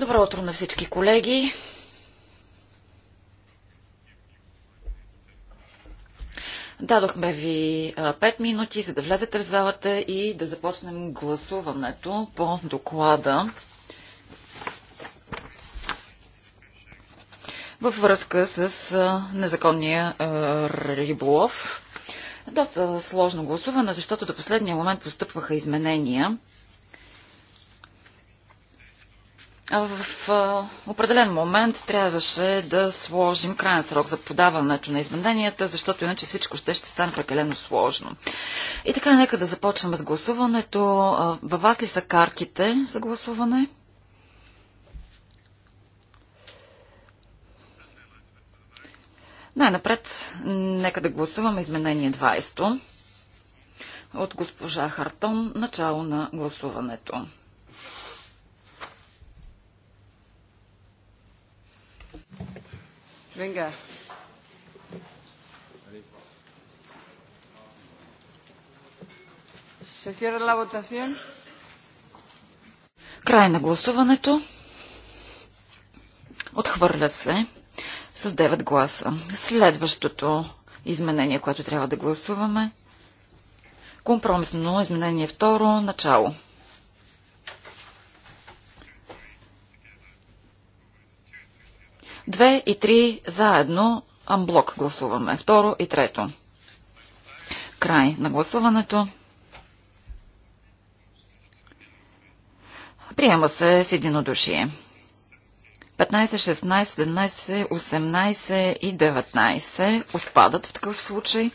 Добро утро на всички колеги. Дадохме ви 5 минути, за да влезете в залата и да започнем гласуването по доклада във връзка с незаконния риболов. Доста сложно гласуване, защото до последния момент постъпваха изменения – В определен момент трябваше да сложим крайен срок за подаването на измененията, защото иначе всичко ще, ще стане прекалено сложно. И така, нека да започнем с гласуването. Във вас ли са картите за гласуване? Най-напред, нека да гласуваме изменение 20 от госпожа Хартон, начало на гласуването. Venga. Се cierra la votación. Край на гласуването. Отхвърля се с 9 гласа. Следващото изменение, което трябва да гласуваме. Компромисно изменение второ, начало. Две и три заедно, амблок гласуваме. Второ и трето. Край на гласуването. Приема се с единодушие. 15, 16, 17, 18 и 19 отпадат в такъв случай.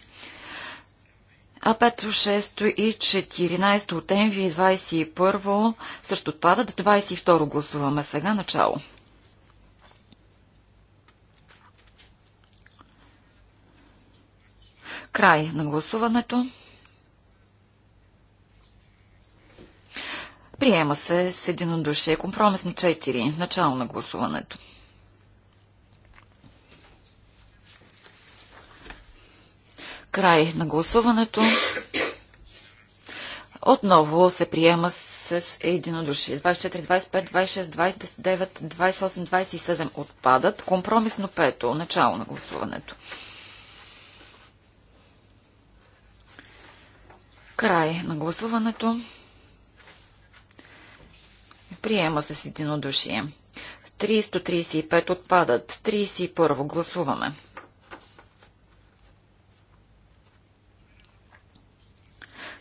А 5, 6 и 14 от НВ и 21 също отпадат. 22 гласуваме сега начало. Край на гласуването. Приема се с единодушие. Компромисно 4. Начало на гласуването. Край на гласуването. Отново се приема с единодушие. 24, 25, 26, 29, 28, 27 отпадат. Компромисно 5. Начало на гласуването. Край на гласуването. Приема се с единодушие. 335 отпадат. 31 гласуваме.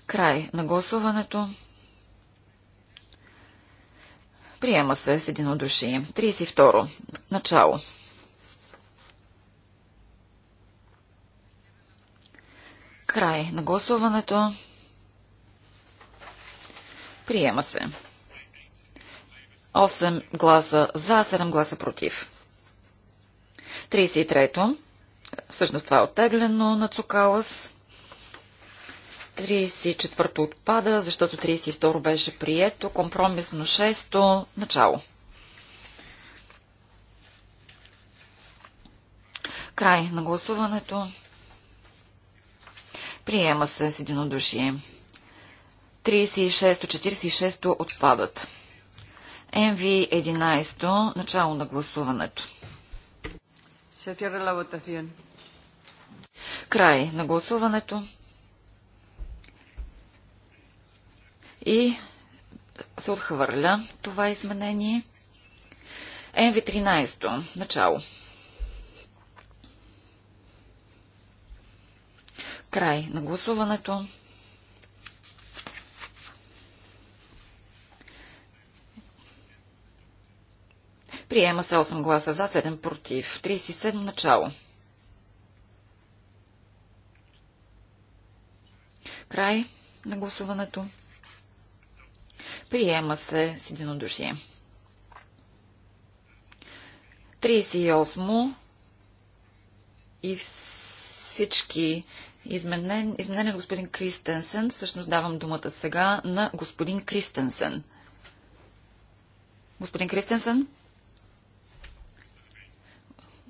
Край на гласуването. Приема се с единодушие. 32. Начало. Край на гласуването. Приема се. 8 гласа за, 7 гласа против. 33-то. Всъщност това е оттеглено на Цукалас. 34-то отпада, защото 32-то беше прието. Компромисно 6-то. Начало. Край на гласуването. Приема се с единодушие. 36-то, 46-то отпадат. МВ-11, начало на гласуването. Се ла вотацион. Край на гласуването. И се отхвърля това изменение. МВ-13, то начало. Край на гласуването. Приема се 8 гласа за, 7 против. 37 начало. Край на гласуването. Приема се с единодушие. 38 и всички изменен, изменен господин Кристенсен. Всъщност давам думата сега на господин Кристенсен. Господин Кристенсен?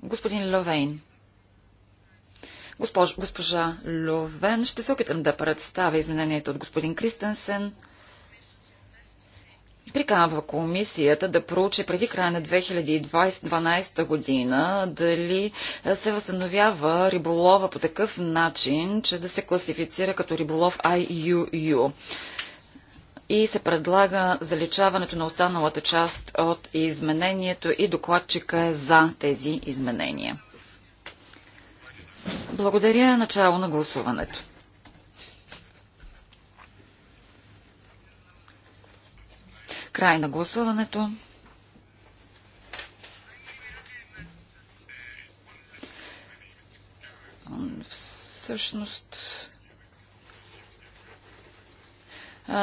Господин Ловейн. Госпож, госпожа Ловен, ще се опитам да представя изменението от господин Кристенсен. Приканва комисията да проучи преди края на 2012 година дали се възстановява риболова по такъв начин, че да се класифицира като риболов IUU и се предлага заличаването на останалата част от изменението и докладчика е за тези изменения. Благодаря начало на гласуването. Край на гласуването. Всъщност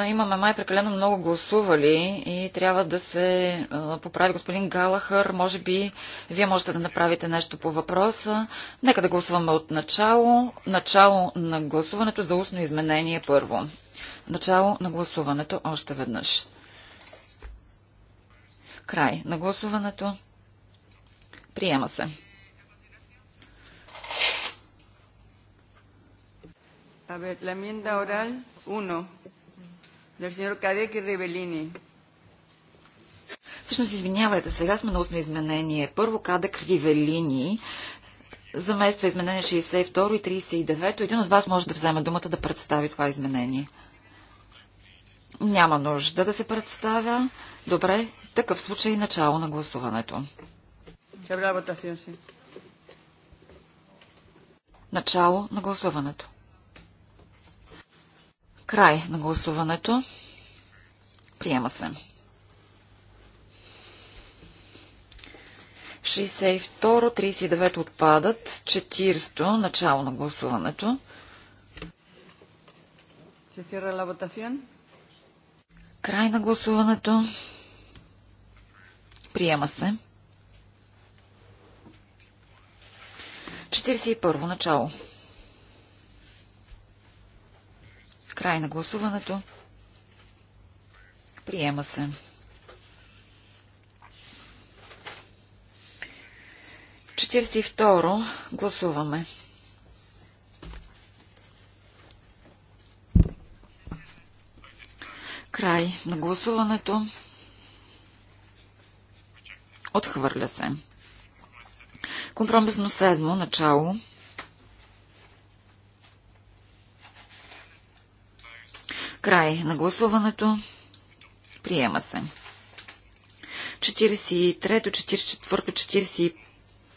Имаме май прекалено много гласували и трябва да се поправи господин Галахър. Може би вие можете да направите нещо по въпроса. Нека да гласуваме от начало. Начало на гласуването за устно изменение първо. Начало на гласуването още веднъж. Край на гласуването. Приема се. A ver, la enmienda oral 1 del señor Cadec y Rivellini. Всъщност, извинявайте, сега сме на устно изменение. Първо Кадек Ривелини замества изменение 62 и 39. Един от вас може да вземе думата да представи това изменение. Няма нужда да се представя. Добре, такъв случай е начало на гласуването. Начало на гласуването. Край на гласуването. Приема се. 62, 39 отпадат, 40 начало на гласуването. Край на гласуването. Приема се. 41 начало. Край на гласуването. Приема се. Четирси второ. Гласуваме. Край на гласуването. Отхвърля се. Компромисно седмо. Начало. Начало. Край на гласуването. Приема се. 43, то 44,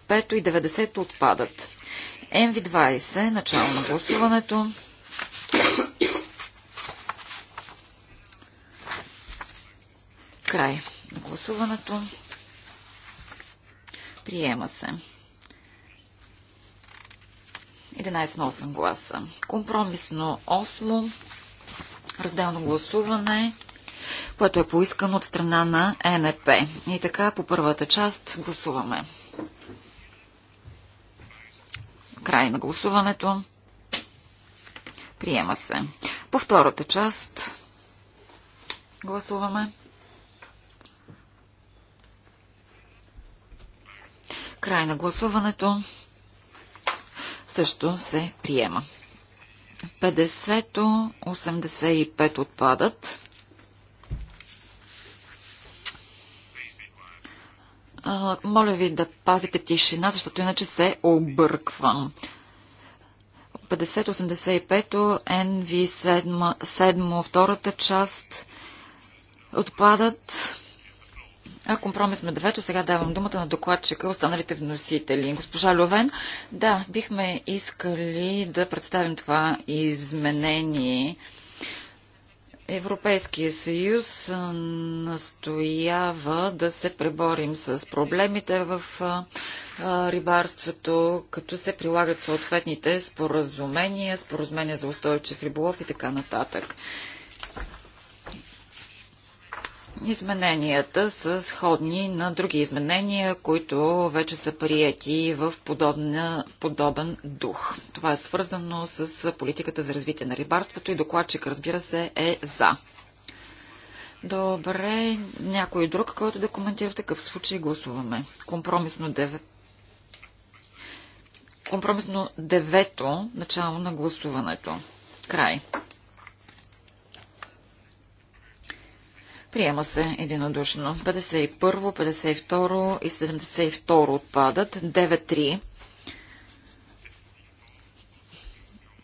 45 и 90 отпадат. МВ20, начало на гласуването. Край на гласуването. Приема се. 11 на 8 гласа. Компромисно 8 разделно гласуване, което е поискано от страна на НП. И така, по първата част гласуваме. Край на гласуването. Приема се. По втората част гласуваме. Край на гласуването също се приема. 50-то, 85 отпадат. Моля ви да пазите тишина, защото иначе се обърквам. 50-85-то, NV7, 7, втората част отпадат. А компромис на девето, сега давам думата на докладчика останалите вносители. Госпожа Льовен, да, бихме искали да представим това изменение. Европейския съюз настоява да се преборим с проблемите в рибарството, като се прилагат съответните споразумения, споразумения за устойчив риболов и така нататък. Измененията са сходни на други изменения, които вече са приети в подобна, подобен дух. Това е свързано с политиката за развитие на рибарството и докладчик, разбира се, е за. Добре, някой друг, който да коментира в такъв случай, гласуваме. Компромисно 9. Компромисно девето начало на гласуването. Край. Приема се единодушно. 51, 52 и 72 отпадат. 9-3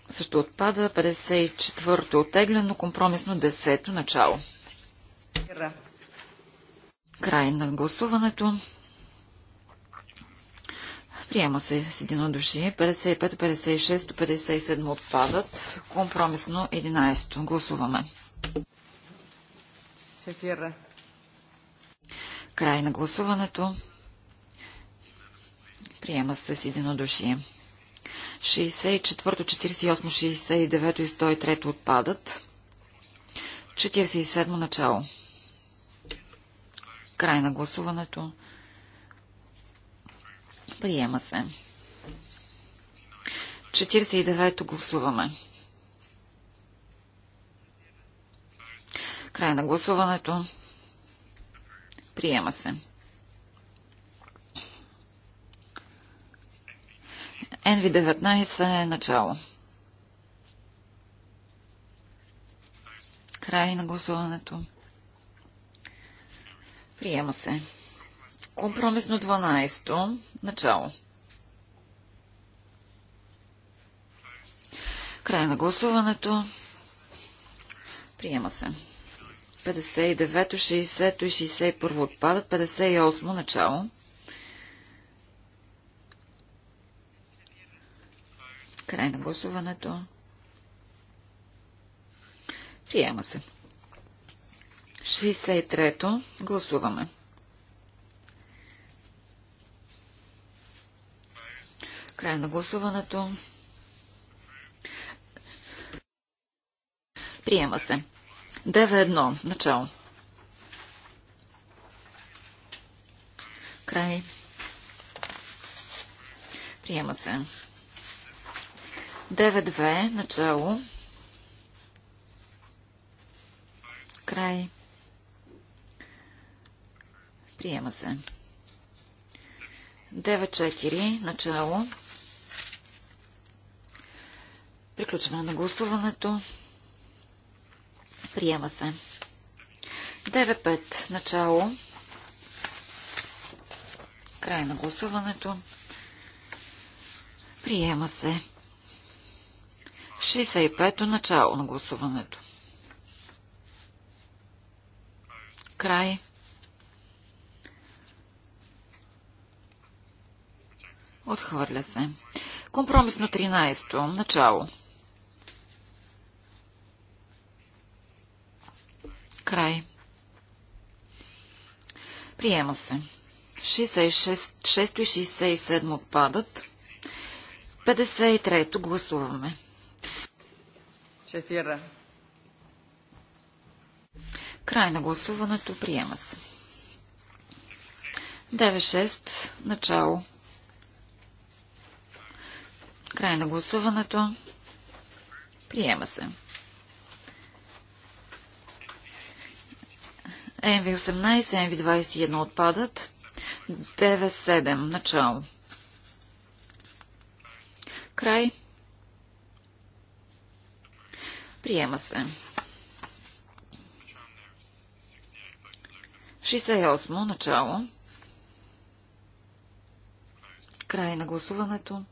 също отпада. 54-то оттеглено. Компромисно 10-то начало. Край на гласуването. Приема се с единодушие. 55, 56, 57 отпадат. Компромисно 11. Гласуваме. Се Край на гласуването. Приема се с единодушие. 64, 48, 69 и 103 отпадат. 47 начало. Край на гласуването. Приема се. 49-то гласуваме. Край на гласуването. Приема се. NV19 е начало. Край на гласуването. Приема се. Компромисно 12-то. Начало. Край на гласуването. Приема се. 59-то, 60-то и 61-во отпадат. 58-о начало. Край на гласуването. Приема се. 63-то. Гласуваме. Край на гласуването. Приема се. 9-1. Начало. Край. Приема се. 9-2. Начало. Край. Приема се. 9-4. Начало. Приключване на гласуването. Приема се. 9.5. Начало. Край на гласуването. Приема се. 65-то начало на гласуването. Край. Отхвърля се. Компромисно 13-то. Начало. Край. Приема се. 66, и 67 отпадат. 53-то гласуваме. Шефира. Край на гласуването. Приема се. 9-6. Начало. Край на гласуването. Приема се. NV18, NV21 отпадат. 9-7 начало. Край. Приема се. 68 начало. Край на гласуването.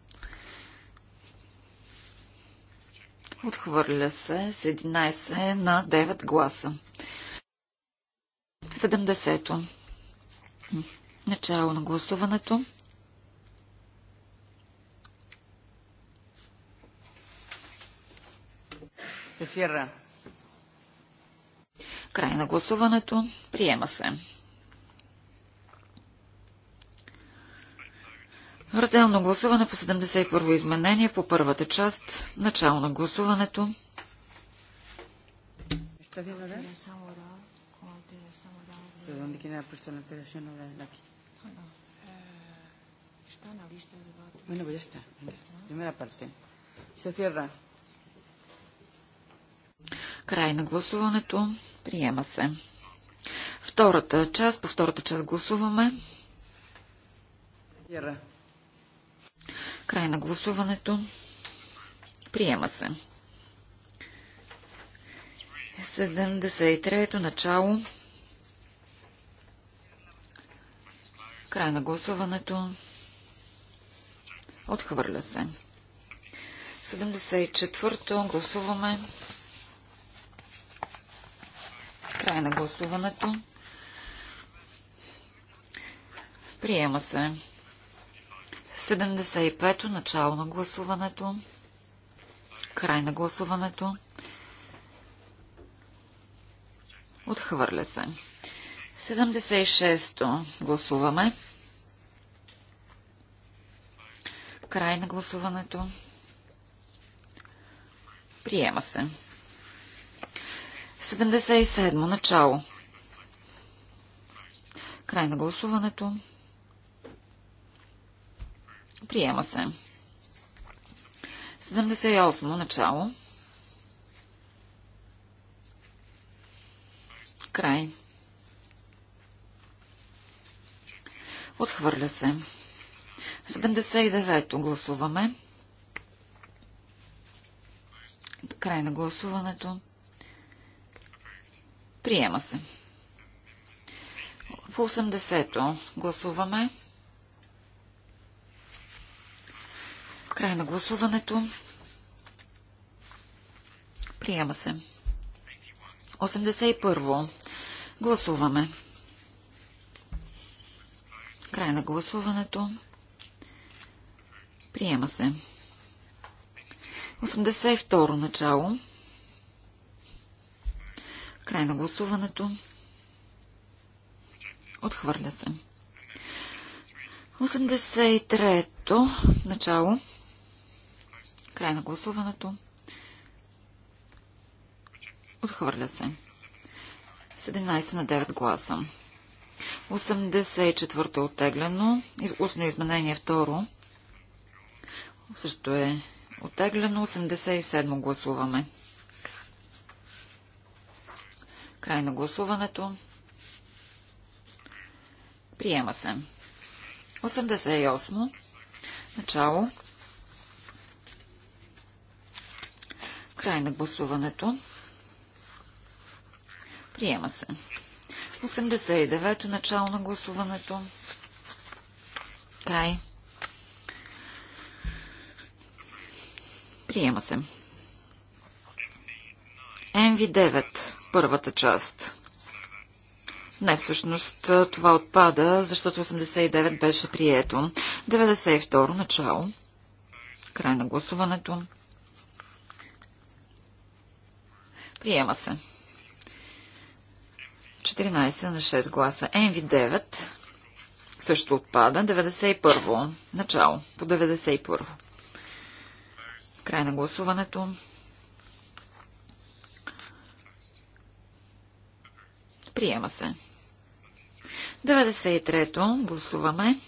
Отхвърля се с 11 на 9 гласа. 70-то. Начало на гласуването. Сефира. Край на гласуването. Приема се. Разделно гласуване по 71-во изменение по първата част. Начало на гласуването. Ще ¿De dónde quién ha puesto la alteración o la aquí? Está en la lista de votos. Bueno, pues ya está. Venga, primera parte. Се cierra. Край на гласуването. Приема се. Втората част, по втората част гласуваме. Cierra. Край на гласуването. Приема се. 73-то начало. Край на гласуването. Отхвърля се. 74-то. Гласуваме. Край на гласуването. Приема се. 75-то. Начало на гласуването. Край на гласуването. Отхвърля се. 76-то гласуваме. Край на гласуването. Приема се. 77 начало. Край на гласуването. Приема се. 78 начало. Край. Отхвърля се. 79-то гласуваме. Край на гласуването. Приема се. По 80-то гласуваме. Край на гласуването. Приема се. 81-во. Гласуваме. Край на гласуването. Приема се. 82 начало. Край на гласуването. Отхвърля се. 83-то начало. Край на гласуването. Отхвърля се. 17 на 9 гласа. 84-то е оттеглено. Устно изменение второ. Също е оттеглено. 87-мо гласуваме. Край на гласуването. Приема се. 88. Начало. Край на гласуването. Приема се. 89-то начало на гласуването. Край. Приема се. mv 9 първата част. Не, всъщност това отпада, защото 89 беше прието. 92 начало. Край на гласуването. Приема се. 14 на 6 гласа. NV9 също отпада. 91. Начало. По 91. Край на гласуването. Приема се. 93-то. Гласуваме.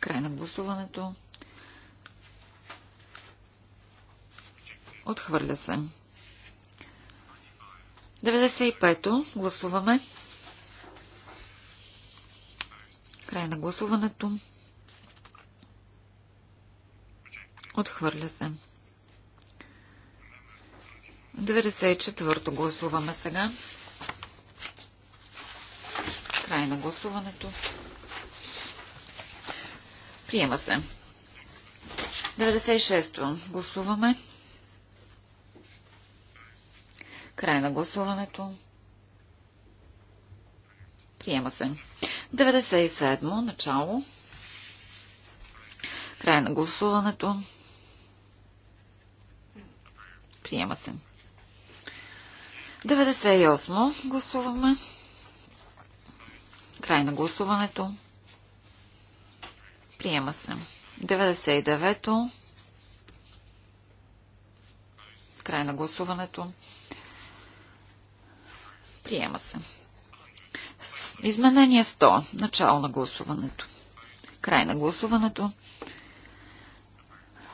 Край на гласуването. Отхвърля се. 95-то. Гласуваме. Край на гласуването. Отхвърля се. 94-то гласуваме сега. Край на гласуването. Приема се. 96-то гласуваме. Край на гласуването. Приема се. 97. Начало. Край на гласуването. Приема се. 98. Гласуваме. Край на гласуването. Приема се. 99-то. Край на гласуването. Приема се. Изменение 100. Начало на гласуването. Край на гласуването.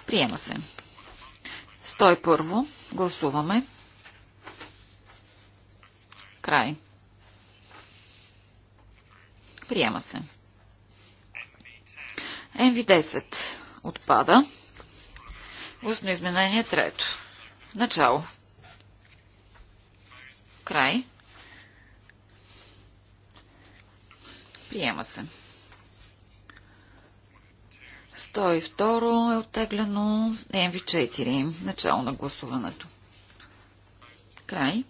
Приема се. 101. Гласуваме. Край. Приема се. mv 10 отпада. Устно изменение трето. Начало. Край. Приема се. 102 е оттеглено МВ4. Начало на гласуването. Край.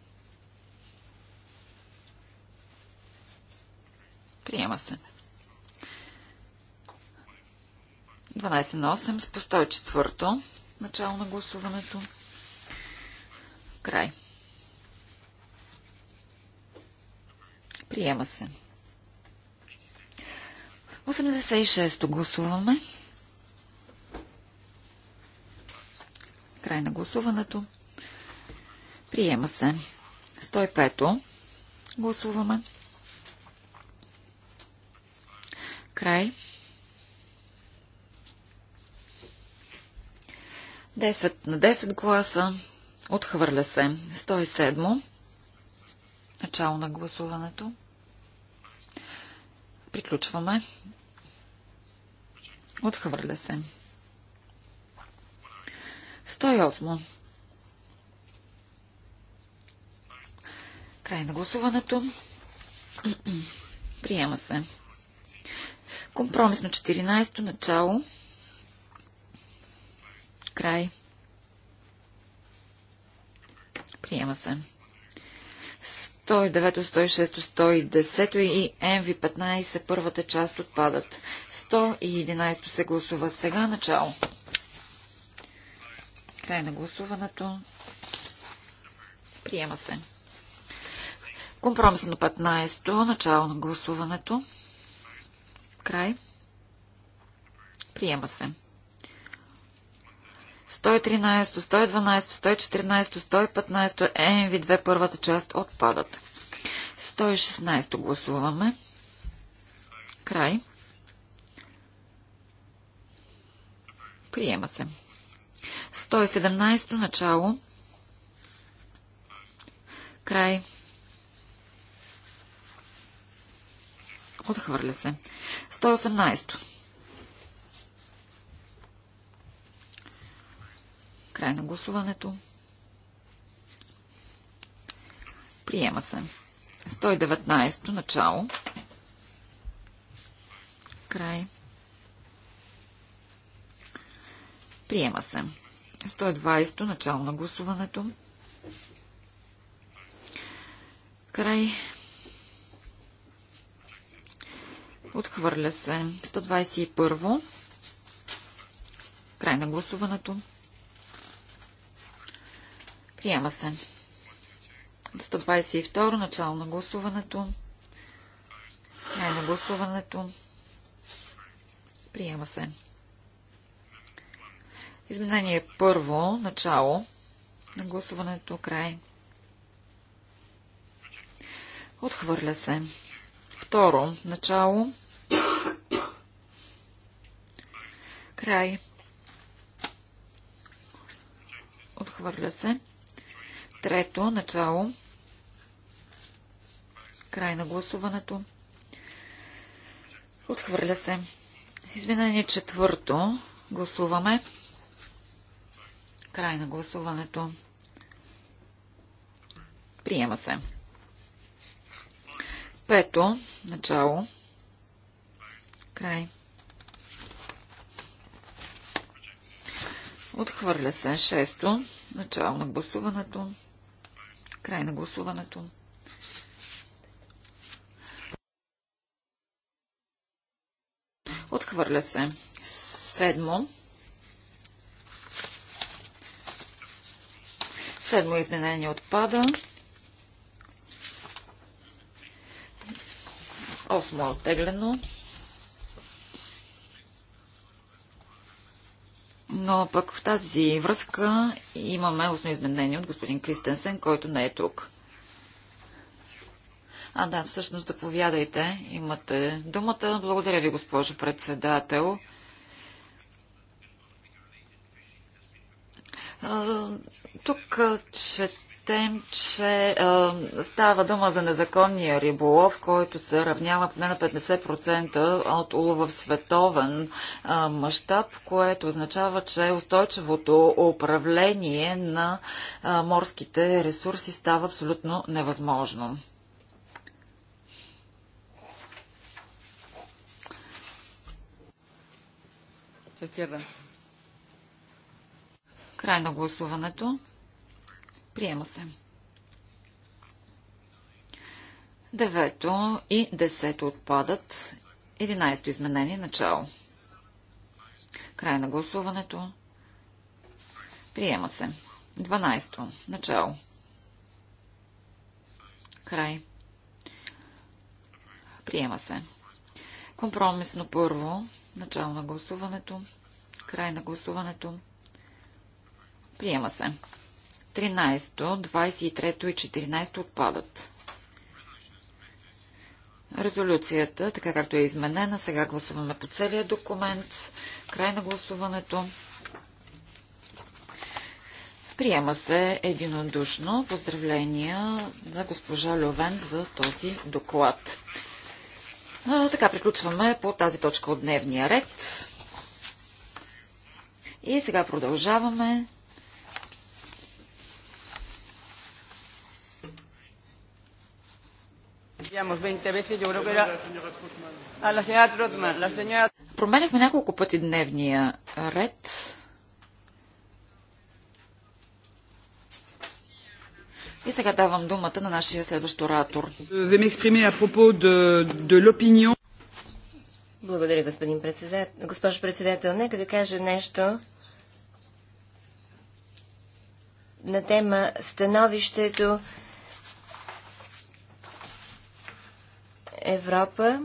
Приема се. 12 на 8 с по 104. Начало на гласуването. Край. Приема се. 86-то гласуваме. Край на гласуването. Приема се. 105-то гласуваме. Край. 10 на 10 гласа. Отхвърля се. 107. Начало на гласуването. Приключваме. Отхвърля се. 108. Край на гласуването. Приема се. Компромис на 14-то начало. Край. Приема се. 109, 106, 110 и МВ-15, първата част отпадат. 111 се гласува сега. Начало. Край на гласуването. Приема се. Компромис на 15-то. Начало на гласуването. Край. Приема се. 113, 112, 114, 115, ЕМВ2 първата част отпадат. 116 гласуваме. Край. Приема се. 117 начало. Край. Отхвърля се. 118. Край на гласуването. Приема се. 119 то начало. Край. Приема се. 120 то начало на гласуването. Край. Отхвърля се. 121. Край на гласуването. Приема се. 122. Начало на гласуването. Край на гласуването. Приема се. Изменение първо. Начало на гласуването. Край. Отхвърля се. Второ. Начало. Край. Отхвърля се. Трето, начало. Край на гласуването. Отхвърля се. Изменение четвърто. Гласуваме. Край на гласуването. Приема се. Пето. Начало. Край. Отхвърля се. Шесто. Начало на гласуването. Край на гласуването. Отхвърля се. Седмо. Седмо изменение отпада. Осмо е оттеглено. Но пък в тази връзка имаме устно изменение от господин Кристенсен, който не е тук. А да, всъщност заповядайте. Имате думата. Благодаря ви, госпожо председател. Тук чета четем, че е, става дума за незаконния риболов, който се равнява поне на 50% от улова в световен е, мащаб, което означава, че устойчивото управление на е, морските ресурси става абсолютно невъзможно. Край на гласуването. Приема се. Девето и десето отпадат. Единайсто изменение. Начало. Край на гласуването. Приема се. Дванайсто. Начало. Край. Приема се. Компромисно първо. Начало на гласуването. Край на гласуването. Приема се. 13, 23 и 14 отпадат. Резолюцията, така както е изменена, сега гласуваме по целия документ. Край на гласуването. Приема се единодушно. Поздравления за госпожа Льовен за този доклад. А, така приключваме по тази точка от дневния ред. И сега продължаваме Miramos 20 veces, yo creo que era... А, la señora Trotman, la señora... Променяхме няколко пъти дневния ред. И сега давам думата на нашия следващ оратор. Благодаря, господин председател. Госпожо председател, нека да кажа нещо на тема становището Европа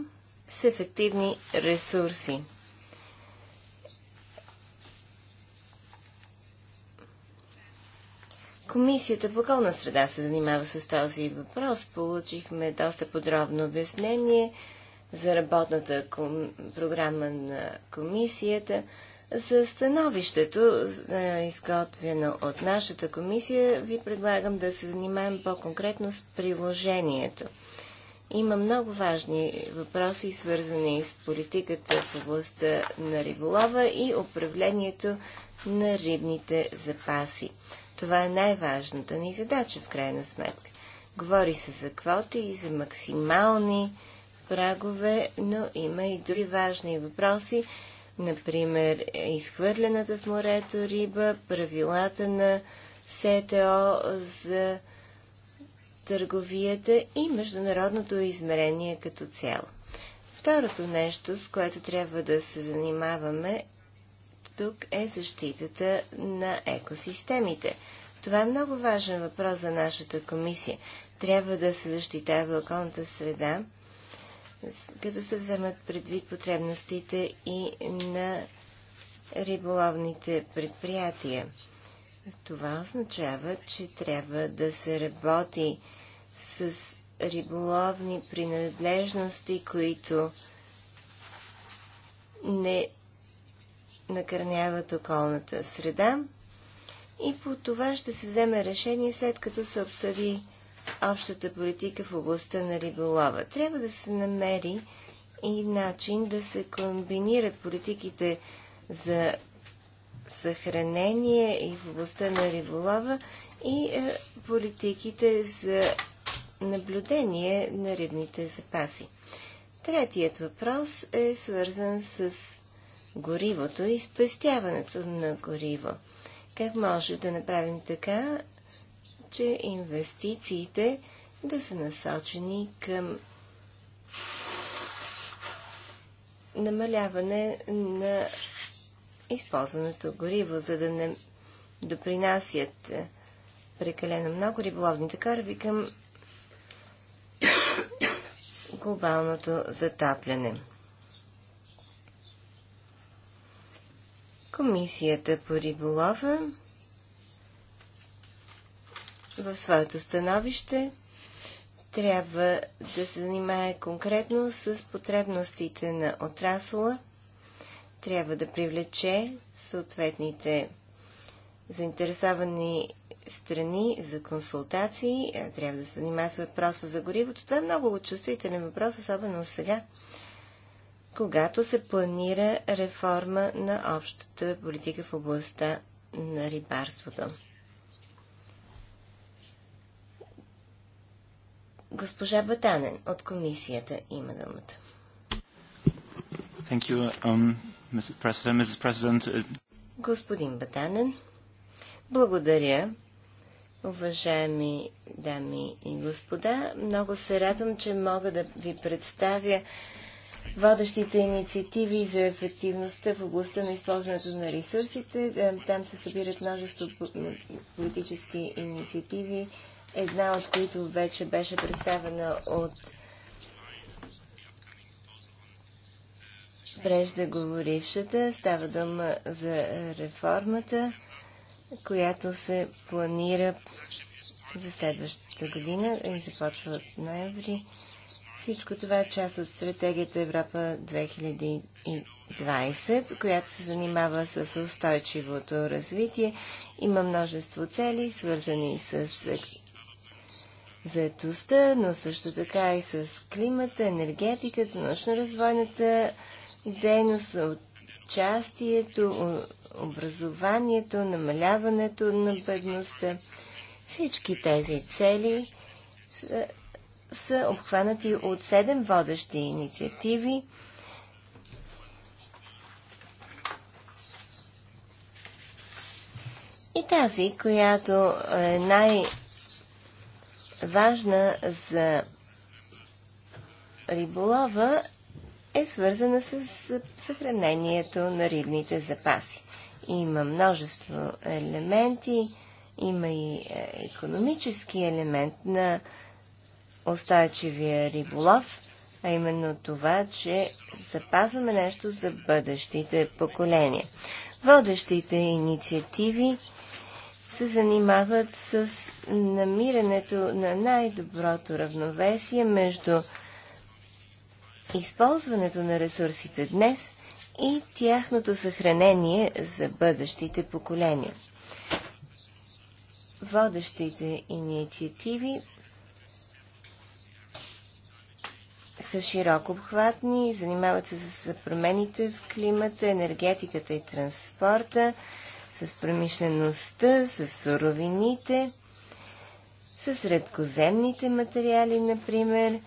с ефективни ресурси. Комисията по околна среда се занимава с този въпрос. Получихме доста подробно обяснение за работната ком... програма на комисията, за становището, е, изготвено от нашата комисия, ви предлагам да се занимаем по-конкретно с приложението – има много важни въпроси, свързани с политиката в областта на риболова и управлението на рибните запаси. Това е най-важната ни задача, в крайна сметка. Говори се за квоти и за максимални прагове, но има и други важни въпроси, например изхвърлената в морето риба, правилата на СТО за търговията и международното измерение като цяло. Второто нещо, с което трябва да се занимаваме тук е защитата на екосистемите. Това е много важен въпрос за нашата комисия. Трябва да се защитава околната среда, като се вземат предвид потребностите и на риболовните предприятия. Това означава, че трябва да се работи с риболовни принадлежности, които не накърняват околната среда. И по това ще се вземе решение след като се обсъди общата политика в областта на риболова. Трябва да се намери и начин да се комбинират политиките за съхранение и в областта на риболова и е, политиките за наблюдение на рибните запаси. Третият въпрос е свързан с горивото и спестяването на гориво. Как може да направим така, че инвестициите да са насочени към намаляване на използваното гориво, за да не допринасят е, прекалено много риболовните кораби към глобалното затапляне. Комисията по риболова в своето становище трябва да се занимае конкретно с потребностите на отрасъла трябва да привлече съответните заинтересовани страни за консултации. Трябва да се занимава с въпроса за горивото. Това е много чувствителен въпрос, особено сега, когато се планира реформа на общата политика в областта на рибарството. Госпожа Батанен от комисията има думата. Thank you. Um, Uh, Господин Батанен, благодаря. Уважаеми дами и господа, много се радвам, че мога да ви представя водещите инициативи за ефективността в областта на използването на ресурсите. Е, там се събират множество политически инициативи, една от които вече беше представена от преждеговорившата. Става дума за реформата, която се планира за следващата година и започва от ноември. Всичко това е част от стратегията Европа 2020, която се занимава с устойчивото развитие. Има множество цели, свързани с заедостта, но също така и с климата, енергетиката, научно-развойната дейност, участието, образованието, намаляването на бедността. Всички тези цели са, са обхванати от седем водещи инициативи. И тази, която е най- важна за риболова, е свързана с съхранението на рибните запаси. Има множество елементи, има и е, економически елемент на устойчивия риболов, а именно това, че запазваме нещо за бъдещите поколения. Водещите инициативи се занимават с намирането на най-доброто равновесие между използването на ресурсите днес и тяхното съхранение за бъдещите поколения. Водещите инициативи са широко обхватни, занимават се с промените в климата, енергетиката и транспорта, с промишлеността, с суровините, с редкоземните материали, например,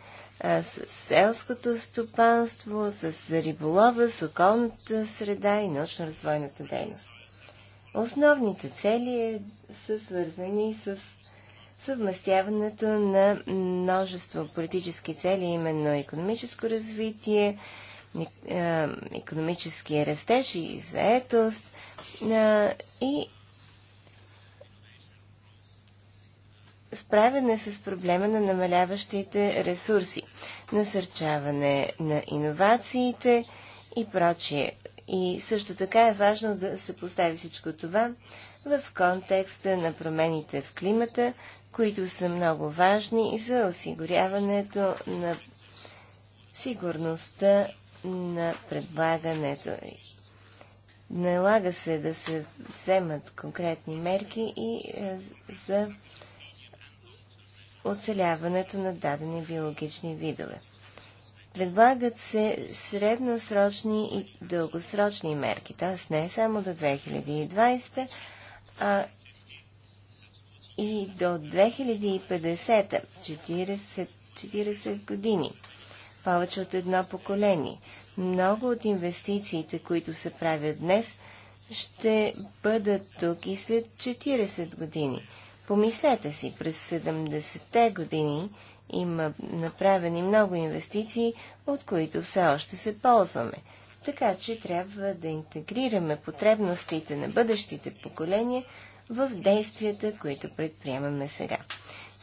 с селското стопанство, с риболова, с околната среда и научно-развойната дейност. Основните цели е, са свързани с съвместяването на множество политически цели, именно економическо развитие, е, економически растеж и заетост е, и справяне с проблема на намаляващите ресурси, насърчаване на иновациите и прочие. И също така е важно да се постави всичко това в контекста на промените в климата, които са много важни за осигуряването на сигурността на предлагането. Налага се да се вземат конкретни мерки и е, за оцеляването на дадени биологични видове. Предлагат се средносрочни и дългосрочни мерки, т.е. не само до 2020, а и до 2050, 40, 40 години повече от едно поколение. Много от инвестициите, които се правят днес, ще бъдат тук и след 40 години. Помислете си, през 70-те години има направени много инвестиции, от които все още се ползваме. Така че трябва да интегрираме потребностите на бъдещите поколения в действията, които предприемаме сега.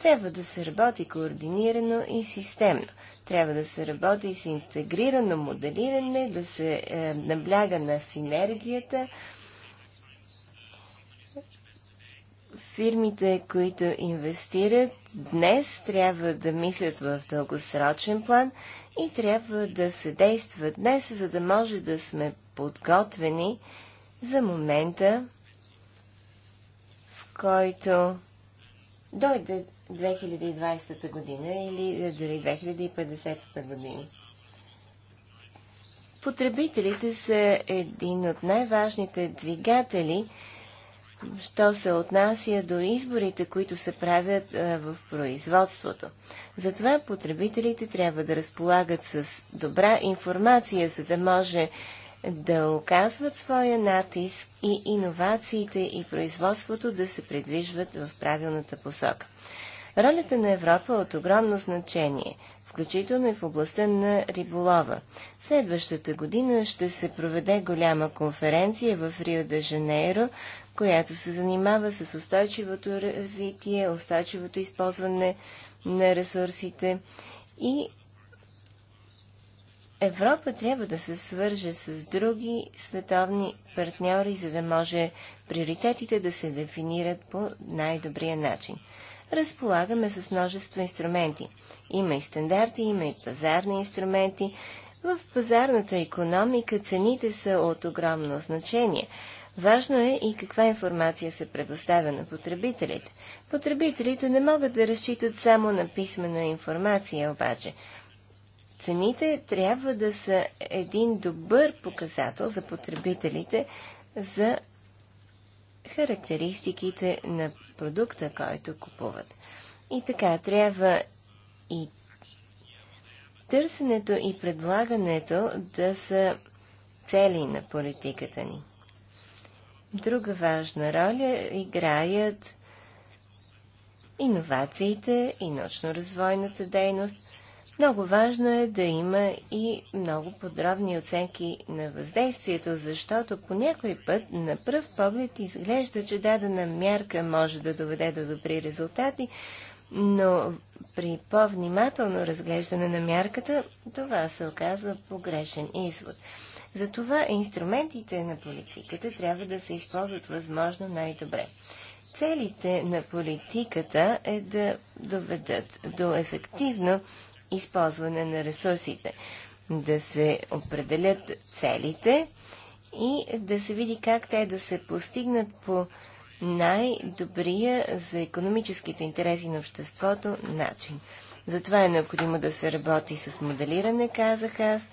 Трябва да се работи координирано и системно. Трябва да се работи с интегрирано моделиране, да се е, набляга на синергията. Фирмите, които инвестират днес, трябва да мислят в дългосрочен план и трябва да се действат днес, за да може да сме подготвени за момента, който дойде 2020 година или дори 2050 година. Потребителите са един от най-важните двигатели, що се отнася до изборите, които се правят в производството. Затова потребителите трябва да разполагат с добра информация, за да може да оказват своя натиск и иновациите и производството да се придвижват в правилната посока. Ролята на Европа е от огромно значение, включително и в областта на риболова. Следващата година ще се проведе голяма конференция в Рио де Жанейро, която се занимава с устойчивото развитие, устойчивото използване на ресурсите и Европа трябва да се свърже с други световни партньори, за да може приоритетите да се дефинират по най-добрия начин. Разполагаме с множество инструменти. Има и стандарти, има и пазарни инструменти. В пазарната економика цените са от огромно значение. Важно е и каква информация се предоставя на потребителите. Потребителите не могат да разчитат само на писмена информация, обаче. Цените трябва да са един добър показател за потребителите за характеристиките на продукта, който купуват. И така, трябва и търсенето и предлагането да са цели на политиката ни. Друга важна роля играят иновациите и научно-развойната дейност – много важно е да има и много подробни оценки на въздействието, защото по някой път на пръв поглед изглежда, че дадена мярка може да доведе до добри резултати, но при по-внимателно разглеждане на мярката това се оказва погрешен извод. Затова инструментите на политиката трябва да се използват възможно най-добре. Целите на политиката е да доведат до ефективно използване на ресурсите. Да се определят целите и да се види как те да се постигнат по най-добрия за економическите интереси на обществото начин. Затова е необходимо да се работи с моделиране, казах аз,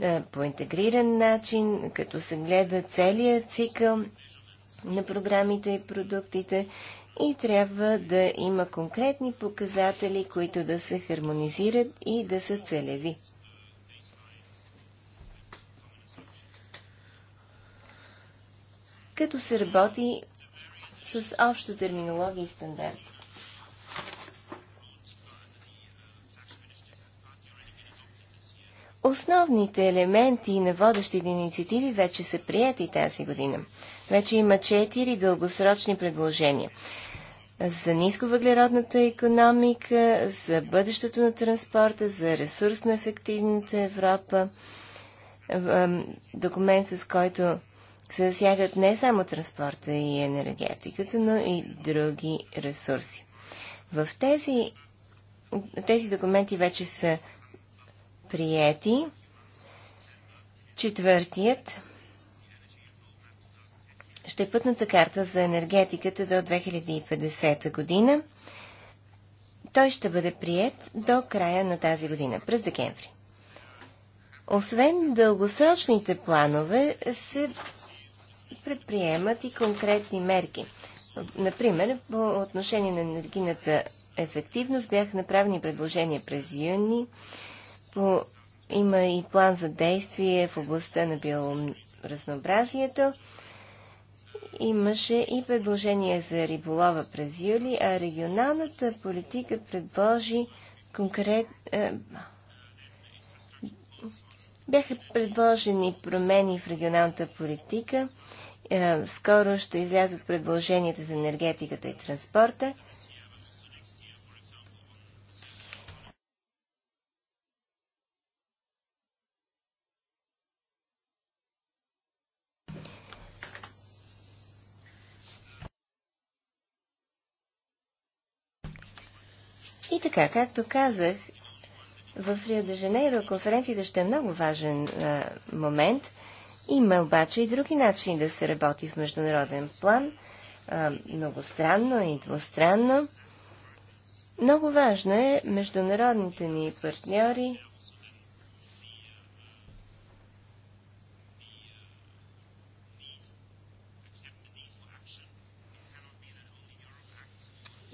е, по интегриран начин, като се гледа целият цикъл на програмите и продуктите и трябва да има конкретни показатели, които да се хармонизират и да са целеви. Като се работи с обща терминология и стандарт. Основните елементи на водещите инициативи вече са прияти тази година. Вече има четири дългосрочни предложения за нисковъглеродната економика, за бъдещето на транспорта, за ресурсно ефективната Европа. Е, е, документ, с който се засягат не само транспорта и енергетиката, но и други ресурси. В тези, тези документи вече са приети. Четвъртият ще е пътната карта за енергетиката до 2050 година. Той ще бъде прият до края на тази година, през декември. Освен дългосрочните планове, се предприемат и конкретни мерки. Например, по отношение на енергийната ефективност бяха направени предложения през юни. По, има и план за действие в областта на биоразнообразието. Имаше и предложение за риболова през юли, а регионалната политика предложи конкрет... Е, бяха предложени промени в регионалната политика. Е, скоро ще излязат предложенията за енергетиката и транспорта – така, както казах, в Рио де Жанейро конференцията ще е много важен а, момент. Има обаче и други начини да се работи в международен план. А, многостранно и двустранно. Много важно е международните ни партньори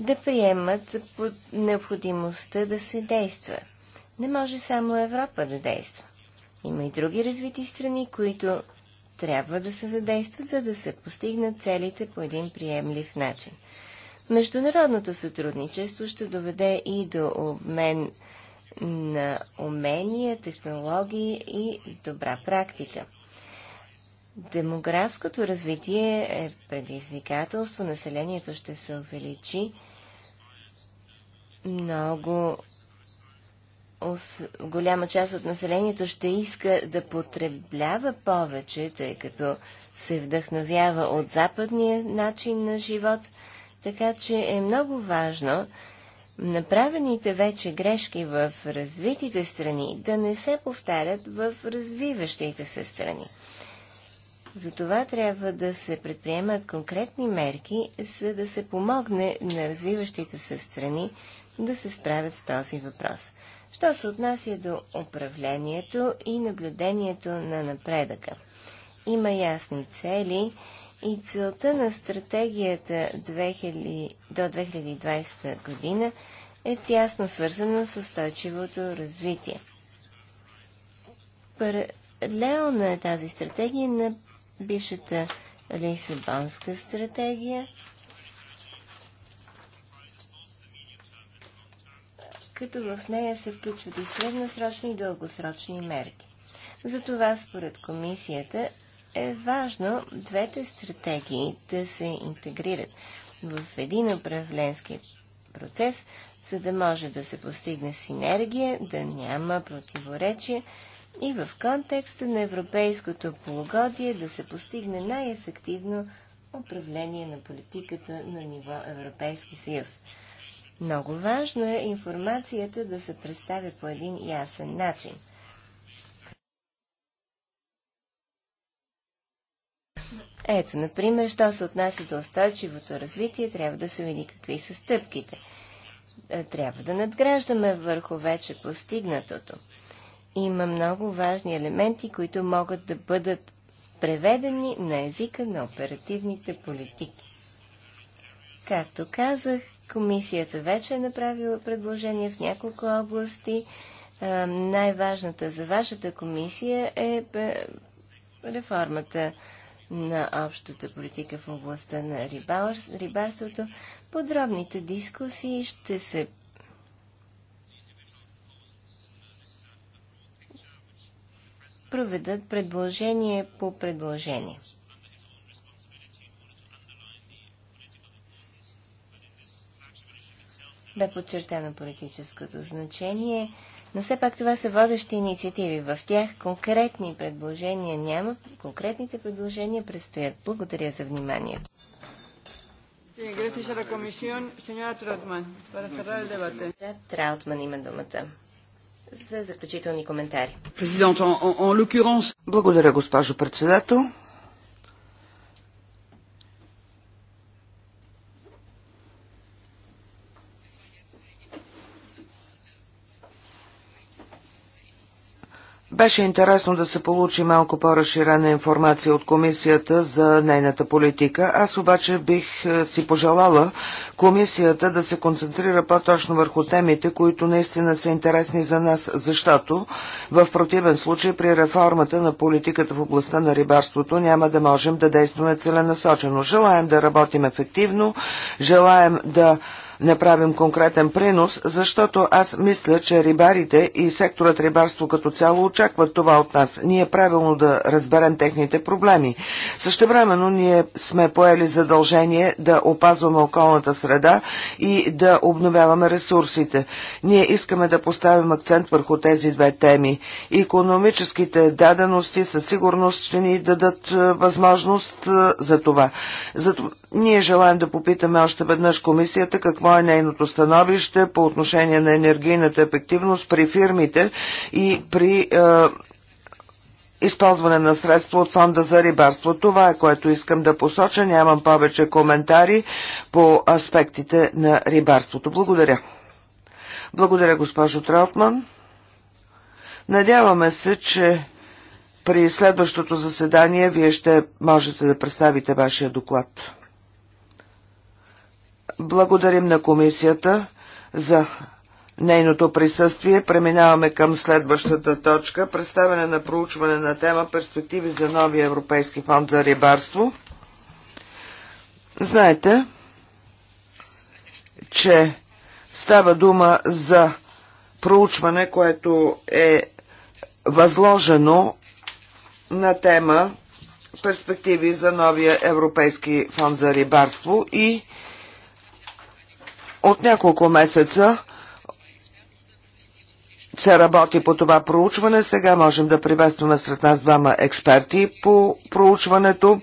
да приемат под необходимостта да се действа. Не може само Европа да действа. Има и други развити страни, които трябва да се задействат, за да се постигнат целите по един приемлив начин. Международното сътрудничество ще доведе и до обмен на умения, технологии и добра практика. Демографското развитие е предизвикателство, населението ще се увеличи, много голяма част от населението ще иска да потреблява повече, тъй като се вдъхновява от западния начин на живот. Така че е много важно направените вече грешки в развитите страни да не се повтарят в развиващите се страни. Затова трябва да се предприемат конкретни мерки, за да се помогне на развиващите се страни да се справят с този въпрос. Що се отнася до управлението и наблюдението на напредъка? Има ясни цели и целта на стратегията 2000, до 2020 година е тясно свързана с устойчивото развитие. Паралелна е тази стратегия на бившата Лисабонска стратегия – като в нея се включват и средносрочни и дългосрочни мерки. Затова, според комисията, е важно двете стратегии да се интегрират в един управленски процес, за да може да се постигне синергия, да няма противоречия и в контекста на европейското полугодие да се постигне най-ефективно управление на политиката на ниво Европейски съюз. Много важно е информацията да се представя по един ясен начин. Ето, например, що се отнася до устойчивото развитие, трябва да се види какви са стъпките. Е, трябва да надграждаме върху вече постигнатото. Има много важни елементи, които могат да бъдат преведени на езика на оперативните политики. Както казах, Комисията вече е направила предложение в няколко области. Най-важната за вашата комисия е, е реформата на общата политика в областта на рибарството. Подробните дискусии ще се проведат предложение по предложение. бе подчертано политическото значение, но все пак това са водещи инициативи. В тях конкретни предложения няма. Конкретните предложения предстоят. Благодаря за вниманието. Траутман има думата за заключителни коментари. Благодаря, госпожо председател. Беше интересно да се получи малко по-разширена информация от комисията за нейната политика. Аз обаче бих е, си пожелала комисията да се концентрира по-точно върху темите, които наистина са интересни за нас, защото в противен случай при реформата на политиката в областта на рибарството няма да можем да действаме целенасочено. Желаем да работим ефективно, желаем да направим конкретен принос, защото аз мисля, че рибарите и секторът рибарство като цяло очакват това от нас. Ние правилно да разберем техните проблеми. Същевременно ние сме поели задължение да опазваме околната среда и да обновяваме ресурсите. Ние искаме да поставим акцент върху тези две теми. Економическите дадености със сигурност ще ни дадат е, възможност е, за това. За ние желаем да попитаме още веднъж комисията какво е нейното становище по отношение на енергийната ефективност при фирмите и при е, използване на средства от фонда за рибарство. Това е което искам да посоча. Нямам повече коментари по аспектите на рибарството. Благодаря. Благодаря, госпожо Траутман. Надяваме се, че при следващото заседание вие ще можете да представите вашия доклад. Благодарим на комисията за нейното присъствие. Преминаваме към следващата точка. Представяне на проучване на тема Перспективи за новия Европейски фонд за рибарство. Знаете, че става дума за проучване, което е възложено на тема Перспективи за новия Европейски фонд за рибарство и от няколко месеца се работи по това проучване. Сега можем да приветстваме сред нас двама експерти по проучването.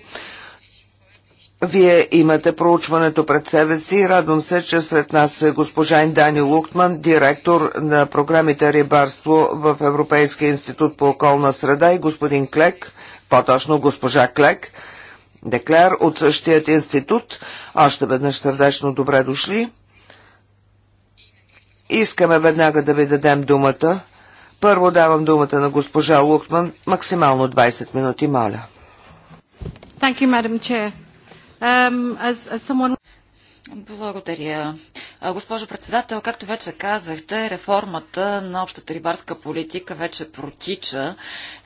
Вие имате проучването пред себе си. Радвам се, че сред нас е госпожа Дани Луктман, директор на програмите Рибарство в Европейския институт по околна среда и господин Клек, по-точно госпожа Клек, деклер от същият институт. Още веднъж сърдечно добре дошли. Искаме веднага да ви дадем думата. Първо давам думата на госпожа Лукман. Максимално 20 минути, моля. You, um, as, as someone... Благодаря. Госпожо председател, както вече казахте, реформата на общата рибарска политика вече протича.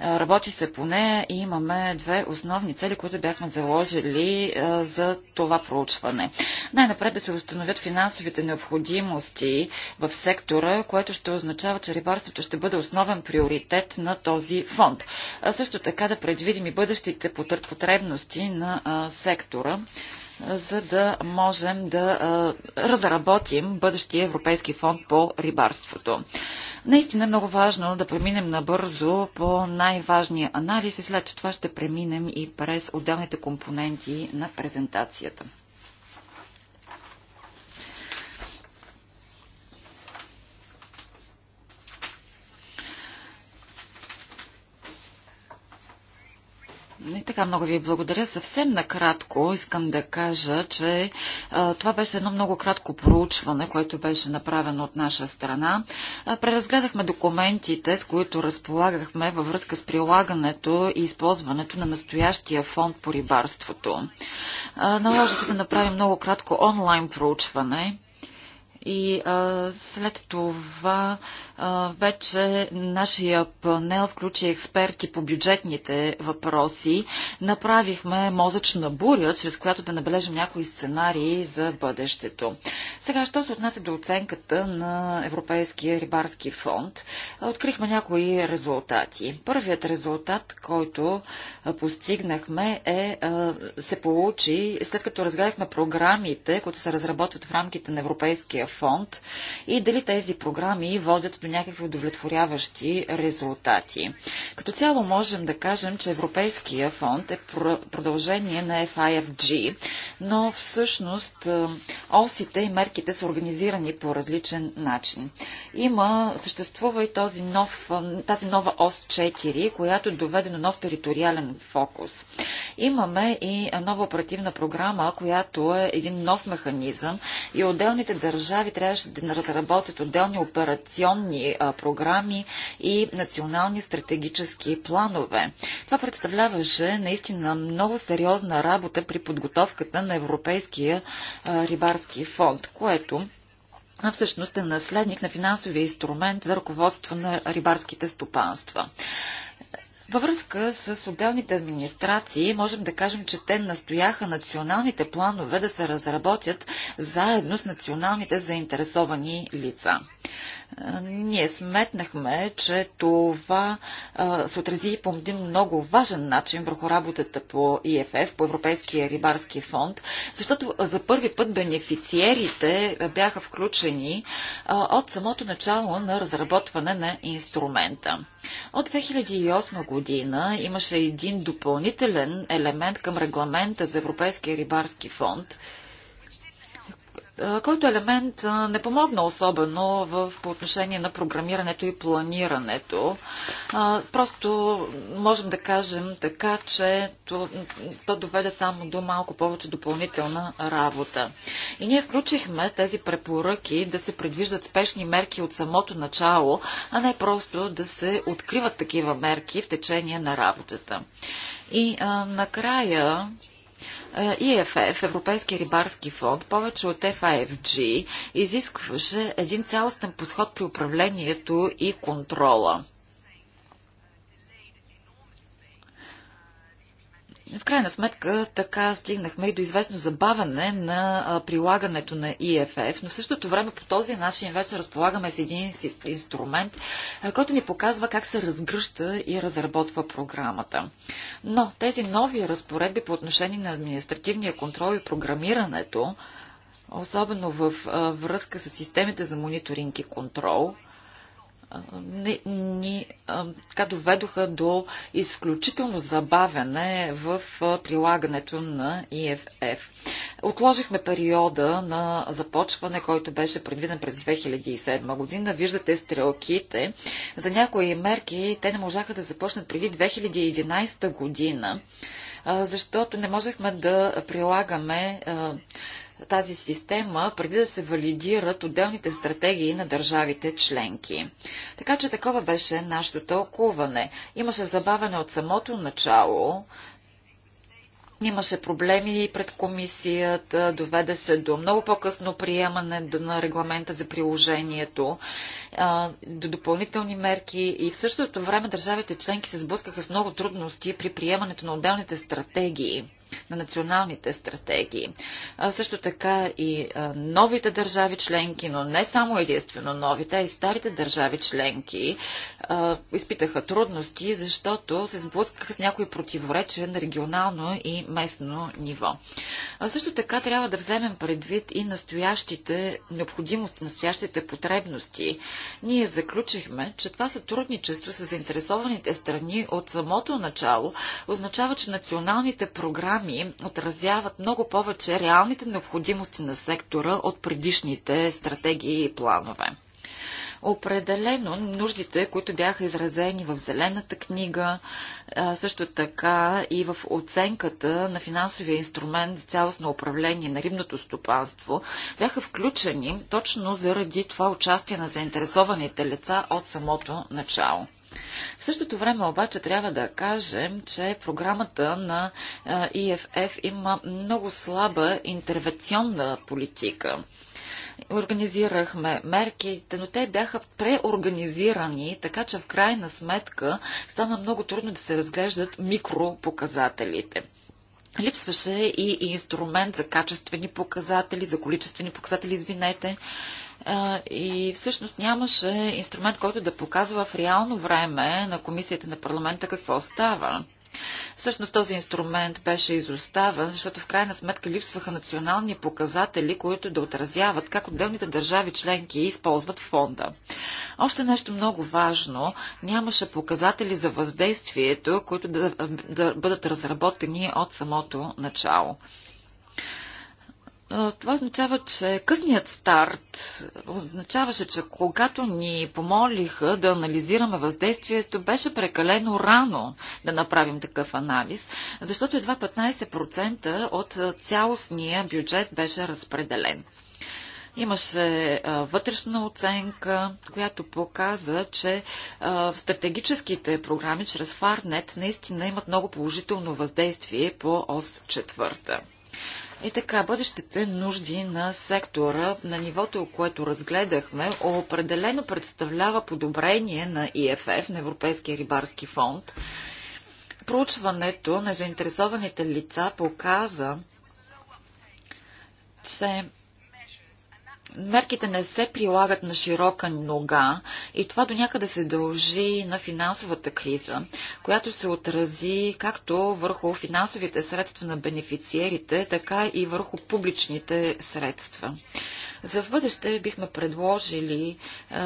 Работи се по нея и имаме две основни цели, които бяхме заложили за това проучване. Най-напред да се установят финансовите необходимости в сектора, което ще означава, че рибарството ще бъде основен приоритет на този фонд. също така да предвидим и бъдещите потребности на сектора за да можем да разработим бъдещия Европейски фонд по рибарството. Наистина е много важно да преминем набързо по най-важния анализ и след това ще преминем и през отделните компоненти на презентацията. Не така, много ви благодаря. Съвсем накратко искам да кажа, че а, това беше едно много кратко проучване, което беше направено от наша страна. А, преразгледахме документите, с които разполагахме във връзка с прилагането и използването на настоящия фонд по рибарството. А, наложи се да направим много кратко онлайн проучване и а, след това а, вече нашия панел включи експерти по бюджетните въпроси. Направихме мозъчна буря, чрез която да набележим някои сценарии за бъдещето. Сега, що се отнася до оценката на Европейския рибарски фонд, открихме някои резултати. Първият резултат, който постигнахме е, се получи след като разгледахме програмите, които се разработват в рамките на Европейския фонд и дали тези програми водят до някакви удовлетворяващи резултати. Като цяло можем да кажем, че Европейския фонд е продължение на FIFG, но всъщност е, осите и мерките са организирани по различен начин. Има, съществува и този нов, е, тази нова ОС 4, която доведе до нов териториален фокус. Имаме и нова оперативна програма, която е един нов механизъм и отделните държави държави трябваше да разработят отделни операционни а, програми и национални стратегически планове. Това представляваше наистина много сериозна работа при подготовката на Европейския а, рибарски фонд, което всъщност е наследник на финансовия инструмент за ръководство на рибарските стопанства. Във връзка с отделните администрации можем да кажем, че те настояха националните планове да се разработят заедно с националните заинтересовани лица. Ние сметнахме, че това се отрази по един много важен начин върху работата по ИФФ, по Европейския рибарски фонд, защото за първи път бенефициерите бяха включени от самото начало на разработване на инструмента. От 2008 година имаше един допълнителен елемент към регламента за Европейския рибарски фонд – който елемент не помогна особено в, по отношение на програмирането и планирането. Просто можем да кажем така, че то, то доведе само до малко повече допълнителна работа. И ние включихме тези препоръки да се предвиждат спешни мерки от самото начало, а не просто да се откриват такива мерки в течение на работата. И а, накрая ИФФ, Европейския рибарски фонд, повече от FIFG, изискваше един цялостен подход при управлението и контрола. В крайна сметка така стигнахме и до известно забаване на прилагането на ИФФ, но в същото време по този начин вече разполагаме с един инструмент, който ни показва как се разгръща и разработва програмата. Но тези нови разпоредби по отношение на административния контрол и програмирането, особено в връзка с системите за мониторинг и контрол, ни така доведоха до изключително забавяне в прилагането на ИФФ. Отложихме периода на започване, който беше предвиден през 2007 година. Виждате стрелките. За някои мерки те не можаха да започнат преди 2011 година, защото не можехме да прилагаме тази система, преди да се валидират отделните стратегии на държавите членки. Така че такова беше нашето тълкуване. Имаше забавяне от самото начало, Имаше проблеми пред комисията, доведе се до много по-късно приемане на регламента за приложението, до допълнителни мерки и в същото време държавите членки се сблъскаха с много трудности при приемането на отделните стратегии на националните стратегии. А, също така и а, новите държави членки, но не само единствено новите, а и старите държави членки а, изпитаха трудности, защото се сблъскаха с някои противоречия на регионално и местно ниво. А, също така трябва да вземем предвид и настоящите необходимости, настоящите потребности. Ние заключихме, че това сътрудничество с заинтересованите страни от самото начало означава, че националните програми програми отразяват много повече реалните необходимости на сектора от предишните стратегии и планове. Определено нуждите, които бяха изразени в Зелената книга, също така и в оценката на финансовия инструмент за цялостно управление на рибното стопанство, бяха включени точно заради това участие на заинтересованите лица от самото начало. В същото време обаче трябва да кажем, че програмата на ИФФ има много слаба интервенционна политика. Организирахме мерките, но те бяха преорганизирани, така че в крайна сметка стана много трудно да се разглеждат микропоказателите. Липсваше и инструмент за качествени показатели, за количествени показатели, извинете и всъщност нямаше инструмент, който да показва в реално време на комисията на парламента какво става. Всъщност този инструмент беше изоставен, защото в крайна сметка липсваха национални показатели, които да отразяват как отделните държави членки използват фонда. Още нещо много важно, нямаше показатели за въздействието, които да, да бъдат разработени от самото начало. Това означава, че късният старт означаваше, че когато ни помолиха да анализираме въздействието, беше прекалено рано да направим такъв анализ, защото едва 15% от цялостния бюджет беше разпределен. Имаше вътрешна оценка, която показа, че в стратегическите програми чрез Фарнет наистина имат много положително въздействие по ОС четвърта. И така, бъдещите нужди на сектора на нивото, което разгледахме, определено представлява подобрение на ИФФ, на Европейския рибарски фонд. Проучването на заинтересованите лица показа, че мерките не се прилагат на широка нога и това до някъде се дължи на финансовата криза, която се отрази както върху финансовите средства на бенефициерите, така и върху публичните средства. За в бъдеще бихме предложили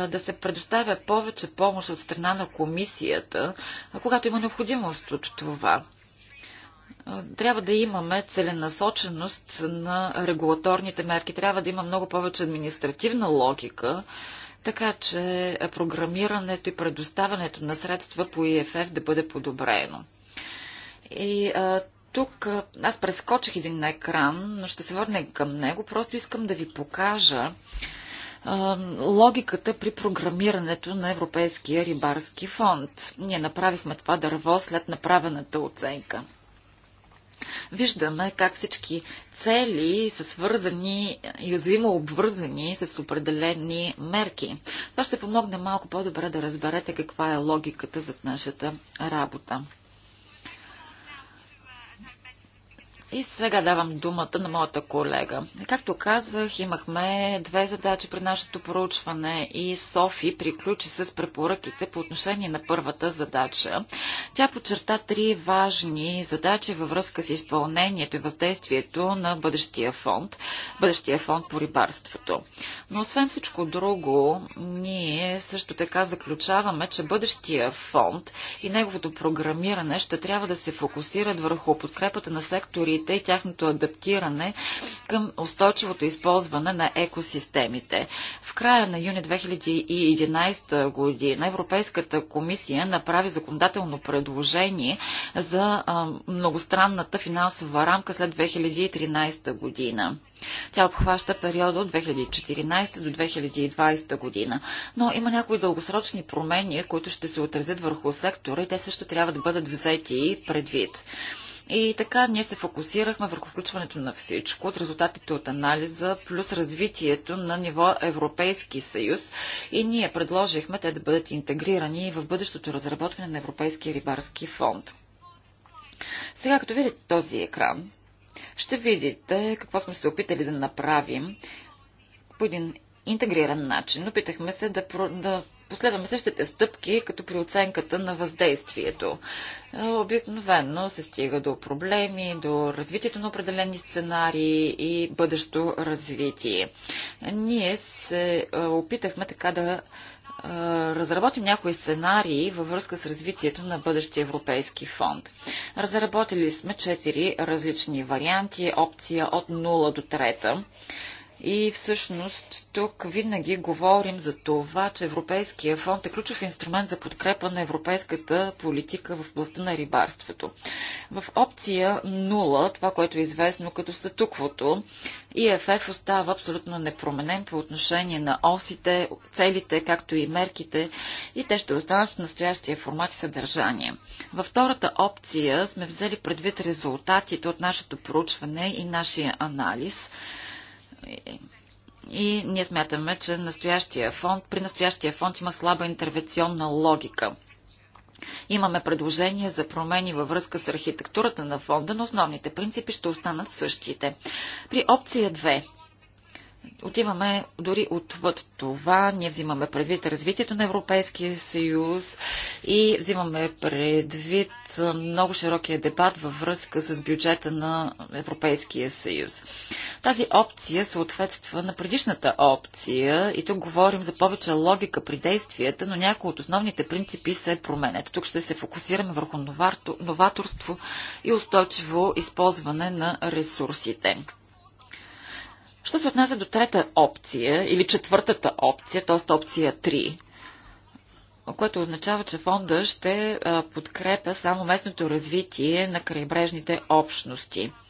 да се предоставя повече помощ от страна на комисията, когато има необходимост от това трябва да имаме целенасоченост на регулаторните мерки. Трябва да има много повече административна логика, така че програмирането и предоставянето на средства по ИФФ да бъде подобрено. И а, тук аз прескочих един на екран, но ще се върне към него. Просто искам да ви покажа а, логиката при програмирането на Европейския рибарски фонд. Ние направихме това дърво след направената оценка. Виждаме как всички цели са свързани и взаимообвързани обвързани с определени мерки. Това ще помогне малко по-добре да разберете каква е логиката зад нашата работа. И сега давам думата на моята колега. Както казах, имахме две задачи при нашето проучване и Софи приключи с препоръките по отношение на първата задача. Тя подчерта три важни задачи във връзка с изпълнението и въздействието на бъдещия фонд, бъдещия фонд по рибарството. Но освен всичко друго, ние също така заключаваме, че бъдещия фонд и неговото програмиране ще трябва да се фокусират върху подкрепата на сектори ресурсите и тяхното адаптиране към устойчивото използване на екосистемите. В края на юни 2011 година Европейската комисия направи законодателно предложение за многостранната финансова рамка след 2013 година. Тя обхваща периода от 2014 до 2020 година. Но има някои дългосрочни промени, които ще се отразят върху сектора и те също трябва да бъдат взети предвид. И така ние се фокусирахме върху включването на всичко, от резултатите от анализа, плюс развитието на ниво Европейски съюз. И ние предложихме те да бъдат интегрирани в бъдещото разработване на Европейския рибарски фонд. Сега, като видите този екран, ще видите какво сме се опитали да направим по един интегриран начин. Опитахме се да, да последваме същите стъпки, като при оценката на въздействието. Е, обикновено се стига до проблеми, до развитието на определени сценарии и бъдещо развитие. Ние се е, опитахме така да е, разработим някои сценарии във връзка с развитието на бъдещия Европейски фонд. Разработили сме четири различни варианти, опция от 0 до 3. И всъщност тук винаги говорим за това, че Европейския фонд е ключов инструмент за подкрепа на европейската политика в областта на рибарството. В опция 0, това, което е известно като статуквото, ИФФ остава абсолютно непроменен по отношение на осите, целите, както и мерките, и те ще останат в настоящия формат и съдържание. Във втората опция сме взели предвид резултатите от нашето проучване и нашия анализ – и ние смятаме, че настоящия фонд, при настоящия фонд има слаба интервенционна логика. Имаме предложение за промени във връзка с архитектурата на фонда, но основните принципи ще останат същите. При опция отиваме дори отвъд това. Ние взимаме предвид развитието на Европейския съюз и взимаме предвид много широкия дебат във връзка с бюджета на Европейския съюз. Тази опция съответства на предишната опция и тук говорим за повече логика при действията, но някои от основните принципи се променят. Тук ще се фокусираме върху новаторство и устойчиво използване на ресурсите. Що се отнася до трета опция или четвъртата опция, т.е. опция 3, което означава, че фонда ще подкрепя само местното развитие на крайбрежните общности –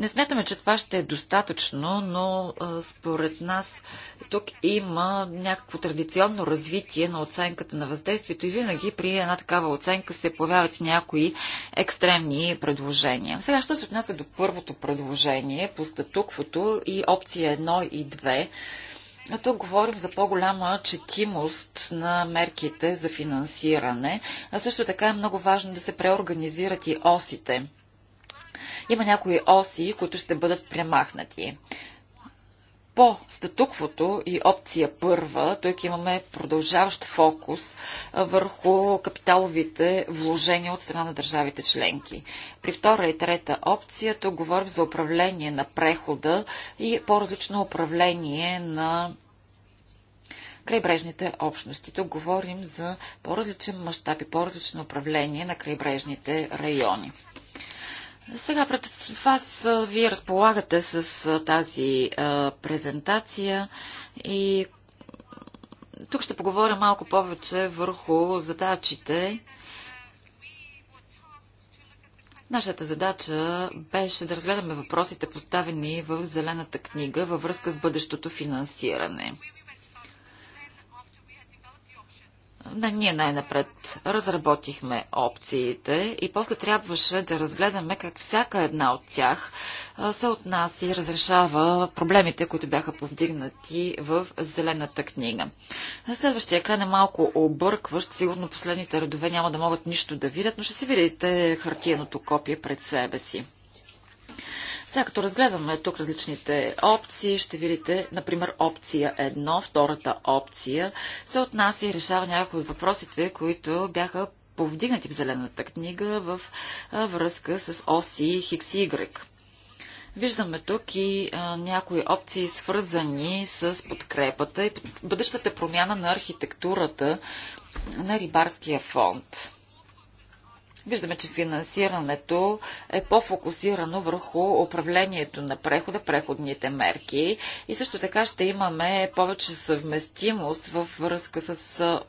не смятаме, че това ще е достатъчно, но според нас тук има някакво традиционно развитие на оценката на въздействието и винаги при една такава оценка се появяват някои екстремни предложения. Сега, що се отнася до първото предложение по статуквото и опция 1 и 2, а тук говорим за по-голяма четимост на мерките за финансиране, а също така е много важно да се преорганизират и осите. Има някои оси, които ще бъдат премахнати. По статуквото и опция първа, тук имаме продължаващ фокус върху капиталовите вложения от страна на държавите членки. При втора и трета опция, тук говорим за управление на прехода и по-различно управление на крайбрежните общности. Тук говорим за по-различен мащаб и по-различно управление на крайбрежните райони. Сега пред вас вие разполагате с тази а, презентация и тук ще поговоря малко повече върху задачите. Нашата задача беше да разгледаме въпросите поставени в Зелената книга във връзка с бъдещото финансиране. Да, ние най-напред разработихме опциите и после трябваше да разгледаме как всяка една от тях се отнася и разрешава проблемите, които бяха повдигнати в Зелената книга. На следващия екран е малко объркващ. Сигурно последните редове няма да могат нищо да видят, но ще си видите хартиеното копие пред себе си. Сега като разгледаме тук различните опции, ще видите, например, опция 1, втората опция, се отнася и решава някои от въпросите, които бяха повдигнати в Зелената книга в връзка с оси Хикс и Y. Виждаме тук и а, някои опции, свързани с подкрепата и бъдещата промяна на архитектурата на Рибарския фонд. Виждаме, че финансирането е по-фокусирано върху управлението на прехода, преходните мерки и също така ще имаме повече съвместимост в връзка с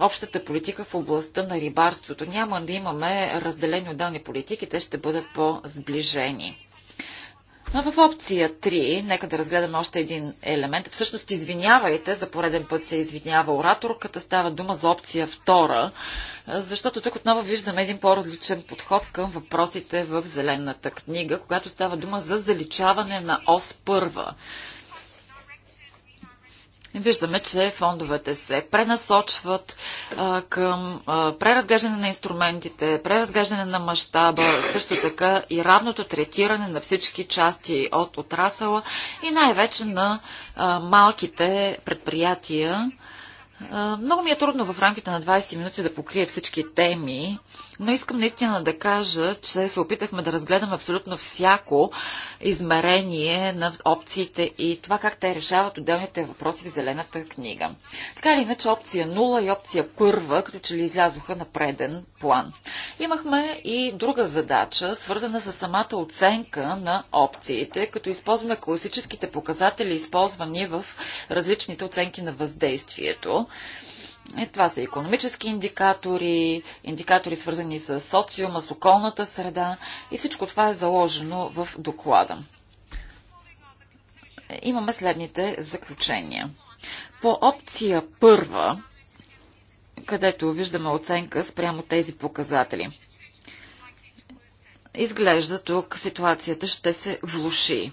общата политика в областта на рибарството. Няма да имаме разделени отделни политики, те ще бъдат по-сближени. Но в опция 3, нека да разгледаме още един елемент. Всъщност, извинявайте, за пореден път се извинява ораторката, става дума за опция 2, защото тук отново виждаме един по-различен подход към въпросите в Зелената книга, когато става дума за заличаване на ОС 1. Виждаме, че фондовете се пренасочват а, към а, преразглеждане на инструментите, преразглеждане на мащаба, също така и равното третиране на всички части от отрасъла и най-вече на а, малките предприятия, много ми е трудно в рамките на 20 минути да покрия всички теми, но искам наистина да кажа, че се опитахме да разгледаме абсолютно всяко измерение на опциите и това как те решават отделните въпроси в Зелената книга. Така или иначе опция 0 и опция 1 като че ли излязоха на преден план. Имахме и друга задача, свързана с самата оценка на опциите, като използваме класическите показатели, използвани в различните оценки на въздействието. Е, това са економически индикатори, индикатори свързани с социума, с околната среда и всичко това е заложено в доклада. Е, имаме следните заключения. По опция първа, където виждаме оценка спрямо тези показатели. Изглежда тук ситуацията ще се влуши.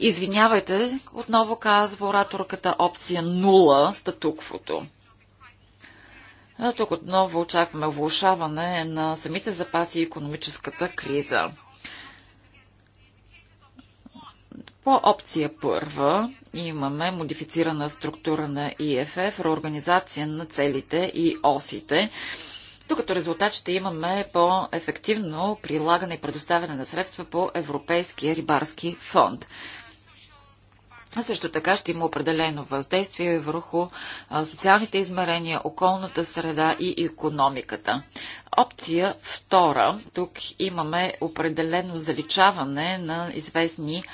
Извинявайте, отново казва ораторката опция 0, статуквото. Тук отново очакваме влушаване на самите запаси и економическата криза. По опция първа имаме модифицирана структура на ИФФ, реорганизация на целите и осите. Тук като резултат ще имаме по-ефективно прилагане и предоставяне на средства по Европейския рибарски фонд. А също така ще има определено въздействие върху социалните измерения, околната среда и економиката. Опция втора. Тук имаме определено заличаване на известни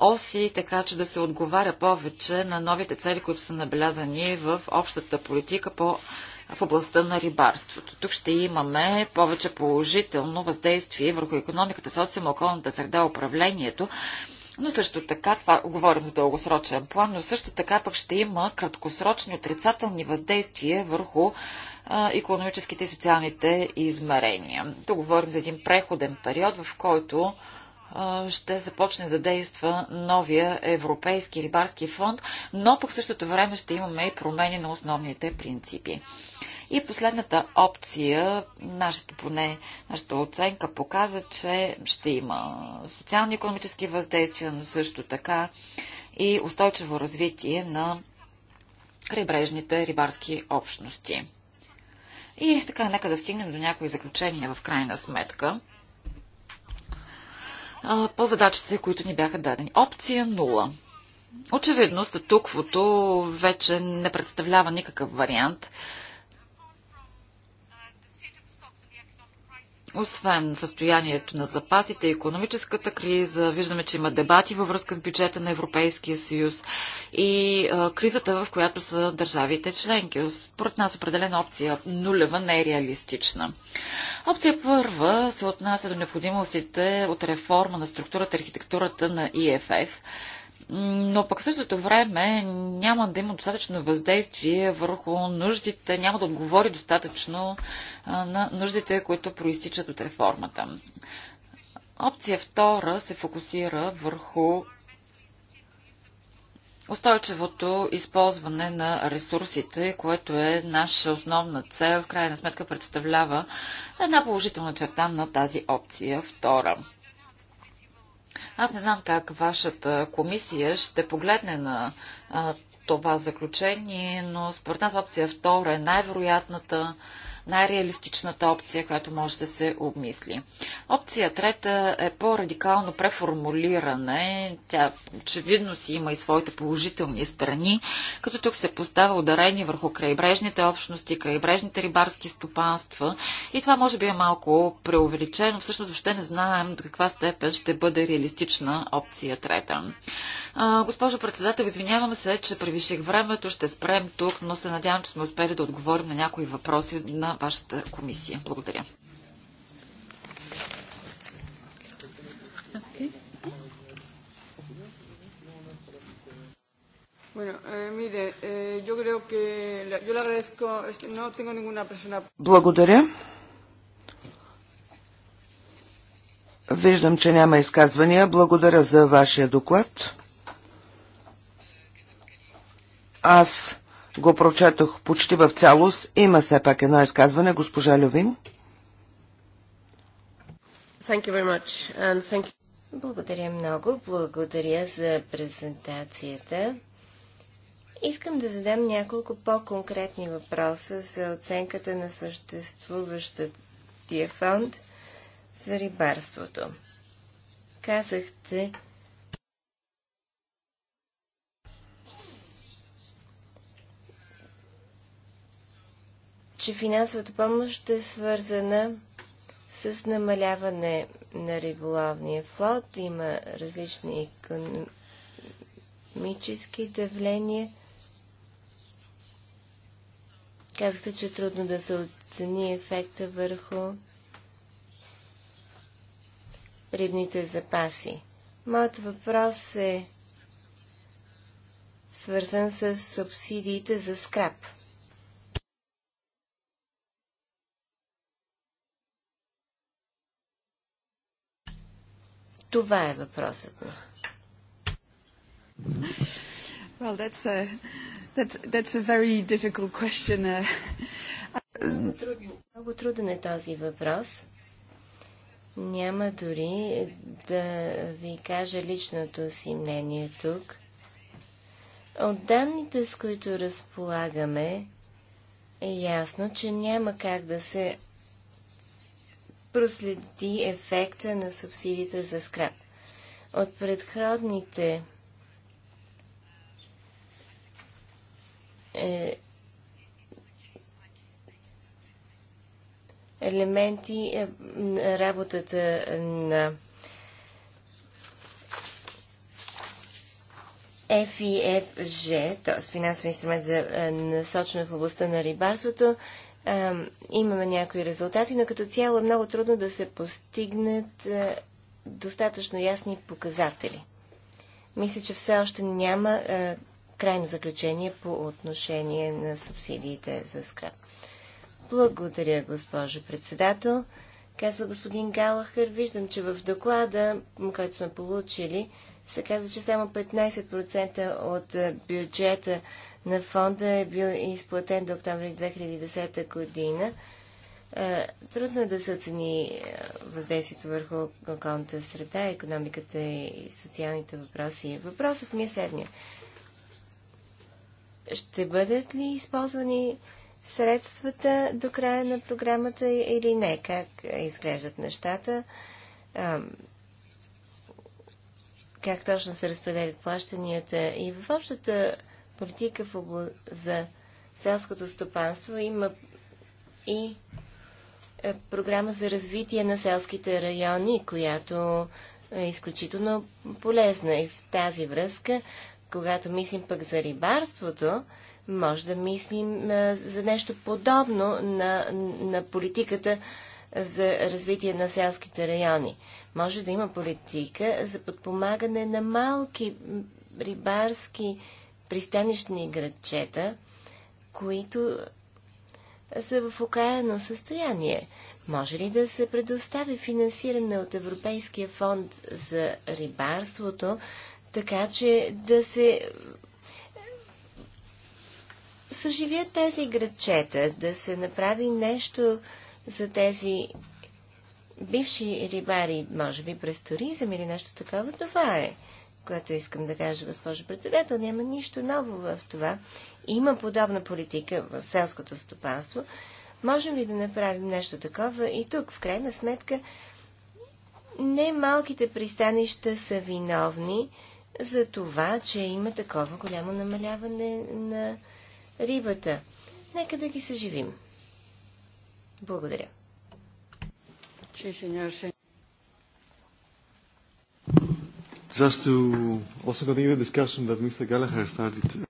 оси, така че да се отговаря повече на новите цели, които са набелязани в общата политика по в областта на рибарството. Тук ще имаме повече положително въздействие върху економиката, социума, околната среда, управлението, но също така, това говорим за дългосрочен план, но също така пък ще има краткосрочни отрицателни въздействия върху а, економическите и социалните измерения. Тук говорим за един преходен период, в който ще започне да действа новия Европейски рибарски фонд, но по същото време ще имаме и промени на основните принципи. И последната опция, нашето поне, нашата оценка показа, че ще има социално-економически въздействия, но също така и устойчиво развитие на крайбрежните рибарски общности. И така, нека да стигнем до някои заключения в крайна сметка а, по задачите, които ни бяха дадени. Опция 0. Очевидно, статуквото вече не представлява никакъв вариант. Освен състоянието на запасите, економическата криза, виждаме, че има дебати във връзка с бюджета на Европейския съюз и а, кризата, в която са държавите членки. Според нас определена опция нулева не е реалистична. Опция първа се отнася до необходимостите от реформа на структурата, и архитектурата на ИФФ но пък в същото време няма да има достатъчно въздействие върху нуждите, няма да отговори достатъчно на нуждите, които проистичат от реформата. Опция втора се фокусира върху устойчивото използване на ресурсите, което е наша основна цел, в крайна сметка представлява една положителна черта на тази опция втора. Аз не знам как вашата комисия ще погледне на а, това заключение, но според нас опция втора е най-вероятната най-реалистичната опция, която може да се обмисли. Опция трета е по-радикално преформулиране. Тя очевидно си има и своите положителни страни, като тук се поставя ударение върху крайбрежните общности, крайбрежните рибарски стопанства и това може би е малко преувеличено. Всъщност въобще не знаем до каква степен ще бъде реалистична опция трета. А, госпожо председател, извинявам се, че превиших времето, ще спрем тук, но се надявам, че сме успели да отговорим на някои въпроси на вашата комисия. Благодаря. Eh, eh, Благодаря. Виждам, че няма изказвания. Благодаря за вашия доклад. Аз го прочетох почти в цялост. Има все пак едно изказване, госпожа Лювин. Благодаря много. Благодаря за презентацията. Искам да задам няколко по-конкретни въпроса за оценката на съществуващия фонд за рибарството. Казахте, че финансовата помощ е свързана с намаляване на риболовния флот. Има различни економически давления. Казахте, че е трудно да се оцени ефекта върху рибните запаси. Моят въпрос е свързан с субсидиите за скраб. Това е въпросът ми. Well, that's a, that's, that's a very difficult question. Много uh, труден, много труден е този въпрос. Няма дори да ви кажа личното си мнение тук. От данните, с които разполагаме, е ясно, че няма как да се проследи ефекта на субсидията за скрап. От предходните е, елементи е, работата на FIFG, т.е. финансов инструмент за е, насочен в областта на рибарството, а, имаме някои резултати, но като цяло е много трудно да се постигнат а, е, достатъчно ясни показатели. Мисля, че все още няма а, е, крайно заключение по отношение на субсидиите за скрап. Благодаря, госпожо председател. Казва господин Галахър, виждам, че в доклада, който сме получили, се казва, че само 15% от е, бюджета на фонда е бил изплатен до октомври 2010 година. Е, трудно е да се оцени е, въздействието върху околната среда, економиката и социалните въпроси. Въпросът ми е следния. Ще бъдат ли използвани средствата до края на програмата или не? Как изглеждат нещата? Как точно се разпределят плащанията? И в общата политика в обла... за селското стопанство има и е, програма за развитие на селските райони, която е изключително полезна. И в тази връзка, когато мислим пък за рибарството, може да мислим е, за нещо подобно на, на политиката за развитие на селските райони. Може да има политика за подпомагане на малки рибарски пристанищни градчета, които са в окаяно състояние. Може ли да се предостави финансиране от Европейския фонд за рибарството, така че да се съживят тези градчета, да се направи нещо за тези бивши рибари, може би през туризъм или нещо такова, това е което искам да кажа, госпожо председател, няма нищо ново в това. Има подобна политика в селското стопанство. Можем ли да направим нещо такова? И тук, в крайна сметка, не малките пристанища са виновни за това, че има такова голямо намаляване на рибата. Нека да ги съживим. Благодаря. Sí, Just to also continue the discussion that Mr. Gallagher started.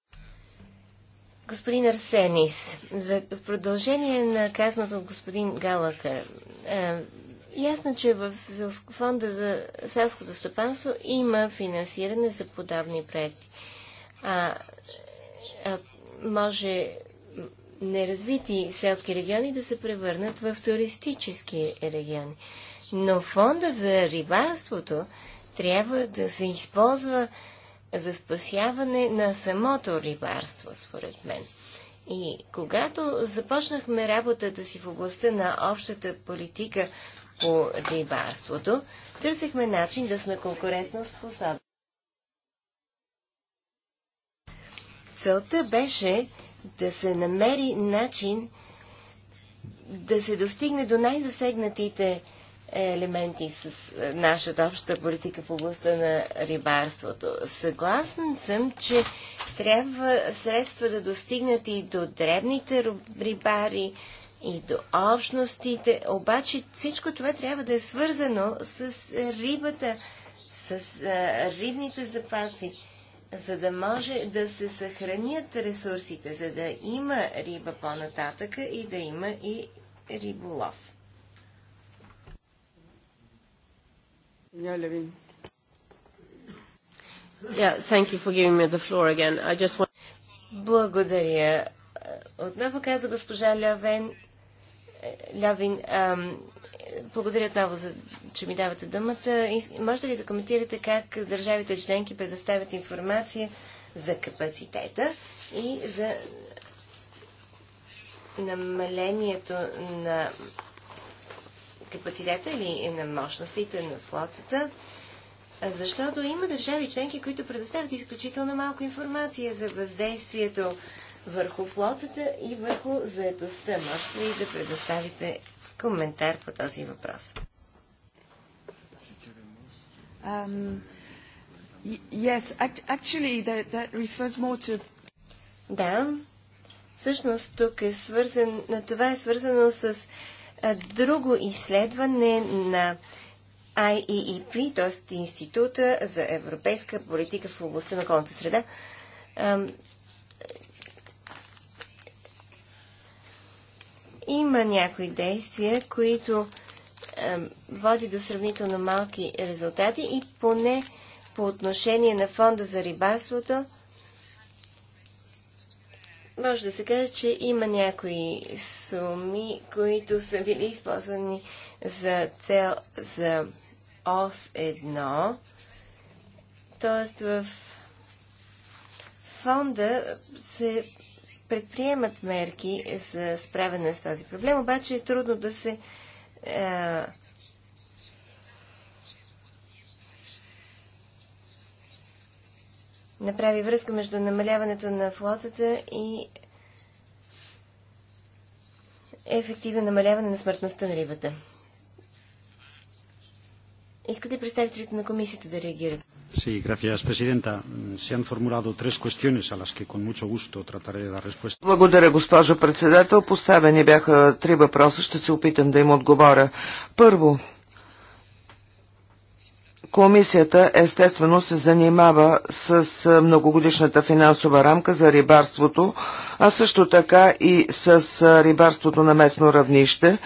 Господин Арсенис, за в продължение на казаното от господин Галакър, е, ясно, че в фонда за селското стопанство има финансиране за подобни проекти. А, а може неразвити селски региони да се превърнат в туристически региони. Но фонда за рибарството трябва да се използва за спасяване на самото рибарство, според мен. И когато започнахме работата си в областта на общата политика по рибарството, търсихме начин да сме конкурентно способни. Целта беше да се намери начин да се достигне до най-засегнатите елементи с нашата обща политика в областта на рибарството. Съгласен съм, че трябва средства да достигнат и до дребните рибари, и до общностите, обаче всичко това трябва да е свързано с рибата, с рибните запаси, за да може да се съхранят ресурсите, за да има риба по-нататъка и да има и риболов. Благодаря. Отново каза госпожа Лявен, Лявин, благодаря отново, че ми давате думата. Може ли да коментирате как държавите членки предоставят информация за капацитета и за намалението на капацитета или на мощностите на флотата, защото има държави членки, които предоставят изключително малко информация за въздействието върху флотата и върху заедостта. Можете ли да предоставите коментар по този въпрос? Um, yes, actually that, that refers more to... Да, всъщност тук е свързан, на това е свързано с друго изследване на IEEP, т.е. Института за европейска политика в областта на околната среда, има някои действия, които води до сравнително малки резултати и поне по отношение на фонда за рибарството може да се каже, че има някои суми, които са били използвани за цел за ОС 1, т.е. в фонда се предприемат мерки за справяне с този проблем, обаче е трудно да се а, е, направи връзка между намаляването на флотата и ефективно намаляване на смъртността на рибата. Искате представителите на комисията да реагират? Sí, gracias, Presidenta. Se han formulado tres cuestiones a las que con mucho gusto trataré de dar respuesta. Благодаря, госпожо председател. Поставени бяха три въпроса. Ще се опитам да им отговоря. Първо, Комисията естествено се занимава с многогодишната финансова рамка за рибарството, а също така и с рибарството на местно равнище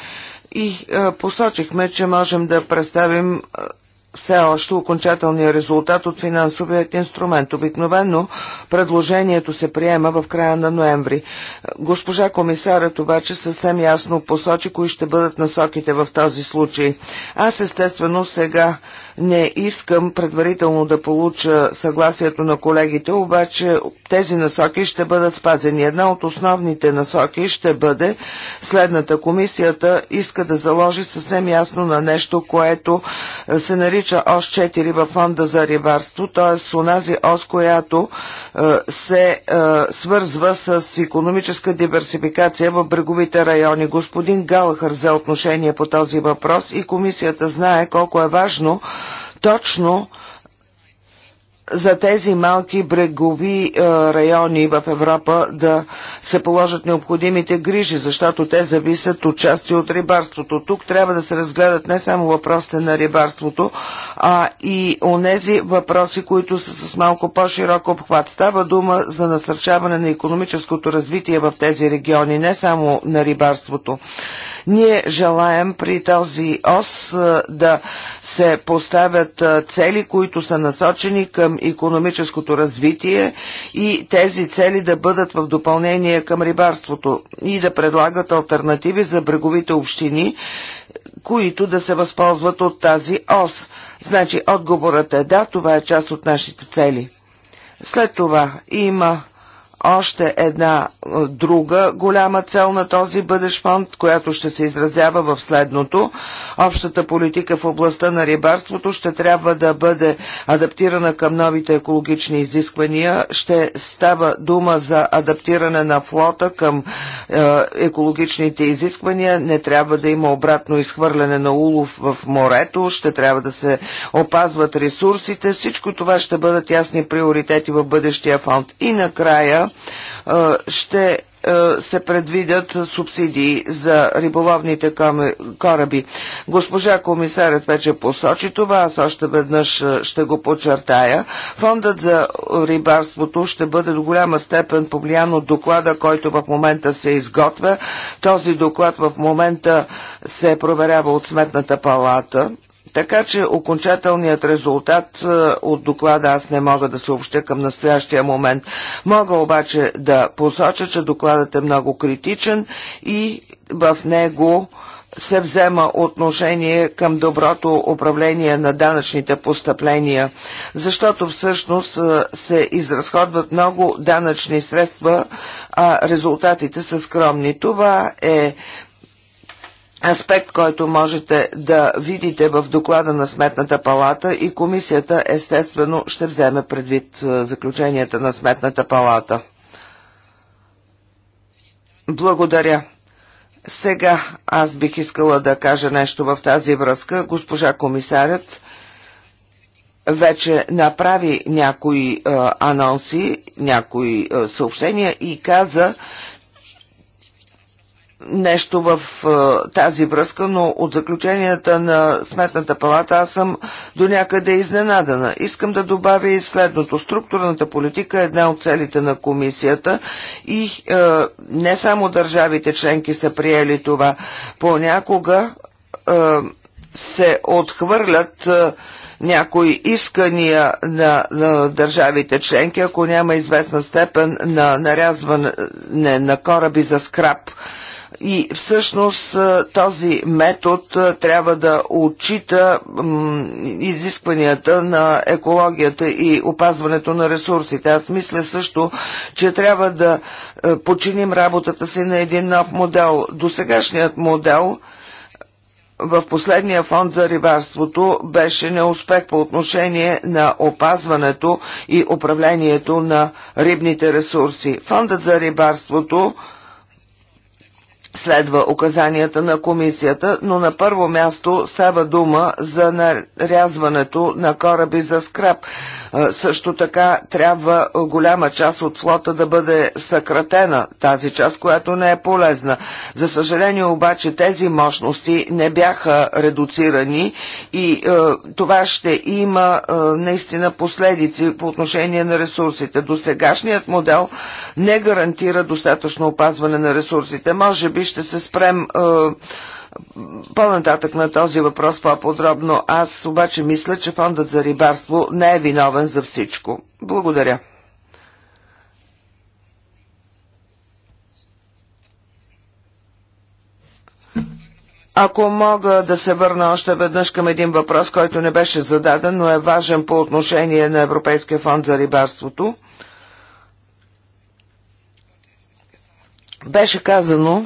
и посочихме, че можем да представим все още окончателния резултат от финансовият инструмент. Обикновено предложението се приема в края на ноември. Госпожа комисарът обаче съвсем ясно посочи, кои ще бъдат насоките в този случай. Аз естествено сега не искам предварително да получа съгласието на колегите, обаче тези насоки ще бъдат спазени. Една от основните насоки ще бъде следната. Комисията иска да заложи съвсем ясно на нещо, което е, се нарича ОС 4 във фонда за рибарство, т.е. с онази ОС, която е, се е, свързва с економическа диверсификация в бреговите райони. Господин Галахър взе отношение по този въпрос и комисията знае колко е важно точно за тези малки брегови е, райони в Европа да се положат необходимите грижи, защото те зависят от части от рибарството. Тук трябва да се разгледат не само въпросите на рибарството, а и онези въпроси, които са с малко по-широк обхват. Става дума за насърчаване на економическото развитие в тези региони, не само на рибарството. Ние желаем при този ОС е, да се поставят е, цели, които са насочени към економическото развитие и тези цели да бъдат в допълнение към рибарството и да предлагат альтернативи за бреговите общини, които да се възползват от тази ос. Значи отговорът е да, това е част от нашите цели. След това има още една друга голяма цел на този бъдещ фонд, която ще се изразява в следното. Общата политика в областта на рибарството ще трябва да бъде адаптирана към новите екологични изисквания. Ще става дума за адаптиране на флота към е, екологичните изисквания. Не трябва да има обратно изхвърляне на улов в морето. Ще трябва да се опазват ресурсите. Всичко това ще бъдат ясни приоритети в бъдещия фонд. И накрая е, ще е, се предвидят субсидии за риболовните кораби. Госпожа комисарят вече посочи това, аз още веднъж е, ще го подчертая. Фондът за рибарството ще бъде до голяма степен повлиян от доклада, който в момента се изготвя. Този доклад в момента се проверява от Сметната палата така че окончателният резултат е, от доклада аз не мога да съобщя към настоящия момент. Мога обаче да посоча, че докладът е много критичен и в него се взема отношение към доброто управление на данъчните постъпления, защото всъщност е, се изразходват много данъчни средства, а резултатите са скромни. Това е аспект, който можете да видите в доклада на Сметната палата и комисията естествено ще вземе предвид заключенията на Сметната палата. Благодаря. Сега аз бих искала да кажа нещо в тази връзка. Госпожа комисарят вече направи някои анонси, някои съобщения и каза, нещо в е, тази връзка, но от заключенията на Сметната палата аз съм до някъде изненадана. Искам да добавя и следното. Структурната политика е една от целите на комисията и е, не само държавите членки са приели това. Понякога е, се отхвърлят е, някои искания на, на държавите членки, ако няма известна степен на нарязване на кораби за скраб. И всъщност този метод трябва да отчита изискванията на екологията и опазването на ресурсите. Аз мисля също, че трябва да починим работата си на един нов модел. Досегашният модел в последния фонд за рибарството беше неуспех по отношение на опазването и управлението на рибните ресурси. Фондът за рибарството – следва указанията на комисията, но на първо място става дума за нарязването на кораби за скраб. Също така трябва голяма част от флота да бъде съкратена, тази част, която не е полезна. За съжаление обаче тези мощности не бяха редуцирани и е, това ще има е, наистина последици по отношение на ресурсите. До сегашният модел не гарантира достатъчно опазване на ресурсите. Може би ще се спрем е, по-нататък на този въпрос по-подробно. Аз обаче мисля, че фондът за рибарство не е виновен за всичко. Благодаря. Ако мога да се върна още веднъж към един въпрос, който не беше зададен, но е важен по отношение на Европейския фонд за рибарството. Беше казано,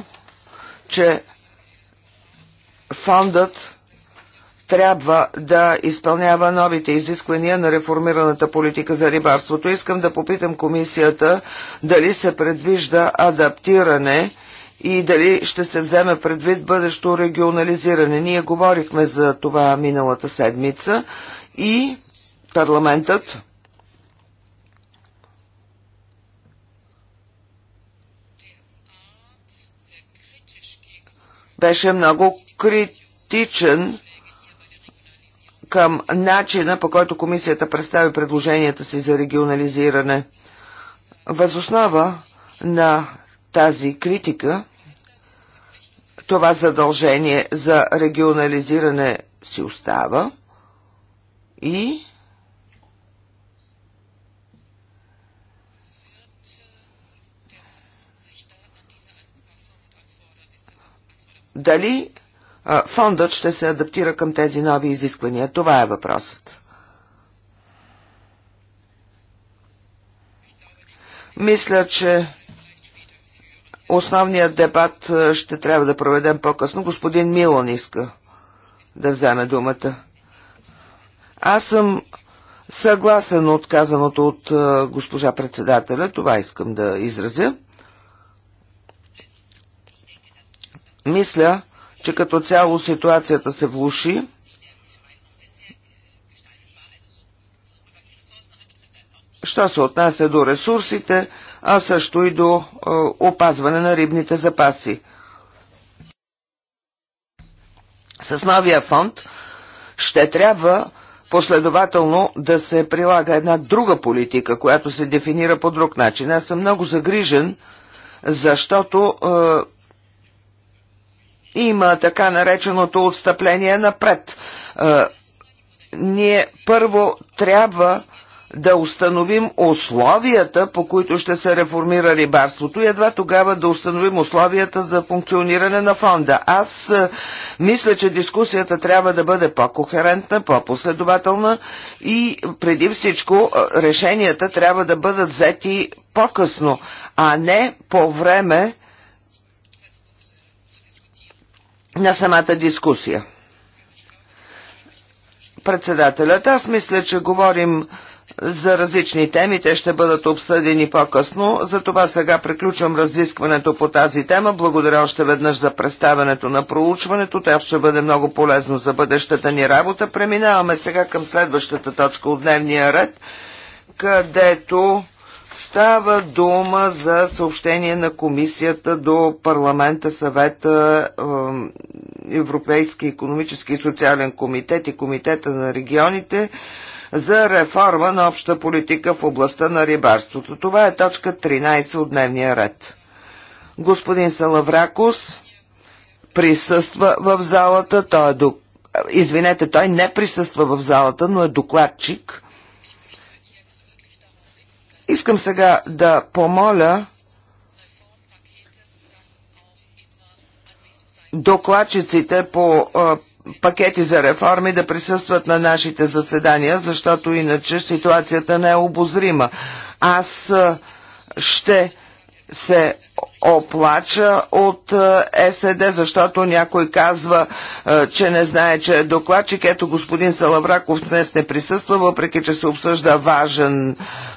че фондът трябва да изпълнява новите изисквания на реформираната политика за рибарството. Искам да попитам комисията дали се предвижда адаптиране и дали ще се вземе предвид бъдещо регионализиране. Ние говорихме за това миналата седмица и парламентът беше много критичен към начина, по който комисията представи предложенията си за регионализиране. Възоснова на тази критика, това задължение за регионализиране си остава и Дали фондът ще се адаптира към тези нови изисквания? Това е въпросът. Мисля, че основният дебат ще трябва да проведем по-късно. Господин Милан иска да вземе думата. Аз съм съгласен от казаното от госпожа председателя. Това искам да изразя. Мисля, че като цяло ситуацията се влуши. Що се отнася до ресурсите, а също и до е, опазване на рибните запаси. С новия фонд ще трябва последователно да се прилага една друга политика, която се дефинира по друг начин. Аз съм много загрижен, защото е, има така нареченото отстъпление напред. Е, ние първо трябва да установим условията, по които ще се реформира рибарството и едва тогава да установим условията за функциониране на фонда. Аз е, мисля, че дискусията трябва да бъде по-кохерентна, по-последователна и преди всичко е, решенията трябва да бъдат взети по-късно, а не по време на самата дискусия. Председателят, аз мисля, че говорим за различни теми, те ще бъдат обсъдени по-късно, затова сега приключвам разискването по тази тема. Благодаря още веднъж за представянето на проучването, тя ще бъде много полезно за бъдещата ни работа. Преминаваме сега към следващата точка от дневния ред, където Става дума за съобщение на комисията до парламента, съвета, Европейски економически и социален комитет и комитета на регионите за реформа на обща политика в областта на рибарството. Това е точка 13 от дневния ред. Господин Салавракус присъства в залата, той е до... извинете, той не присъства в залата, но е докладчик – Искам сега да помоля докладчиците по пакети за реформи да присъстват на нашите заседания, защото иначе ситуацията не е обозрима. Аз ще се оплача от е, СЕД, защото някой казва, е, че не знае, че е докладчик. Ето господин Салавраков днес не присъства, въпреки, че се обсъжда важен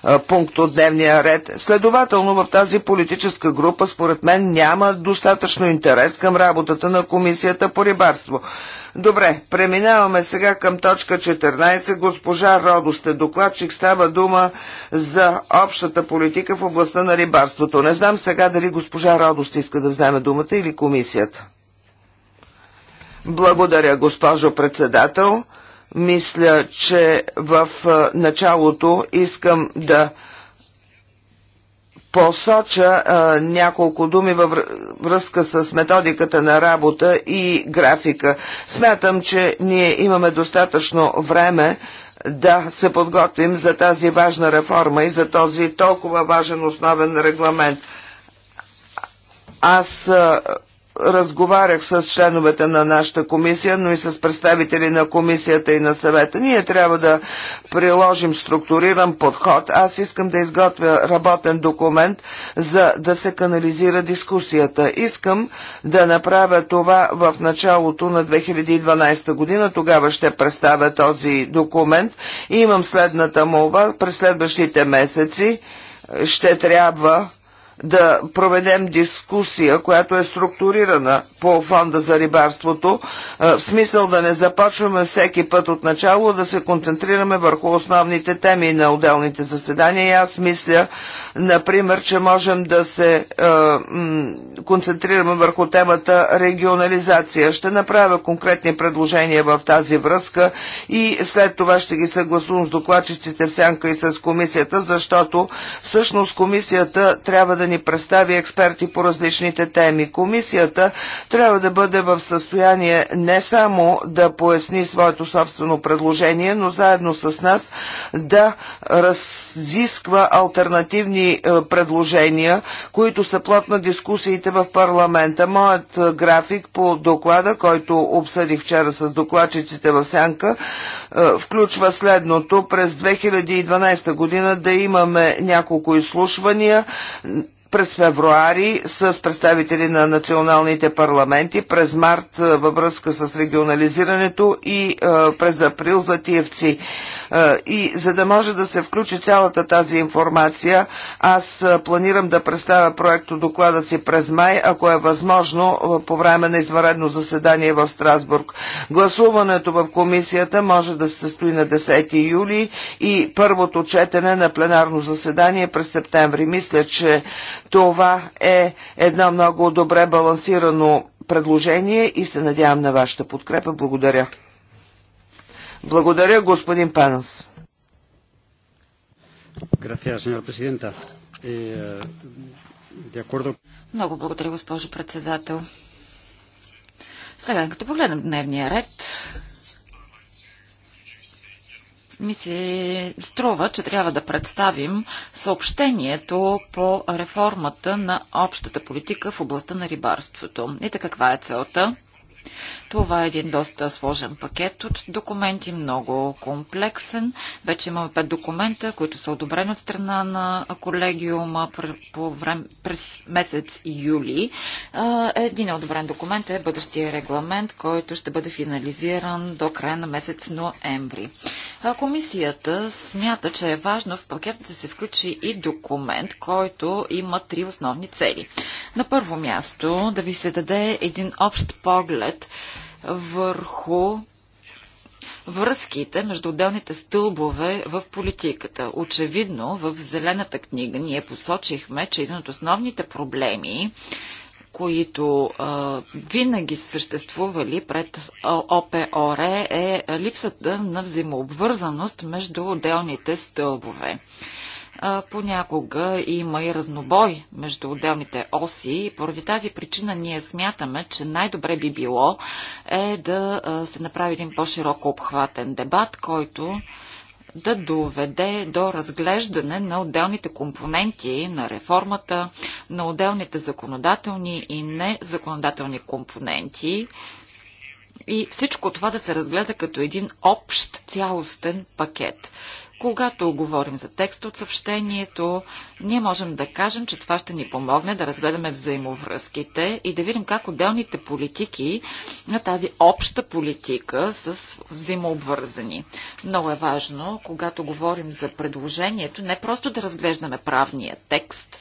е, пункт от дневния ред. Следователно в тази политическа група, според мен, няма достатъчно интерес към работата на Комисията по рибарство. Добре, преминаваме сега към точка 14. Госпожа Родосте, докладчик става дума за общата политика в областта на рибарството. Не знам сега дали господин Госпожа Радост иска да вземе думата или комисията? Благодаря, госпожо председател. Мисля, че в началото искам да посоча а, няколко думи във връзка с методиката на работа и графика. Смятам, че ние имаме достатъчно време да се подготвим за тази важна реформа и за този толкова важен основен регламент. Аз разговарях с членовете на нашата комисия, но и с представители на комисията и на съвета. Ние трябва да приложим структуриран подход. Аз искам да изготвя работен документ, за да се канализира дискусията. Искам да направя това в началото на 2012 година. Тогава ще представя този документ и имам следната молба. През следващите месеци ще трябва да проведем дискусия, която е структурирана по фонда за рибарството, е, в смисъл да не започваме всеки път от начало, да се концентрираме върху основните теми на отделните заседания. И аз мисля, например, че можем да се е, концентрираме върху темата регионализация. Ще направя конкретни предложения в тази връзка и след това ще ги съгласувам с докладчиците в Сянка и с комисията, защото всъщност комисията трябва да да ни представи експерти по различните теми. Комисията трябва да бъде в състояние не само да поясни своето собствено предложение, но заедно с нас да разисква альтернативни е, предложения, които са плод на дискусиите в парламента. Моят е, график по доклада, който обсъдих вчера с докладчиците в Сянка, е, включва следното. През 2012 година да имаме няколко изслушвания през февруари с представители на националните парламенти, през март във връзка с регионализирането и през април за тиевци. И за да може да се включи цялата тази информация, аз планирам да представя проекто доклада си през май, ако е възможно, по време на изваредно заседание в Страсбург. Гласуването в комисията може да се състои на 10 юли и първото четене на пленарно заседание през септември. Мисля, че това е едно много добре балансирано предложение и се надявам на вашата подкрепа. Благодаря. Благодаря, господин Панас. Eh, Много благодаря, госпожо председател. Сега, като погледнем дневния ред, ми се струва, че трябва да представим съобщението по реформата на общата политика в областта на рибарството. И така, каква е целта? Това е един доста сложен пакет от документи, много комплексен. Вече имаме пет документа, които са одобрени от страна на колегиума по време, през месец юли. Един одобрен документ е бъдещия регламент, който ще бъде финализиран до края на месец ноември. Комисията смята, че е важно в пакета да се включи и документ, който има три основни цели. На първо място да ви се даде един общ поглед върху връзките между отделните стълбове в политиката. Очевидно, в Зелената книга ние посочихме, че един от основните проблеми които а, винаги съществували пред ОПОР е липсата на взаимообвързаност между отделните стълбове понякога има и разнобой между отделните оси и поради тази причина ние смятаме, че най-добре би било е да се направи един по-широко обхватен дебат, който да доведе до разглеждане на отделните компоненти на реформата, на отделните законодателни и незаконодателни компоненти и всичко това да се разгледа като един общ цялостен пакет. Когато говорим за текст от съобщението, ние можем да кажем, че това ще ни помогне да разгледаме взаимовръзките и да видим как отделните политики на тази обща политика са взаимообвързани. Много е важно, когато говорим за предложението, не просто да разглеждаме правния текст,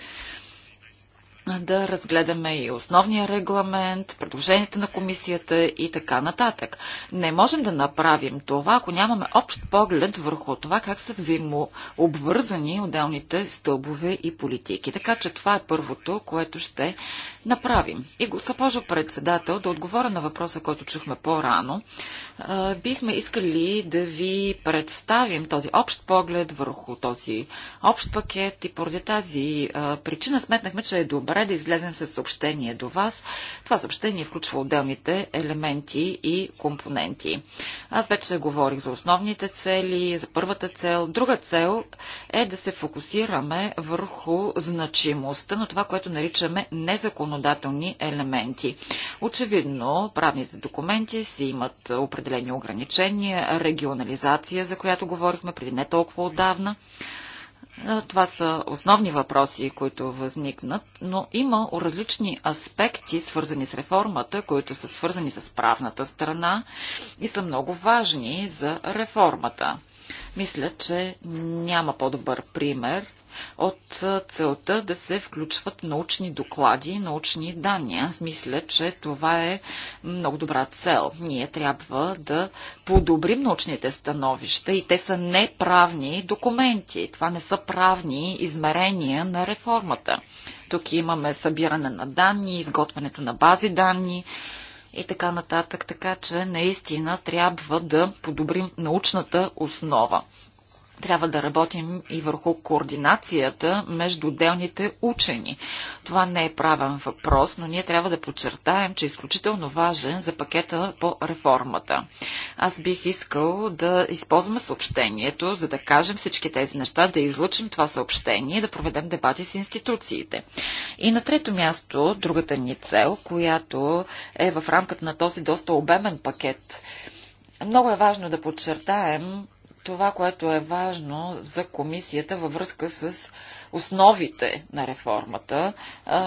да разгледаме и основния регламент, предложенията на комисията и така нататък. Не можем да направим това, ако нямаме общ поглед върху това как са взаимообвързани отделните стълбове и политики. Така че това е първото, което ще направим. И госпожо председател, да отговоря на въпроса, който чухме по-рано, бихме искали да ви представим този общ поглед върху този общ пакет и поради тази причина сметнахме, че е добре да излезем с съобщение до вас. Това съобщение включва отделните елементи и компоненти. Аз вече говорих за основните цели, за първата цел. Друга цел е да се фокусираме върху значимостта на това, което наричаме незаконодателство законодателни елементи. Очевидно, правните документи си имат определени ограничения, регионализация, за която говорихме преди не толкова отдавна. Е, това са основни въпроси, които възникнат, но има различни аспекти, свързани с реформата, които са свързани с правната страна и са много важни за реформата. Мисля, че няма по-добър пример от целта да се включват научни доклади, научни данни. Аз мисля, че това е много добра цел. Ние трябва да подобрим научните становища и те са неправни документи. Това не са правни измерения на реформата. Тук имаме събиране на данни, изготвянето на бази данни, и така нататък. Така че наистина трябва да подобрим научната основа. Трябва да работим и върху координацията между отделните учени. Това не е правен въпрос, но ние трябва да подчертаем, че е изключително важен за пакета по реформата. Аз бих искал да използваме съобщението, за да кажем всички тези неща, да излучим това съобщение и да проведем дебати с институциите. И на трето място, другата ни цел, която е в рамката на този доста обемен пакет. Много е важно да подчертаем, това, което е важно за комисията във връзка с основите на реформата.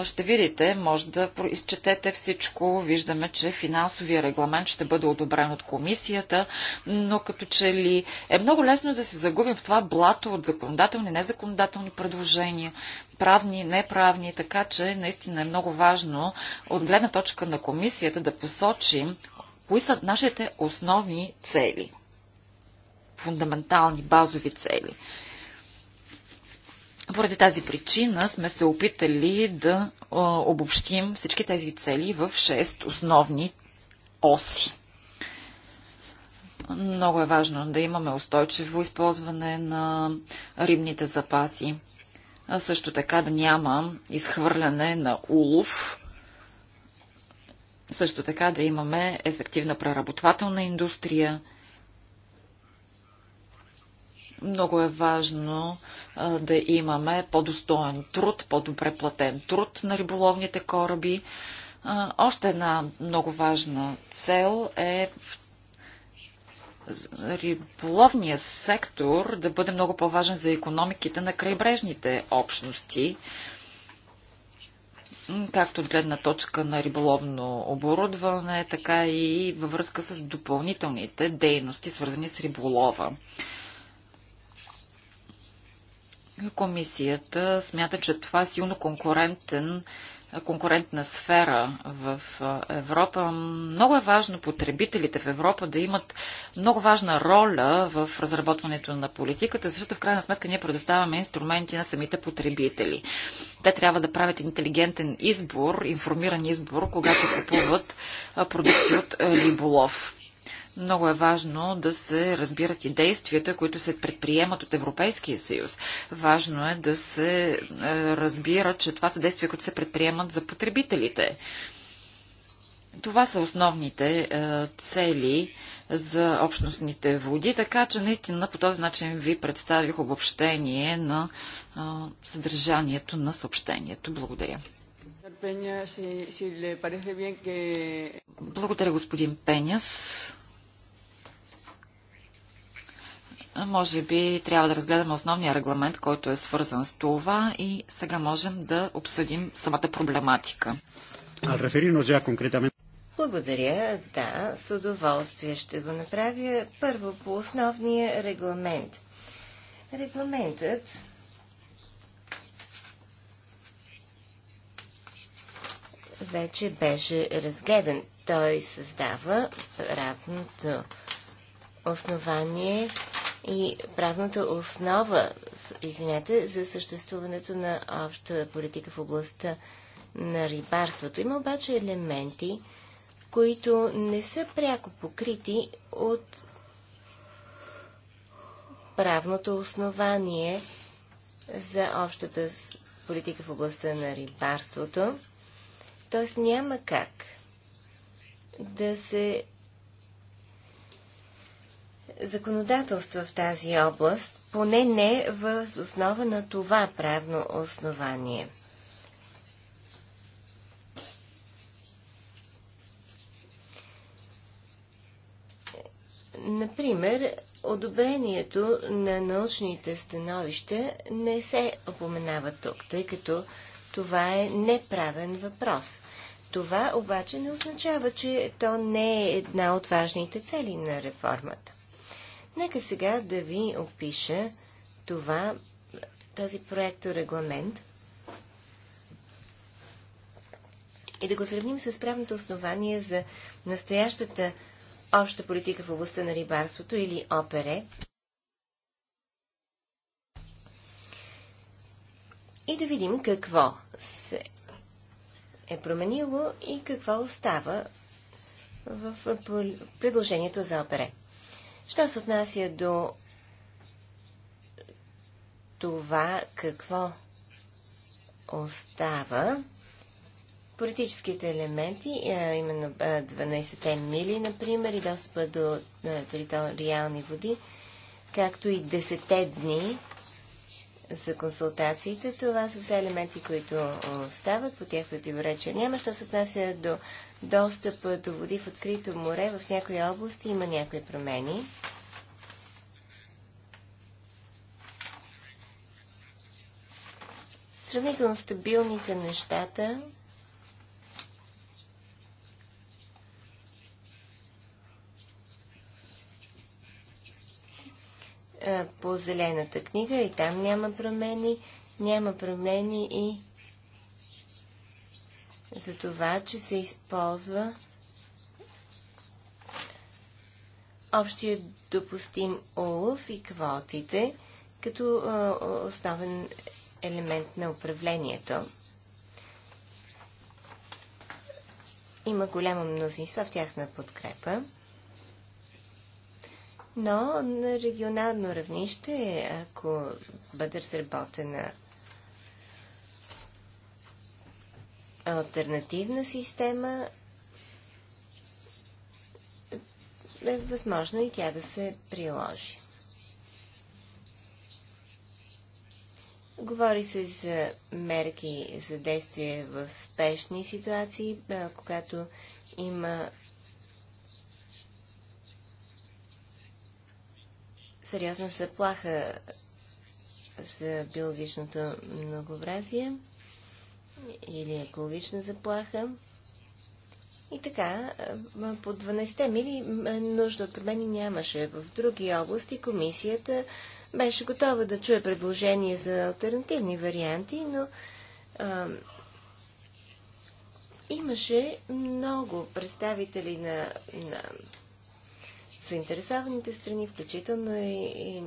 Ще видите, може да изчетете всичко. Виждаме, че финансовия регламент ще бъде одобрен от комисията, но като че ли е много лесно да се загубим в това блато от законодателни, незаконодателни предложения, правни, неправни, така че наистина е много важно от гледна точка на комисията да посочим кои са нашите основни цели фундаментални базови цели. Поради тази причина сме се опитали да обобщим всички тези цели в 6 основни оси. Много е важно да имаме устойчиво използване на рибните запаси. А също така да няма изхвърляне на улов. Също така да имаме ефективна преработвателна индустрия – много е важно да имаме по-достоен труд, по-добре платен труд на риболовните кораби. още една много важна цел е риболовния сектор да бъде много по-важен за економиките на крайбрежните общности, както от гледна точка на риболовно оборудване, така и във връзка с допълнителните дейности, свързани с риболова. Комисията смята, че това е силно конкурентен конкурентна сфера в Европа. Много е важно потребителите в Европа да имат много важна роля в разработването на политиката, защото в крайна сметка ние предоставяме инструменти на самите потребители. Те трябва да правят интелигентен избор, информиран избор, когато купуват продукти от Либолов. Много е важно да се разбират и действията, които се предприемат от Европейския съюз. Важно е да се е, разбира, че това са действия, които се предприемат за потребителите. Това са основните е, цели за общностните води, така че наистина по този начин ви представих обобщение на е, съдържанието на съобщението. Благодаря. Благодаря, господин Пеняс. Може би трябва да разгледаме основния регламент, който е свързан с това и сега можем да обсъдим самата проблематика. Благодаря, да, с удоволствие ще го направя. Първо по основния регламент. Регламентът вече беше разгледан. Той създава правното основание и правната основа, извинете, за съществуването на обща политика в областта на рибарството. Има обаче елементи, които не са пряко покрити от правното основание за общата политика в областта на рибарството. Т.е. няма как да се законодателство в тази област, поне не в основа на това правно основание. Например, одобрението на научните становища не се опоменава тук, тъй като това е неправен въпрос. Това обаче не означава, че то не е една от важните цели на реформата. Нека сега да ви опиша това, този проекторегламент и да го сравним с правното основание за настоящата обща политика в областта на рибарството или ОПЕРЕ. И да видим какво се е променило и какво остава в предложението за ОПЕРЕ. Що се отнася до това какво остава, политическите елементи, а, именно 12-те мили, например, и достъпа до териториални води, както и 10-те дни за консултациите. Това са все елементи, които остават, по тях противоречия няма. Що се отнася до достъпа до води в открито море в някои области има някои промени. Сравнително стабилни са нещата. По зелената книга и там няма промени. Няма промени и за това, че се използва общия допустим улов и квотите като основен елемент на управлението. Има голямо мнозинство в тяхна подкрепа. Но на регионално равнище, ако бъде разработена альтернативна система, е възможно и тя да се приложи. Говори се за мерки за действие в спешни ситуации, е, когато има сериозна заплаха за биологичното многообразие или екологична заплаха. И така, по 12 мили нужда от промени нямаше. В други области комисията беше готова да чуе предложение за альтернативни варианти, но а, имаше много представители на, на заинтересованите страни, включително и, и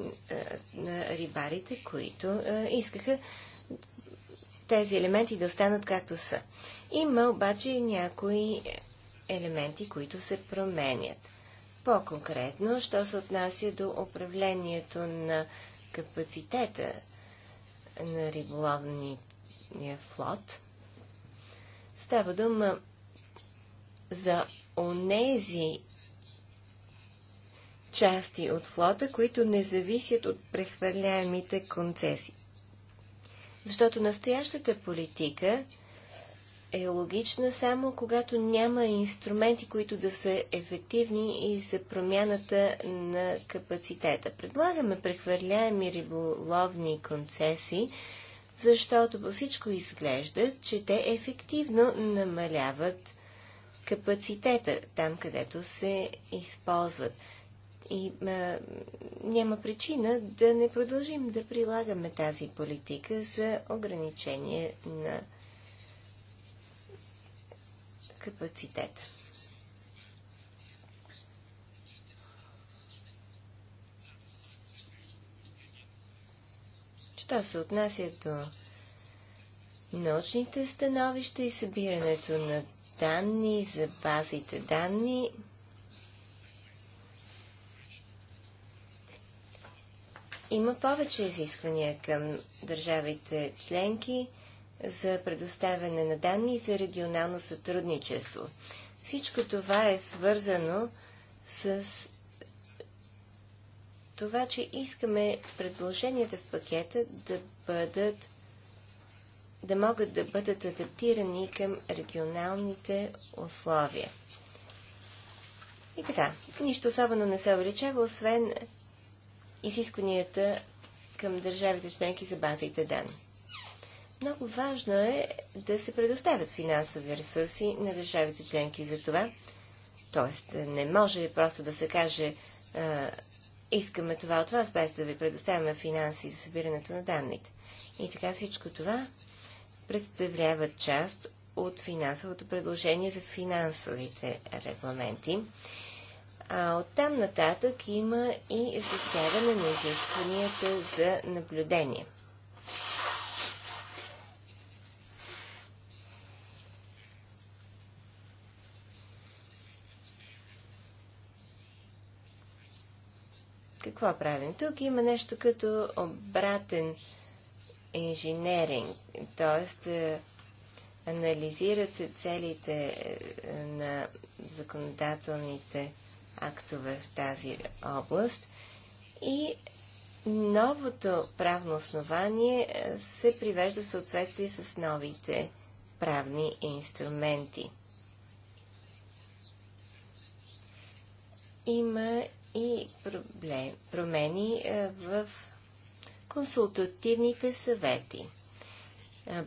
на рибарите, които а, искаха тези елементи да останат както са. Има обаче и някои елементи, които се променят. По-конкретно, що се отнася до управлението на капацитета на риболовния флот, става дума за онези части от флота, които не зависят от прехвърляемите концесии. Защото настоящата политика е логична само когато няма инструменти, които да са ефективни и за промяната на капацитета. Предлагаме прехвърляеми риболовни концесии, защото по всичко изглежда, че те ефективно намаляват капацитета там, където се използват. И а, няма причина да не продължим да прилагаме тази политика за ограничение на капацитета. Що се отнася до научните становища и събирането на данни за базите данни, Има повече изисквания към държавите членки за предоставяне на данни за регионално сътрудничество. Всичко това е свързано с това, че искаме предложенията в пакета да бъдат да могат да бъдат адаптирани към регионалните условия. И така, нищо особено не се увеличава, освен изискванията към държавите членки за базите данни. Много важно е да се предоставят финансови ресурси на държавите членки за това. Тоест, не може просто да се каже а, искаме това от вас, без да ви предоставяме финанси за събирането на данните. И така всичко това представлява част от финансовото предложение за финансовите регламенти. А оттам нататък има и затягане на изискванията за наблюдение. какво правим? Тук има нещо като обратен инженеринг, т.е. анализират се целите е, на законодателните актове в тази област и новото правно основание е, се привежда в съответствие с новите правни инструменти. Има и проблем, промени е, в консултативните съвети, е,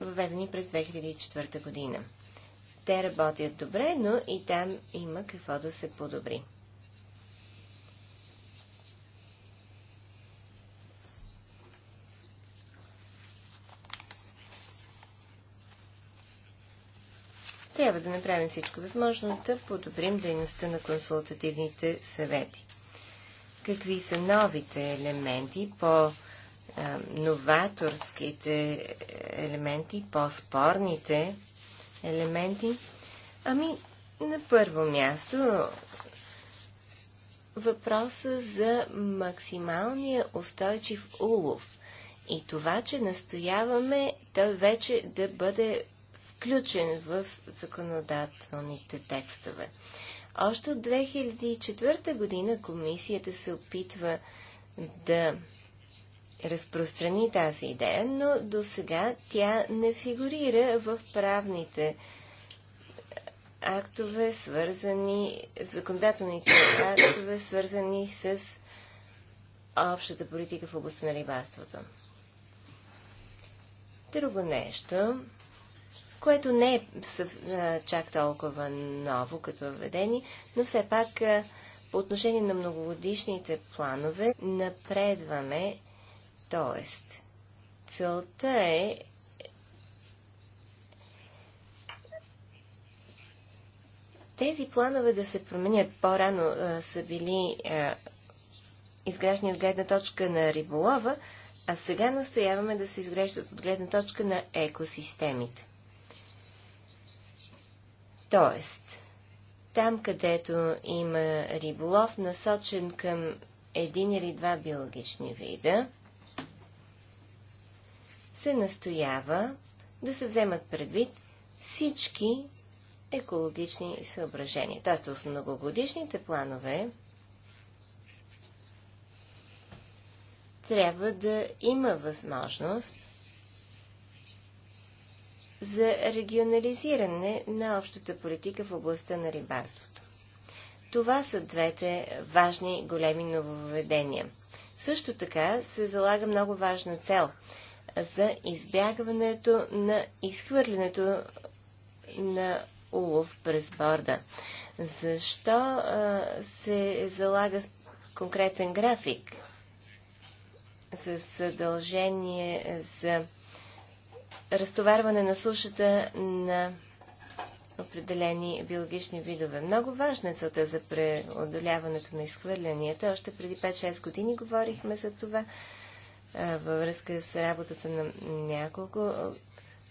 въведени през 2004 година. Те работят добре, но и там има какво да се подобри. трябва да направим всичко възможно да подобрим дейността на консултативните съвети. Какви са новите елементи, по-новаторските е, елементи, по-спорните елементи. Ами, на първо място въпроса за максималния устойчив улов и това, че настояваме той вече да бъде включен в законодателните текстове. Още от 2004 година комисията се опитва да разпространи тази идея, но до сега тя не фигурира в правните актове, свързани, законодателните актове, свързани с общата политика в областта на рибарството. Друго нещо, което не е чак толкова ново като введени, но все пак по отношение на многогодишните планове напредваме Тоест, целта е тези планове да се променят. По-рано са били изграждани от гледна точка на риболова, а сега настояваме да се изграждат от гледна точка на екосистемите. Тоест, там, където има риболов, насочен към един или два биологични вида, се настоява да се вземат предвид всички екологични съображения. Тоест в многогодишните планове трябва да има възможност за регионализиране на общата политика в областта на рибарството. Това са двете важни големи нововведения. Също така се залага много важна цел за избягването на изхвърлянето на улов през борда. Защо а, се залага конкретен график с задължение за разтоварване на сушата на определени биологични видове. Много важна е целта за преодоляването на изхвърлянията. Още преди 5-6 години говорихме за това във връзка с работата на няколко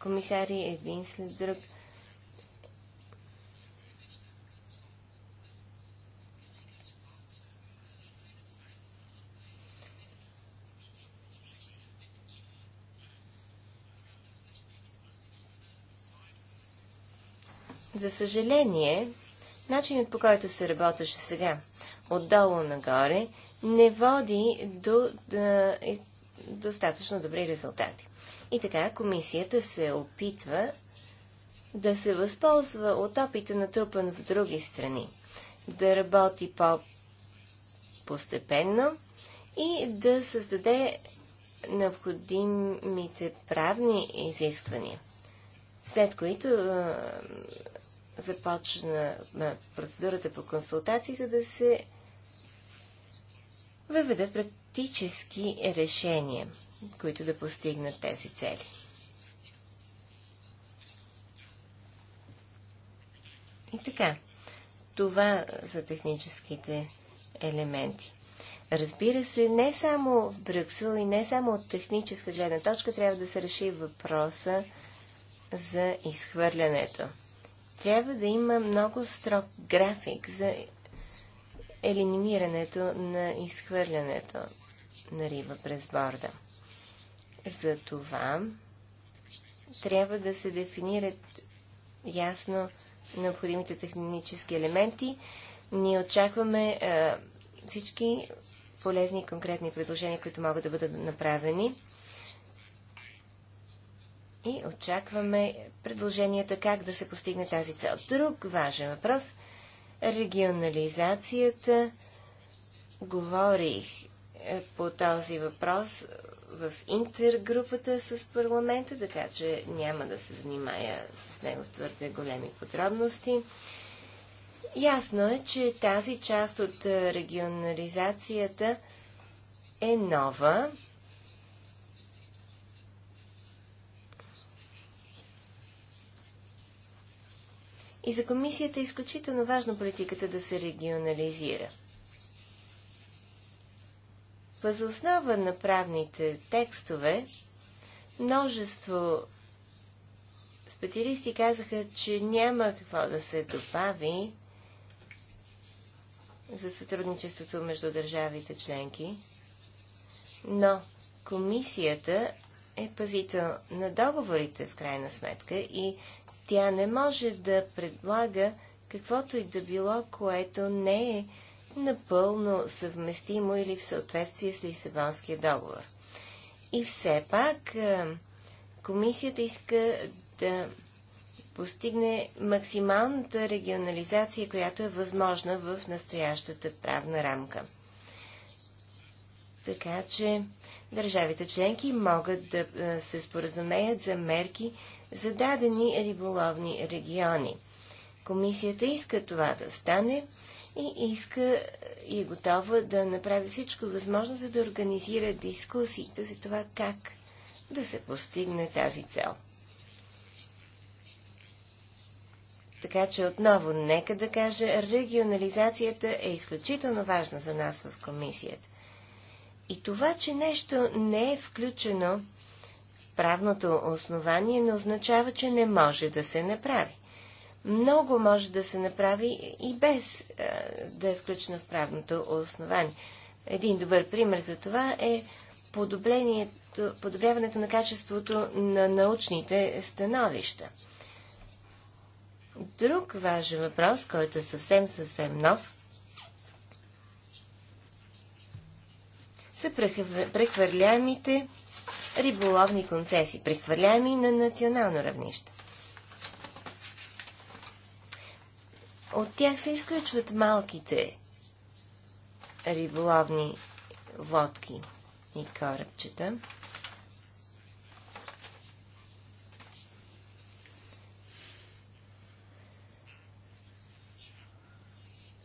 комисари, един след друг. За съжаление, начинът по който се работеше сега, отдолу нагоре, не води до да, достатъчно добри резултати. И така комисията се опитва да се възползва от опита натрупан в други страни, да работи по-постепенно и да създаде необходимите правни изисквания, след които е, започна процедурата по консултации, за да се въведат практически практически решения, които да постигнат тези цели. И така, това за техническите елементи. Разбира се, не само в Брюксел и не само от техническа гледна точка трябва да се реши въпроса за изхвърлянето. Трябва да има много строг график за елиминирането на изхвърлянето на риба през борда. За това трябва да се дефинират ясно необходимите технически елементи. Ние очакваме а, всички полезни и конкретни предложения, които могат да бъдат направени. И очакваме предложенията как да се постигне тази цел. Друг важен въпрос – регионализацията. Говорих е, по този въпрос в интергрупата с парламента, така че няма да се занимая с него в твърде големи подробности. Ясно е, че тази част от е, регионализацията е нова. И за комисията е изключително важно политиката да се регионализира – Възоснова на правните текстове, множество специалисти казаха, че няма какво да се добави за сътрудничеството между държавите членки, но комисията е пазител на договорите в крайна сметка и тя не може да предлага каквото и да било, което не е напълно съвместимо или в съответствие с Лисабонския договор. И все пак е, комисията иска да постигне максималната регионализация, която е възможна в настоящата правна рамка. Така че държавите членки могат да е, се споразумеят за мерки за дадени риболовни региони. Комисията иска това да стане и иска и е готова да направи всичко възможно, за да организира дискусиите за това как да се постигне тази цел. Така че отново, нека да кажа, регионализацията е изключително важна за нас в комисията. И това, че нещо не е включено в правното основание, не означава, че не може да се направи. Много може да се направи и без а, е, да е включено в правното основание. Един добър пример за това е подобряването на качеството на научните становища. Друг важен въпрос, който е съвсем, съвсем нов, са прехвърлямите риболовни концесии, прехвърлями на национално равнище. От тях се изключват малките риболовни лодки и корабчета.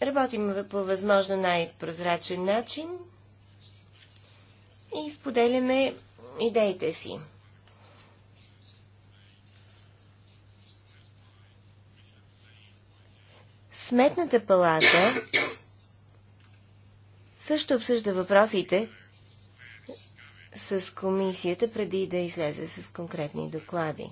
Работим по възможно най-прозрачен начин и споделяме идеите си. Сметната палата също обсъжда въпросите с комисията преди да излезе с конкретни доклади.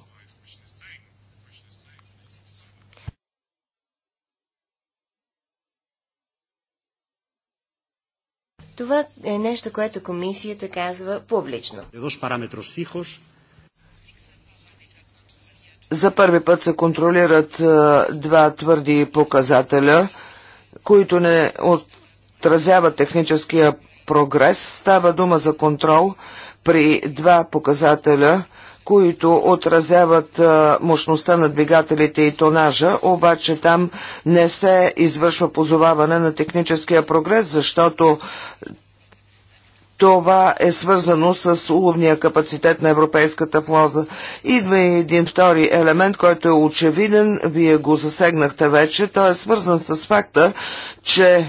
Това е нещо, което комисията казва публично. Е, за първи път се контролират два твърди показателя, които не отразяват техническия прогрес. Става дума за контрол при два показателя, които отразяват мощността на двигателите и тонажа, обаче там не се извършва позоваване на техническия прогрес, защото това е свързано с уловния капацитет на европейската плоза. Идва и един втори елемент, който е очевиден, вие го засегнахте вече. Той е свързан с факта, че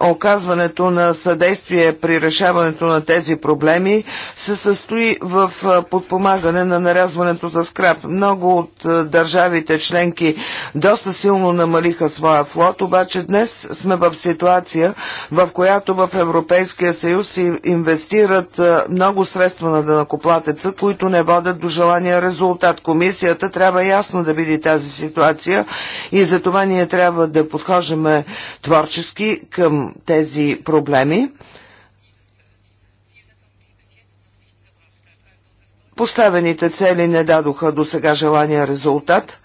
оказването на съдействие при решаването на тези проблеми се състои в подпомагане на нарязването за скраб. Много от държавите членки доста силно намалиха своя флот, обаче днес сме в ситуация, в която в Европейския съюз инвестират много средства на дънакоплатеца, които не водят до желания резултат. Комисията трябва ясно да види тази ситуация и за това ние трябва да подхождаме творчески към тези проблеми. Поставените цели не дадоха до сега желания резултат.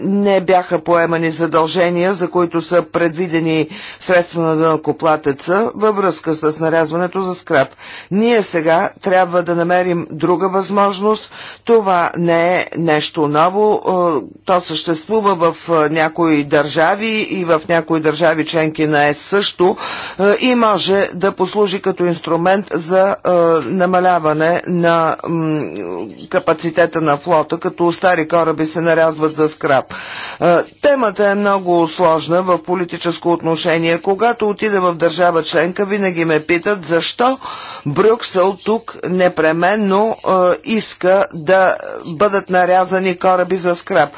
не бяха поемани задължения, за които са предвидени средства на дълкоплатеца във връзка с нарязването за скраб. Ние сега трябва да намерим друга възможност. Това не е нещо ново. Е, то съществува в е, някои държави и в някои държави членки на ЕС също е, и може да послужи като инструмент за намаляване на капацитета на флота, като стари кораби се нарязват за скраб скраб. Темата е много сложна в политическо отношение. Когато отида в държава членка, винаги ме питат защо Брюксел тук непременно иска да бъдат нарязани кораби за скраб.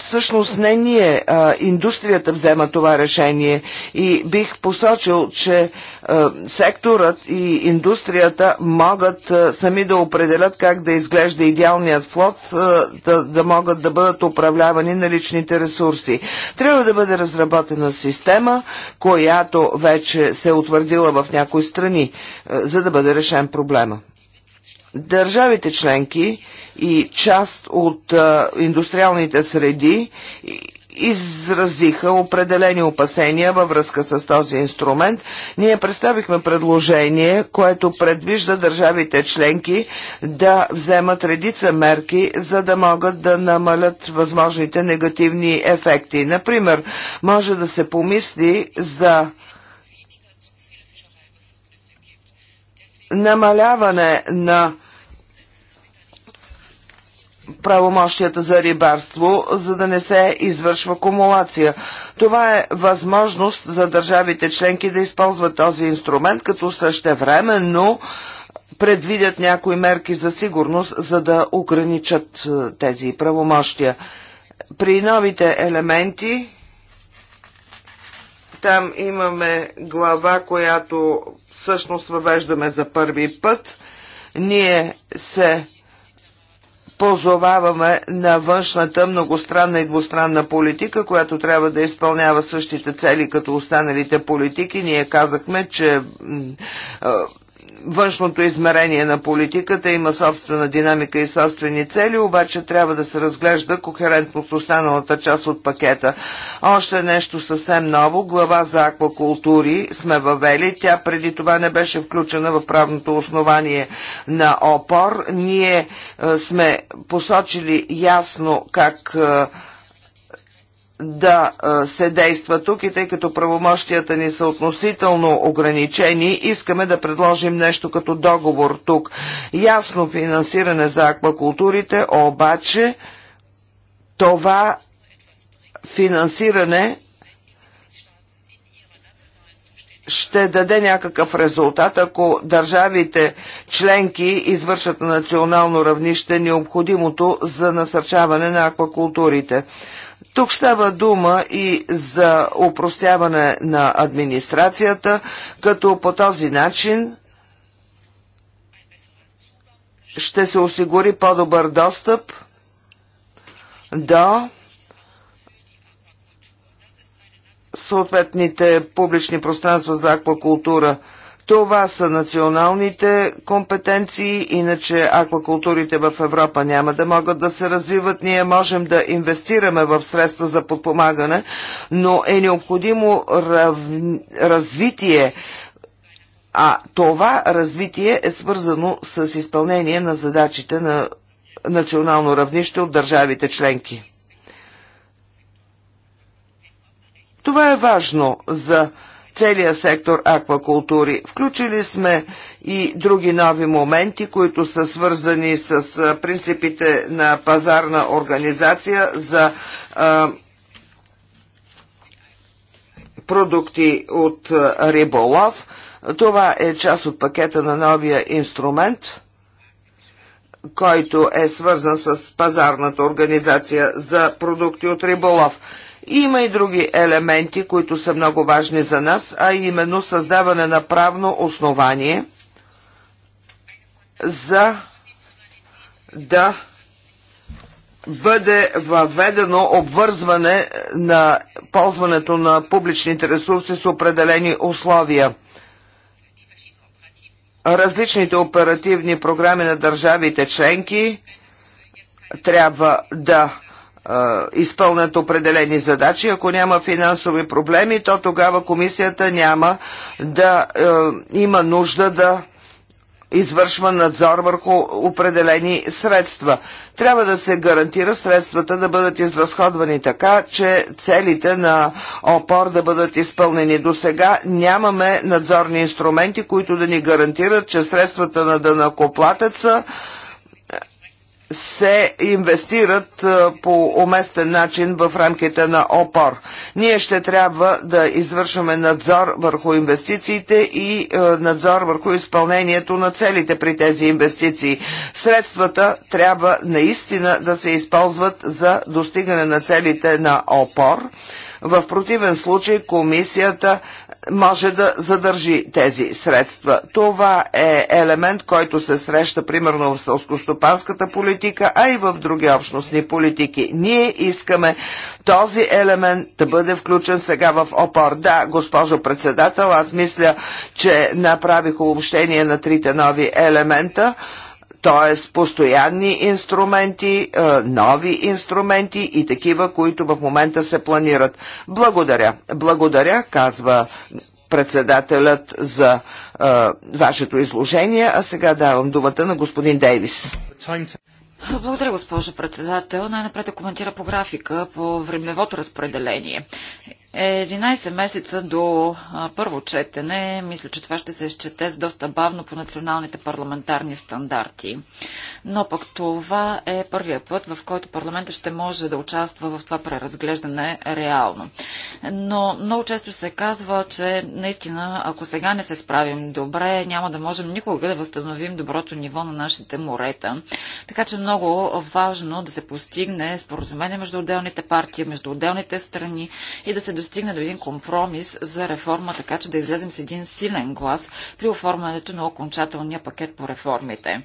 Всъщност не ние, индустрията взема това решение и бих посочил, че е, секторът и индустрията могат е, сами да определят как да изглежда идеалният флот, е, да, да могат да бъдат управлявани наличните ресурси. Трябва да бъде разработена система, която вече се е утвърдила в някои страни, за да бъде решен проблема. Държавите членки и част от а, индустриалните среди изразиха определени опасения във връзка с този инструмент. Ние представихме предложение, което предвижда държавите членки да вземат редица мерки, за да могат да намалят възможните негативни ефекти. Например, може да се помисли за намаляване на правомощията за рибарство, за да не се извършва кумулация. Това е възможност за държавите членки да използват този инструмент, като същевременно предвидят някои мерки за сигурност, за да ограничат е, тези правомощия. При новите елементи там имаме глава, която всъщност въвеждаме за първи път. Ние се позоваваме на външната многостранна и двустранна политика, която трябва да изпълнява същите цели като останалите политики. Ние казахме, че външното измерение на политиката има собствена динамика и собствени цели, обаче трябва да се разглежда кохерентно с останалата част от пакета. Още нещо съвсем ново, глава за аквакултури сме въвели. Тя преди това не беше включена в правното основание на ОПОР. Ние е, сме посочили ясно как е, да се действа тук и тъй като правомощията ни са относително ограничени, искаме да предложим нещо като договор тук. Ясно финансиране за аквакултурите, обаче това финансиране ще даде някакъв резултат, ако държавите членки извършат на национално равнище необходимото за насърчаване на аквакултурите. Тук става дума и за упростяване на администрацията, като по този начин ще се осигури по-добър достъп до съответните публични пространства за аквакултура – това са националните компетенции, иначе аквакултурите в Европа няма да могат да се развиват. Ние можем да инвестираме в средства за подпомагане, но е необходимо рав... развитие. А това развитие е свързано с изпълнение на задачите на национално равнище от държавите членки. Това е важно за целия сектор аквакултури. Включили сме и други нови моменти, които са свързани с принципите на пазарна организация за а, продукти от риболов. Това е част от пакета на новия инструмент, който е свързан с пазарната организация за продукти от риболов. Има и други елементи, които са много важни за нас, а именно създаване на правно основание за да бъде въведено обвързване на ползването на публичните ресурси с определени условия. Различните оперативни програми на държавите членки трябва да изпълнят определени задачи. Ако няма финансови проблеми, то тогава комисията няма да е, има нужда да извършва надзор върху определени средства. Трябва да се гарантира средствата да бъдат изразходвани така, че целите на ОПОР да бъдат изпълнени. До сега нямаме надзорни инструменти, които да ни гарантират, че средствата на дънакоплатеца се инвестират по уместен начин в рамките на ОПОР. Ние ще трябва да извършваме надзор върху инвестициите и надзор върху изпълнението на целите при тези инвестиции. Средствата трябва наистина да се използват за достигане на целите на ОПОР. В противен случай комисията може да задържи тези средства. Това е елемент, който се среща примерно в сълскостопанската политика, а и в други общностни политики. Ние искаме този елемент да бъде включен сега в ОПОР. Да, госпожо председател, аз мисля, че направих обобщение на трите нови елемента т.е. постоянни инструменти, е, нови инструменти и такива, които в момента се планират. Благодаря. Благодаря, казва председателят за е, вашето изложение, а сега давам думата на господин Дейвис. Благодаря, госпожо председател. Най-напред да коментира по графика, по времевото разпределение. 11 месеца до първо четене, мисля, че това ще се изчете с доста бавно по националните парламентарни стандарти. Но пък това е първия път, в който парламентът ще може да участва в това преразглеждане реално. Но много често се казва, че наистина, ако сега не се справим добре, няма да можем никога да възстановим доброто ниво на нашите морета. Така че много важно да се постигне споразумение между отделните партии, между отделните страни и да се достигне до един компромис за реформа, така че да излезем с един силен глас при оформянето на окончателния пакет по реформите.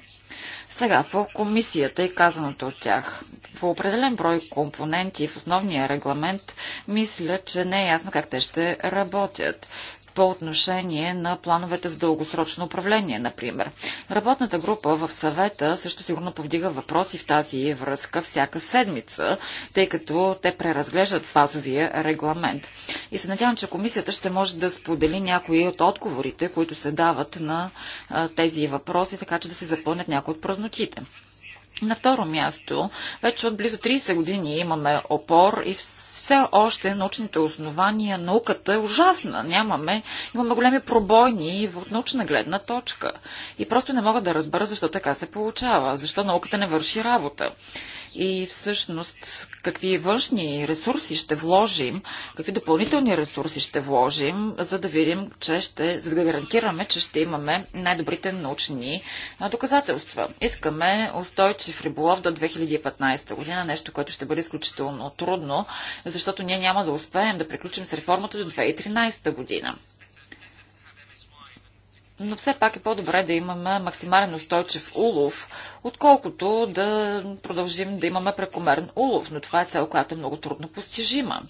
Сега по комисията и казаното от тях. По определен брой компоненти в основния регламент мисля, че не е ясно как те ще работят по отношение на плановете за дългосрочно управление, например. Работната група в съвета също сигурно повдига въпроси в тази връзка всяка седмица, тъй като те преразглеждат базовия регламент. И се надявам, че комисията ще може да сподели някои от отговорите, които се дават на тези въпроси, така че да се запълнят някои от празнотите. На второ място, вече от близо 30 години имаме опор и все още научните основания, науката е ужасна. Нямаме, имаме големи пробойни от научна гледна точка. И просто не мога да разбера защо така се получава, защо науката не върши работа и всъщност какви външни ресурси ще вложим, какви допълнителни ресурси ще вложим, за да видим, че ще, за да гарантираме, че ще имаме най-добрите научни доказателства. Искаме устойчив риболов до 2015 година, нещо, което ще бъде изключително трудно, защото ние няма да успеем да приключим с реформата до 2013 година но все пак е по-добре да имаме максимален устойчив улов, отколкото да продължим да имаме прекомерен улов, но това е цел, която е много трудно постижима.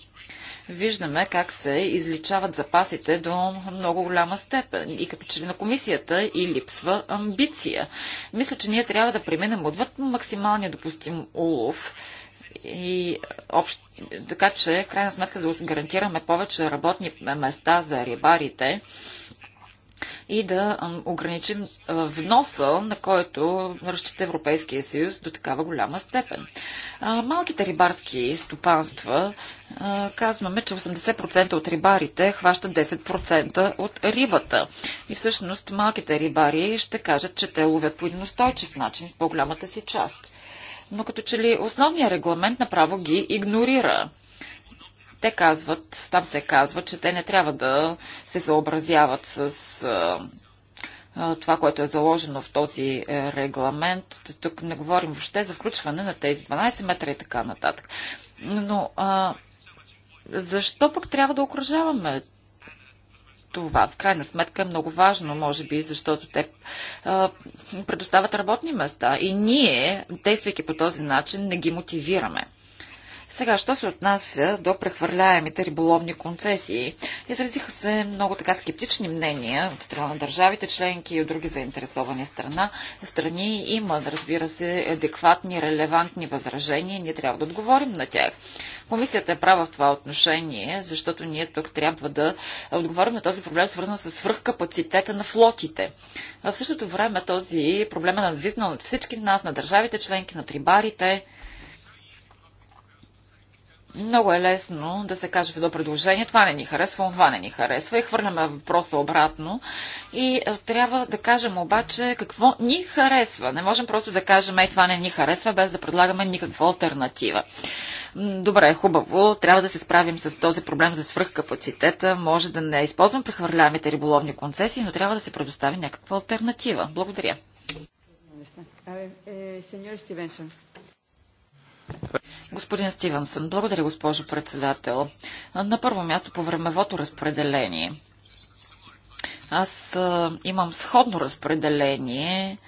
Виждаме как се изличават запасите до много голяма степен и като че на комисията и липсва амбиция. Мисля, че ние трябва да преминем отвъд максималния допустим улов и общ... така че в крайна сметка да гарантираме повече работни места за рибарите и да ограничим вноса, на който разчита Европейския съюз до такава голяма степен. Малките рибарски стопанства, казваме, че 80% от рибарите хващат 10% от рибата. И всъщност малките рибари ще кажат, че те ловят по един устойчив начин в по-голямата си част. Но като че ли основният регламент направо ги игнорира те казват, там се казва, че те не трябва да се съобразяват с а, това, което е заложено в този е, регламент. Тук не говорим въобще за включване на тези 12 метра и така нататък. Но а, защо пък трябва да окружаваме това. В крайна сметка е много важно, може би, защото те а, предоставят работни места и ние, действайки по този начин, не ги мотивираме. Сега, що се отнася до прехвърляемите риболовни концесии? Изразиха се много така скептични мнения от страна на държавите членки и от други заинтересовани страна. Страни има, разбира се, адекватни, релевантни възражения. Ние трябва да отговорим на тях. Комисията е права в това отношение, защото ние тук трябва да отговорим на този проблем, свързан с свръхкапацитета на флотите. В същото време този проблем е надвиснал от всички нас, на държавите членки, на трибарите много е лесно да се каже в едно предложение, това не ни харесва, това не ни харесва и хвърляме въпроса обратно. И е, трябва да кажем обаче какво ни харесва. Не можем просто да кажем, ей, това не ни харесва, без да предлагаме никаква альтернатива. Добре, хубаво, трябва да се справим с този проблем за свръхкапацитета. Може да не използвам прехвърляемите риболовни концесии, но трябва да се предостави някаква альтернатива. Благодаря. Е, е, сеньор Стивенсон. Господин Стивенсън, благодаря, госпожо председател. На първо място по времевото разпределение. Аз имам сходно разпределение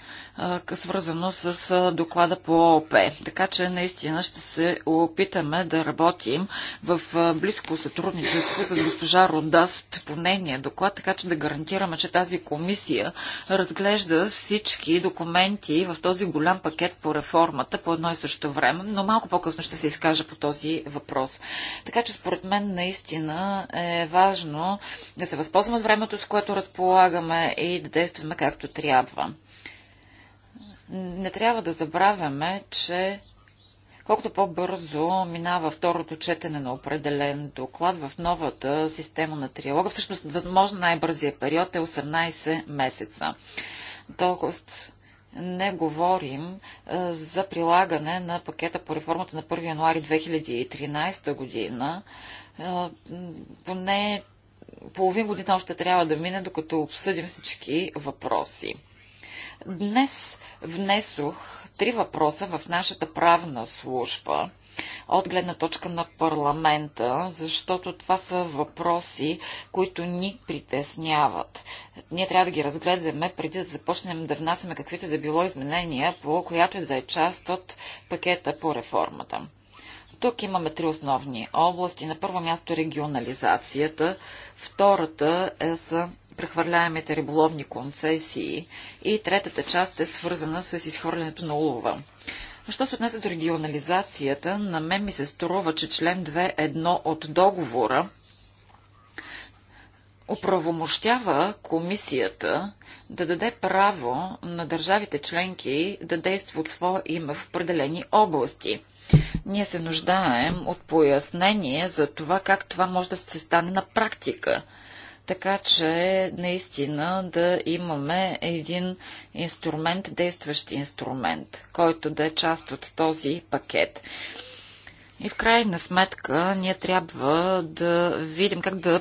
свързано с доклада по ООП. Така че наистина ще се опитаме да работим в близко сътрудничество с госпожа Рудаст по нейния доклад, така че да гарантираме, че тази комисия разглежда всички документи в този голям пакет по реформата по едно и също време, но малко по-късно ще се изкажа по този въпрос. Така че според мен наистина е важно да се възползваме от времето, с което разполагаме и да действаме както трябва. Не трябва да забравяме, че колкото по-бързо минава второто четене на определен доклад в новата система на триалога, всъщност възможно най-бързия период е 18 месеца. Тоест, не говорим а, е, за прилагане на пакета по реформата на 1 януари 2013 година. А, е, поне половин година още трябва да мине, докато обсъдим всички въпроси. Днес внесох три въпроса в нашата правна служба от гледна точка на парламента, защото това са въпроси, които ни притесняват. Ние трябва да ги разгледаме преди да започнем да внасяме каквито да било изменения по която и да е част от пакета по реформата. Тук имаме три основни области. На първо място регионализацията, втората е са прехвърляемите риболовни концесии и третата част е свързана с изхвърлянето на улова. Що се отнесе до регионализацията, на мен ми се струва, че член 2.1 от договора оправомощява комисията да даде право на държавите членки да действат от своя име в определени области. Ние се нуждаем от пояснение за това как това може да се стане на практика така че наистина да имаме един инструмент, действащ инструмент, който да е част от този пакет. И в крайна сметка ние трябва да видим как да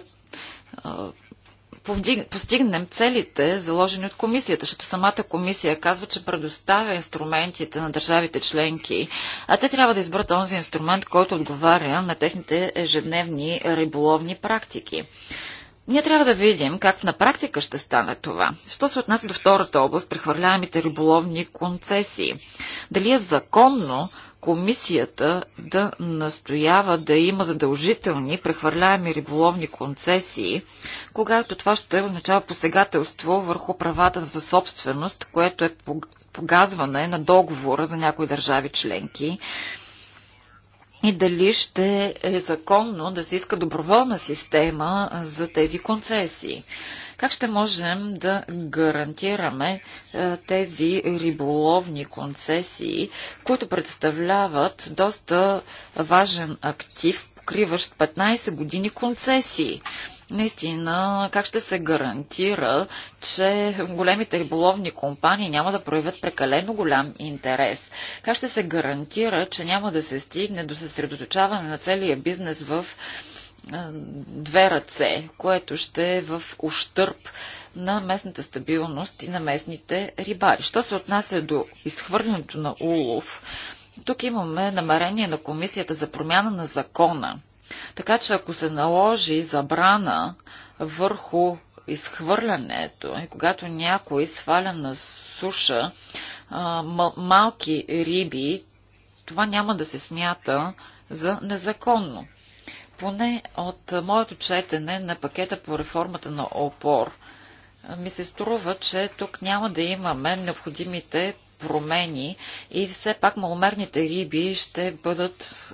постигнем целите, заложени от комисията, защото самата комисия казва, че предоставя инструментите на държавите членки, а те трябва да изберат този инструмент, който отговаря на техните ежедневни риболовни практики. Ние трябва да видим как на практика ще стане това. Що се отнася до втората област, прехвърляемите риболовни концесии? Дали е законно комисията да настоява да има задължителни прехвърляеми риболовни концесии, когато това ще означава посегателство върху правата за собственост, което е погазване на договора за някои държави членки и дали ще е законно да се иска доброволна система за тези концесии. Как ще можем да гарантираме тези риболовни концесии, които представляват доста важен актив, покриващ 15 години концесии? наистина как ще се гарантира, че големите риболовни компании няма да проявят прекалено голям интерес? Как ще се гарантира, че няма да се стигне до съсредоточаване на целия бизнес в две ръце, което ще е в ущърп на местната стабилност и на местните рибари. Що се отнася до изхвърлянето на улов, тук имаме намерение на комисията за промяна на закона – така че ако се наложи забрана върху изхвърлянето и когато някой сваля на суша а, малки риби, това няма да се смята за незаконно. Поне от моето четене на пакета по реформата на ОПОР ми се струва, че тук няма да имаме необходимите промени и все пак маломерните риби ще бъдат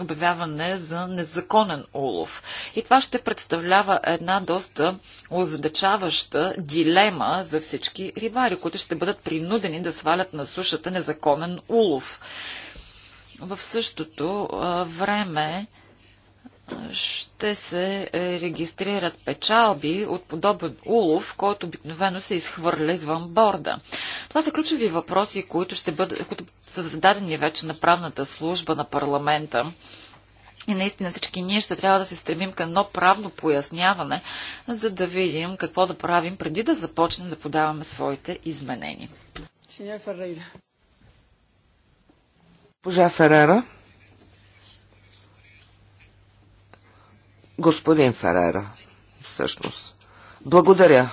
обявяване за незаконен улов. И това ще представлява една доста озадачаваща дилема за всички рибари, които ще бъдат принудени да свалят на сушата незаконен улов. В същото време ще се е, регистрират печалби от подобен улов, който обикновено се изхвърля извън борда. Това са ключови въпроси, които, ще бъде, които са зададени вече на правната служба на парламента. И наистина всички ние ще трябва да се стремим към едно правно поясняване, за да видим какво да правим преди да започнем да подаваме своите изменения. Пожа Ферера. Господин Ферера, всъщност. Благодаря,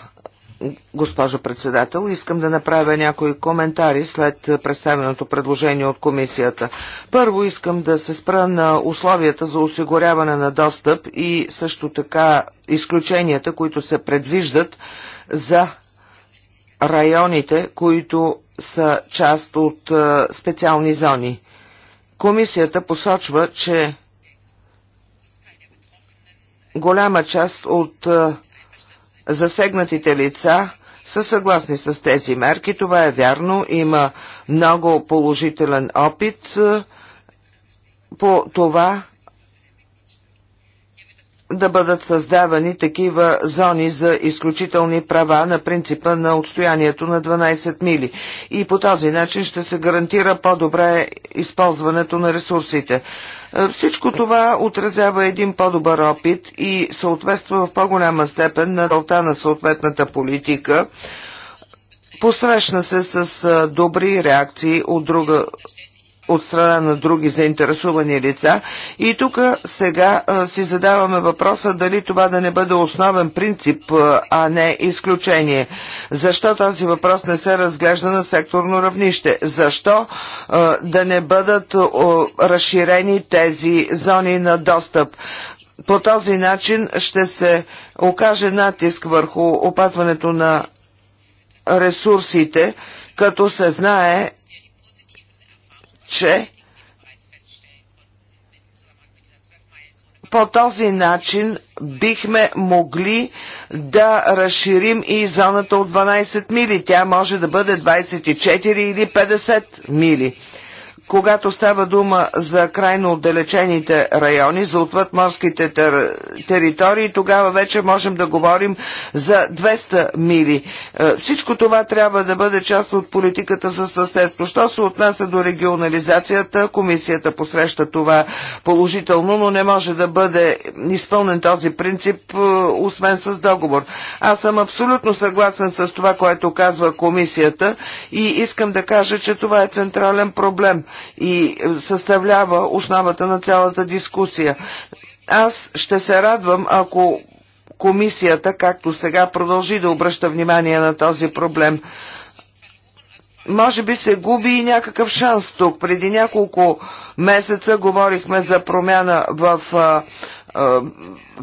госпожо председател. Искам да направя някои коментари след представеното предложение от комисията. Първо искам да се спра на условията за осигуряване на достъп и също така изключенията, които се предвиждат за районите, които са част от специални зони. Комисията посочва, че голяма част от е, засегнатите лица са съгласни с тези мерки. Това е вярно. Има много положителен опит е, по това да бъдат създавани такива зони за изключителни права на принципа на отстоянието на 12 мили. И по този начин ще се гарантира по-добре използването на ресурсите. Всичко това отразява един по-добър опит и съответства в по-голяма степен на целта на съответната политика. Посрещна се с добри реакции от друга от страна на други заинтересувани лица. И тук сега а, си задаваме въпроса дали това да не бъде основен принцип, а не изключение. Защо този въпрос не се разглежда на секторно равнище? Защо а, да не бъдат а, разширени тези зони на достъп? По този начин ще се окаже натиск върху опазването на ресурсите, като се знае, че по този начин бихме могли да разширим и зоната от 12 мили. Тя може да бъде 24 или 50 мили когато става дума за крайно отдалечените райони, за морските тер... територии, тогава вече можем да говорим за 200 мили. Е, всичко това трябва да бъде част от политиката за съседство. Що се отнася до регионализацията, комисията посреща това положително, но не може да бъде изпълнен този принцип, е, освен с договор. Аз съм абсолютно съгласен с това, което казва комисията и искам да кажа, че това е централен проблем и съставлява основата на цялата дискусия. Аз ще се радвам, ако комисията, както сега, продължи да обръща внимание на този проблем. Може би се губи и някакъв шанс тук. Преди няколко месеца говорихме за промяна в а,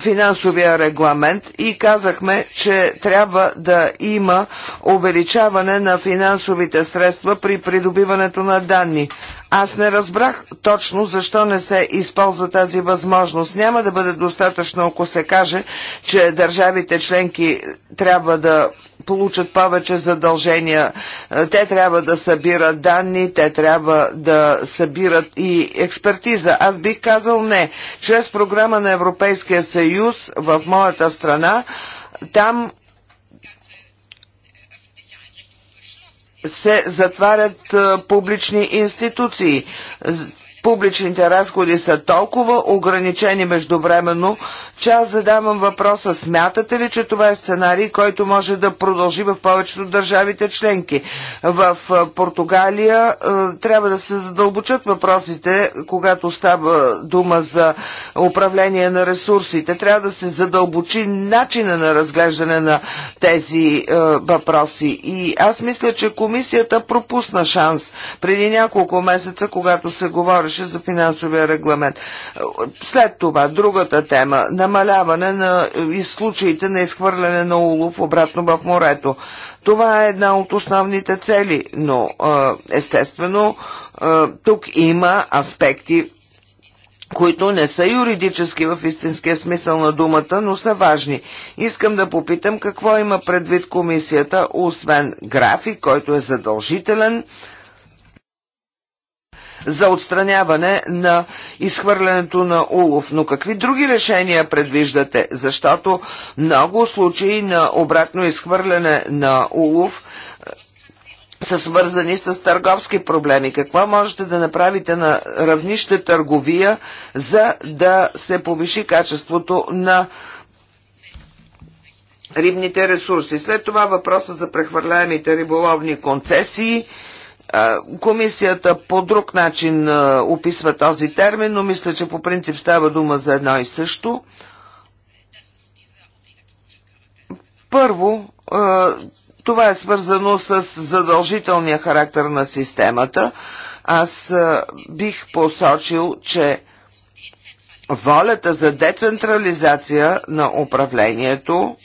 финансовия регламент и казахме, че трябва да има увеличаване на финансовите средства при придобиването на данни. Аз не разбрах точно защо не се използва тази възможност. Няма да бъде достатъчно, ако се каже, че държавите членки трябва да получат повече задължения. Е, те трябва да събират данни, те трябва да събират и експертиза. Аз бих казал не. Чрез програма на Европейския съюз в моята страна, там се затварят е, публични институции публичните разходи са толкова ограничени междувременно, че аз задавам въпроса, смятате ли, че това е сценарий, който може да продължи в повечето държавите членки? В Португалия трябва да се задълбочат въпросите, когато става дума за управление на ресурсите. Трябва да се задълбочи начина на разглеждане на тези въпроси. И аз мисля, че комисията пропусна шанс преди няколко месеца, когато се говори говореше за финансовия регламент. След това, другата тема – намаляване на случаите на изхвърляне на улов обратно в морето. Това е една от основните цели, но естествено тук има аспекти, които не са юридически в истинския смисъл на думата, но са важни. Искам да попитам какво има предвид комисията, освен график, който е задължителен, за отстраняване на изхвърлянето на улов. Но какви други решения предвиждате? Защото много случаи на обратно изхвърляне на улов е, са свързани с търговски проблеми. Какво можете да направите на равнище търговия, за да се повиши качеството на рибните ресурси? След това въпроса за прехвърляемите риболовни концесии – Комисията по друг начин описва този термин, но мисля, че по принцип става дума за едно и също. Първо, това е свързано с задължителния характер на системата. Аз бих посочил, че волята за децентрализация на управлението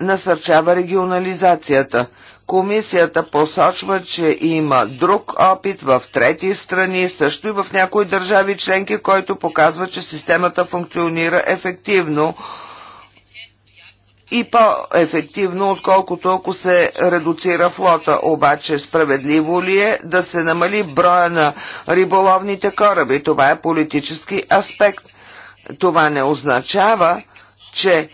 насърчава регионализацията – Комисията посочва, че има друг опит в трети страни, също и в някои държави членки, който показва, че системата функционира ефективно и по-ефективно, отколкото ако се редуцира флота. Обаче справедливо ли е да се намали броя на риболовните кораби? Това е политически аспект. Това не означава, че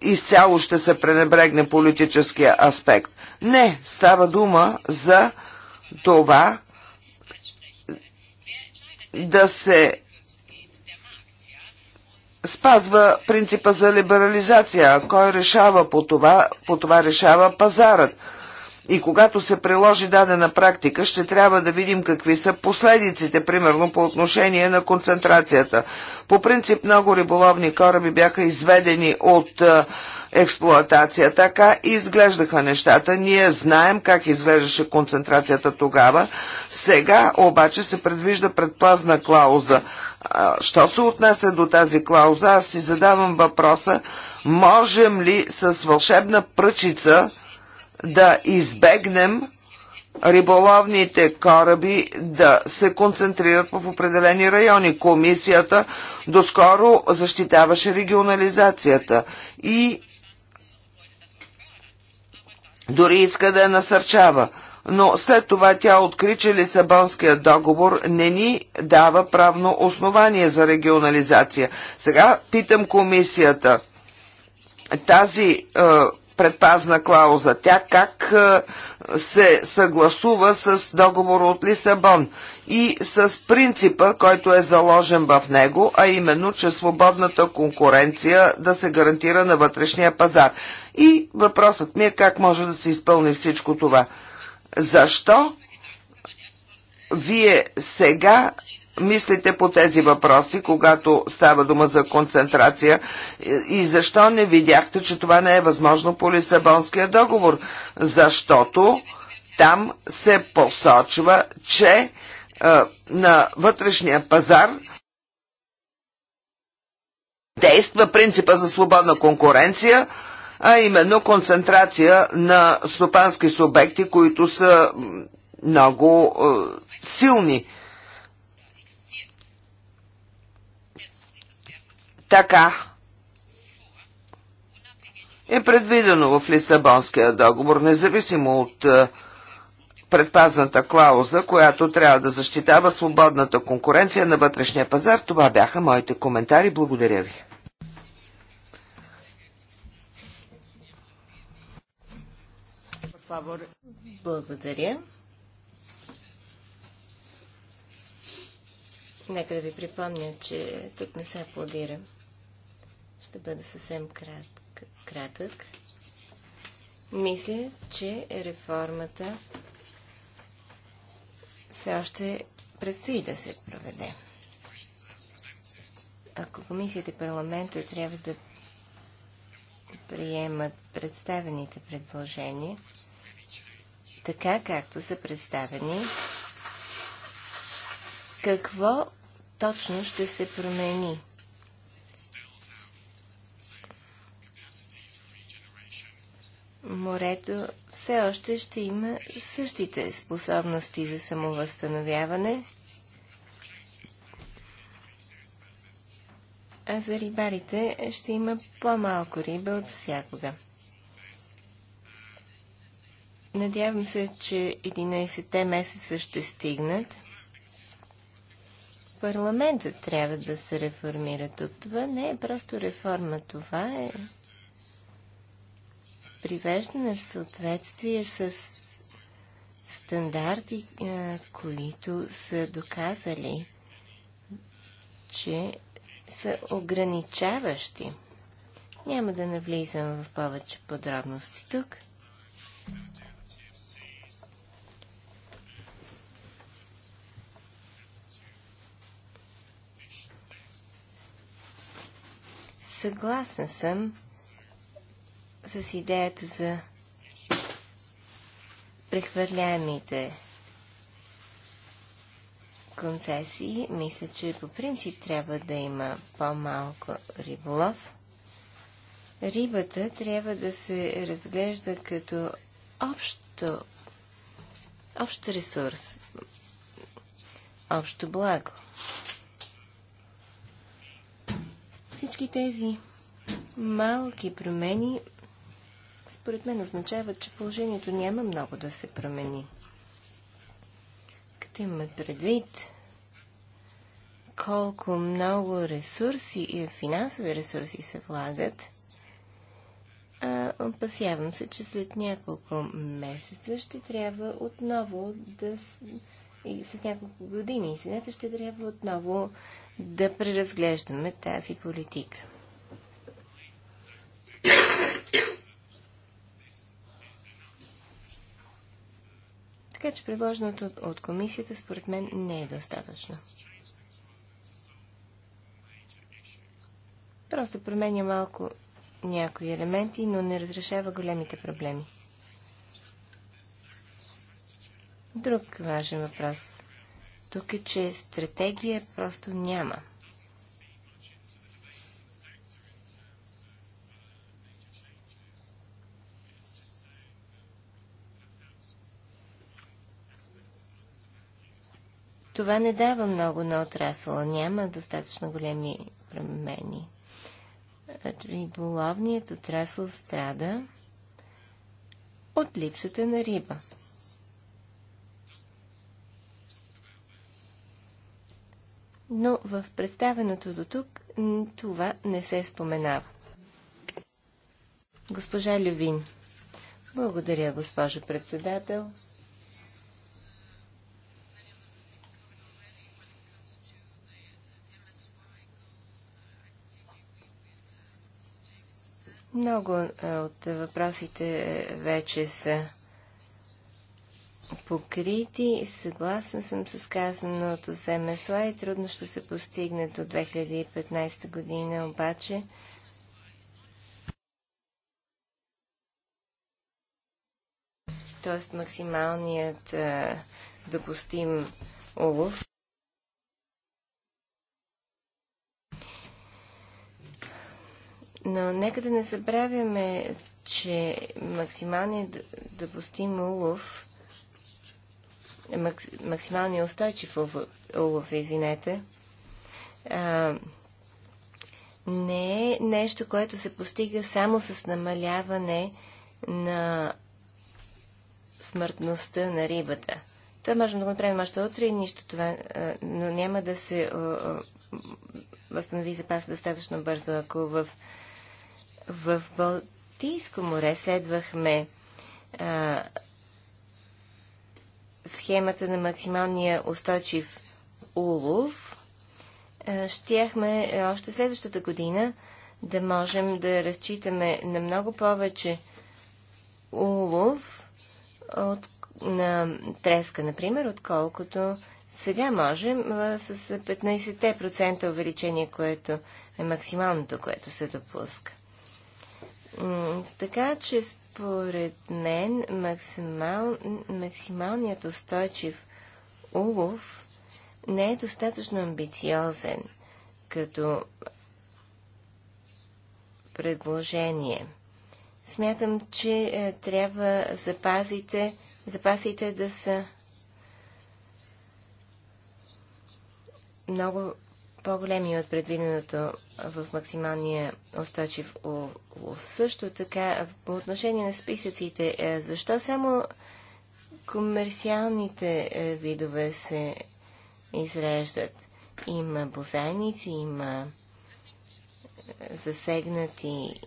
изцяло ще се пренебрегне политическия аспект. Не, става дума за това да се спазва принципа за либерализация. Кой решава по това? По това решава пазарът и когато се приложи дадена практика, ще трябва да видим какви са последиците, примерно по отношение на концентрацията. По принцип много риболовни кораби бяха изведени от експлоатация. Така изглеждаха нещата. Ние знаем как изглеждаше концентрацията тогава. Сега обаче се предвижда предпазна клауза. А, що се отнася до тази клауза, аз си задавам въпроса, можем ли с вълшебна пръчица да избегнем риболовните кораби да се концентрират в определени райони. Комисията доскоро защитаваше регионализацията и дори иска да я насърчава. Но след това тя откри, че Лисабонският договор не ни дава правно основание за регионализация. Сега питам комисията. Тази е, предпазна клауза. Тя как се съгласува с договора от Лисабон и с принципа, който е заложен в него, а именно, че свободната конкуренция да се гарантира на вътрешния пазар. И въпросът ми е как може да се изпълни всичко това. Защо вие сега мислите по тези въпроси, когато става дума за концентрация и защо не видяхте, че това не е възможно по Лисабонския договор? Защото там се посочва, че а, на вътрешния пазар действа принципа за свободна конкуренция, а именно концентрация на стопански субекти, които са много силни. Така е предвидено в Лисабонския договор, независимо от е, предпазната клауза, която трябва да защитава свободната конкуренция на вътрешния пазар. Това бяха моите коментари. Благодаря ви. Благодаря. Нека да ви припомня, че тук не се аплодира. Ще бъда съвсем крат, кратък. Мисля, че реформата все още предстои да се проведе. Ако комисията и парламента трябва да приемат представените предложения, така както са представени, какво точно ще се промени? морето все още ще има същите способности за самовъзстановяване. А за рибарите ще има по-малко риба от всякога. Надявам се, че 11-те месеца ще стигнат. Парламентът трябва да се реформира тук. Това не е просто реформа, това е привеждане в съответствие с стандарти, които са доказали, че са ограничаващи. Няма да навлизам в повече подробности тук. Съгласен съм, с идеята за прехвърляемите концесии. Мисля, че по принцип трябва да има по-малко риболов. Рибата трябва да се разглежда като общо, общ ресурс, общо благо. Всички тези малки промени според мен означава, че положението няма много да се промени. Като имаме предвид колко много ресурси и финансови ресурси се влагат, а, опасявам се, че след няколко месеца ще трябва отново да. И след няколко години, извинете, ще трябва отново да преразглеждаме тази политика. Така че предложеното от комисията според мен не е достатъчно. Просто променя малко някои елементи, но не разрешава големите проблеми. Друг важен въпрос. Тук е, че стратегия просто няма. Това не дава много на отрасъла. Няма достатъчно големи промени. Риболовният отрасъл страда от липсата на риба. Но в представеното до тук това не се споменава. Госпожа Лювин. Благодаря, госпожо председател. Много е, от въпросите вече са покрити. Съгласна съм с казаното с МСЛА и трудно ще се постигне до 2015 година, обаче т.е. максималният е, допустим улов Но нека да не забравяме, че максималният допустим улов, максималният устойчив улов, извинете, не е нещо, което се постига само с намаляване на смъртността на рибата. Това можем да го направим още утре и нищо това, но няма да се възстанови запаса достатъчно бързо, ако в в Балтийско море следвахме а, схемата на максималния устойчив улов. А, щяхме още следващата година да можем да разчитаме на много повече улов от, на треска, например, отколкото сега можем с 15% увеличение, което е максималното, което се допуска. Така че според мен максимал, максималният устойчив улов не е достатъчно амбициозен като предложение. Смятам, че е, трябва запазите, запасите да са много по-големи от предвиденото в максималния устойчив улов. Също така, по отношение на списъците, е, защо само комерциалните е, видове се изреждат? Има бозайници, има е, засегнати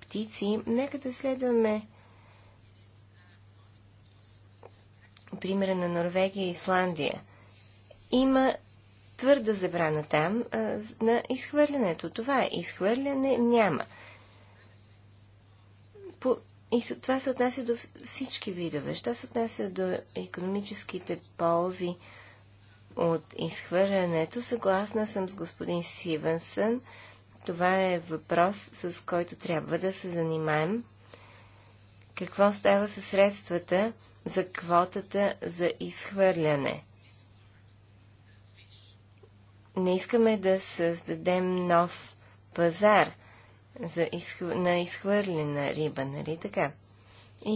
птици. Нека да следваме примера на Норвегия и Исландия. Има твърда забрана там а, на изхвърлянето. Това е изхвърляне няма. По, и това се отнася до всички видове. Що се отнася до економическите ползи от изхвърлянето, съгласна съм с господин Сивенсън. Това е въпрос, с който трябва да се занимаем. Какво става със средствата за квотата за изхвърляне? не искаме да създадем нов пазар за изхв... на изхвърлена риба, нали така?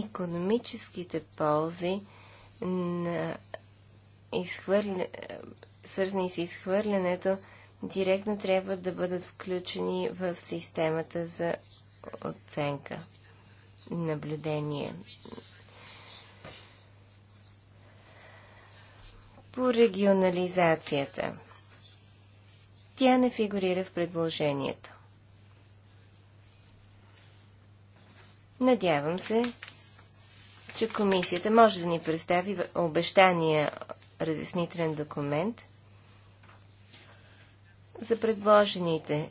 Економическите ползи на изхвърля... свързани с изхвърлянето директно трябва да бъдат включени в системата за оценка, наблюдение. По регионализацията – тя не фигурира в предложението. Надявам се, че комисията може да ни представи обещания разяснителен документ за предложените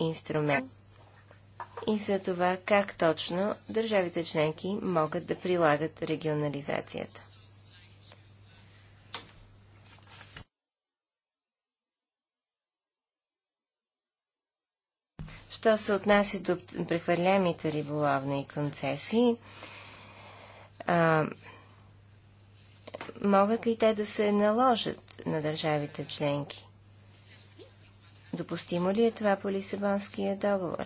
инструменти и за това как точно държавите членки могат да прилагат регионализацията. Що се отнася до прехвърлямите риболовни концесии, а, могат ли те да се наложат на държавите членки? Допустимо ли е това по Лисабонския договор?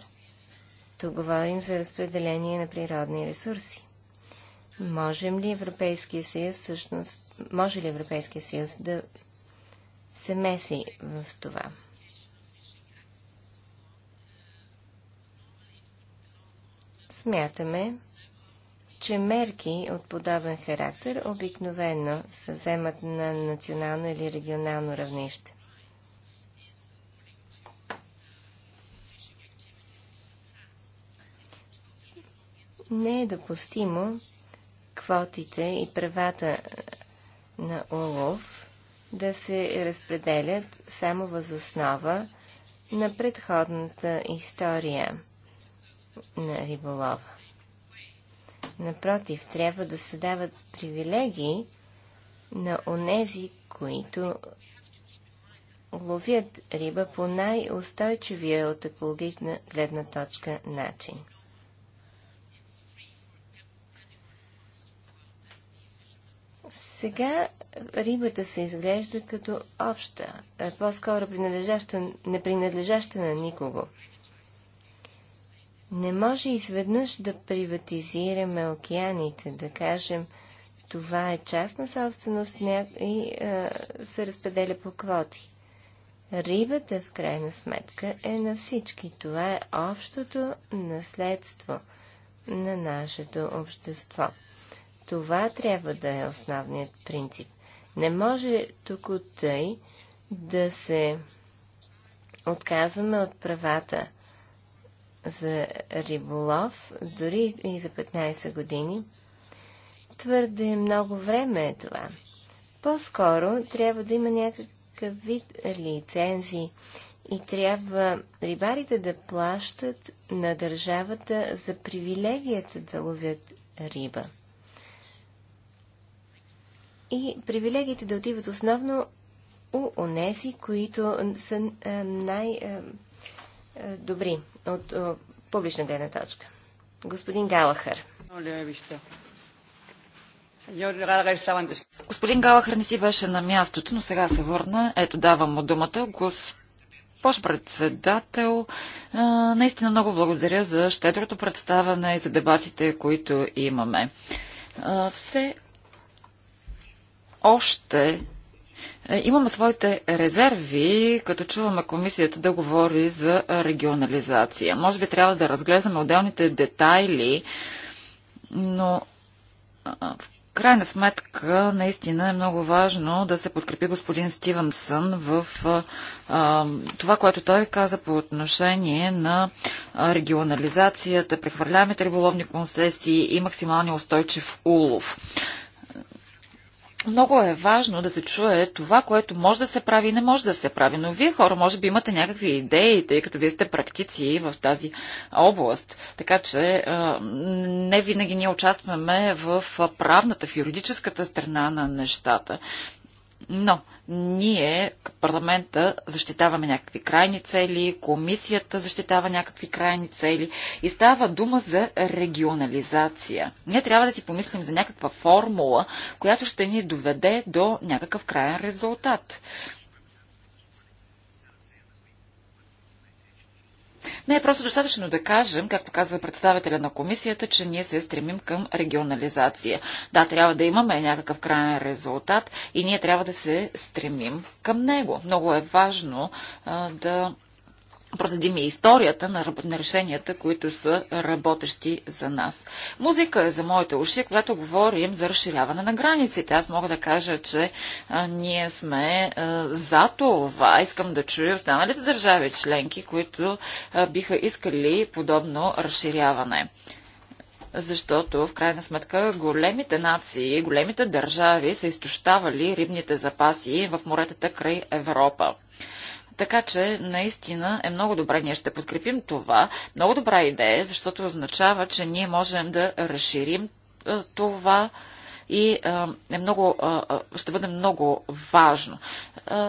Тук говорим за разпределение на природни ресурси. Можем ли Европейския съюз всъщност, може ли Европейския съюз да се меси в това? Смятаме, че мерки от подобен характер обикновено се вземат на национално или регионално равнище. Не е допустимо квотите и правата на улов да се разпределят само възоснова на предходната история – на риболов. Напротив, трябва да се дават привилегии на онези, които ловят риба по най-устойчивия от екологична гледна точка начин. Сега рибата се изглежда като обща, по-скоро непринадлежаща не принадлежаща на никого. Не може изведнъж да приватизираме океаните, да кажем, това е частна собственост и а, се разпределя по квоти. Рибата, в крайна сметка, е на всички. Това е общото наследство на нашето общество. Това трябва да е основният принцип. Не може тук от тъй да се отказваме от правата за риболов, дори и за 15 години. Твърде много време е това. По-скоро трябва да има някакъв вид лицензии и трябва рибарите да плащат на държавата за привилегията да ловят риба. И привилегиите да отиват основно у онези, които са най-добри от о, публична гледна точка. Господин Галахър. Господин Галахър не си беше на мястото, но сега се върна. Ето, давам му думата. Госпож председател, наистина много благодаря за щедрото представяне и за дебатите, които имаме. Все още е, имаме своите резерви, като чуваме комисията да говори за регионализация. Може би трябва да разглеждаме отделните детайли, но в крайна сметка наистина е много важно да се подкрепи господин Стивенсън в а, това, което той каза по отношение на регионализацията, прехвърляемите риболовни концесии и максималния устойчив улов много е важно да се чуе това, което може да се прави и не може да се прави. Но вие хора, може би имате някакви идеи, тъй като вие сте практици в тази област. Така че не винаги ние участваме в правната, в юридическата страна на нещата. Но ние, парламента, защитаваме някакви крайни цели, комисията защитава някакви крайни цели и става дума за регионализация. Ние трябва да си помислим за някаква формула, която ще ни доведе до някакъв крайен резултат. Не е просто достатъчно да кажем, както каза представителя на комисията, че ние се стремим към регионализация. Да, трябва да имаме някакъв крайен резултат и ние трябва да се стремим към него. Много е важно а, да проследим и историята на, на решенията, които са работещи за нас. Музика е за моите уши, когато говорим за разширяване на границите. Аз мога да кажа, че а, ние сме а, за това. Искам да чуя останалите държави членки, които а, биха искали подобно разширяване защото в крайна сметка големите нации, големите държави са изтощавали рибните запаси в моретата край Европа. Така че наистина е много добре. Ние ще подкрепим това. Много добра идея, защото означава, че ние можем да разширим е, това и е много, ще бъде много важно.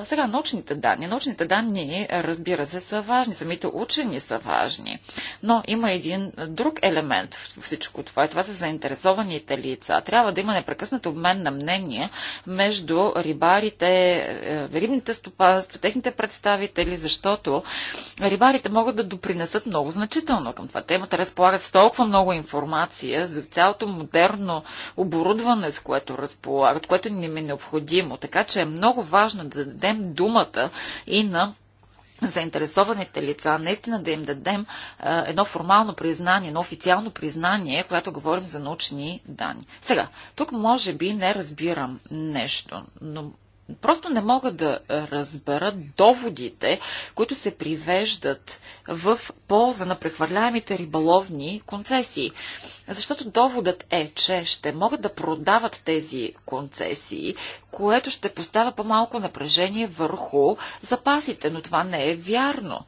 Сега, научните данни. Научните данни, разбира се, са важни. Самите учени са важни. Но има един друг елемент в всичко това. това са заинтересованите лица. Трябва да има непрекъснат обмен на мнения между рибарите, е, рибните стопанства, техните представители, защото рибарите могат да допринесат много значително към това. Темата разполагат с толкова много информация за цялото модерно оборудване, време, с което разполагат, което ни е необходимо. Така че е много важно да дадем думата и на заинтересованите лица, наистина да им дадем а, едно формално признание, едно официално признание, когато говорим за научни данни. Сега, тук може би не разбирам нещо, но Просто не мога да разбера доводите, които се привеждат в полза на прехвърляемите риболовни концесии. Защото доводът е, че ще могат да продават тези концесии, което ще поставя по-малко напрежение върху запасите, но това не е вярно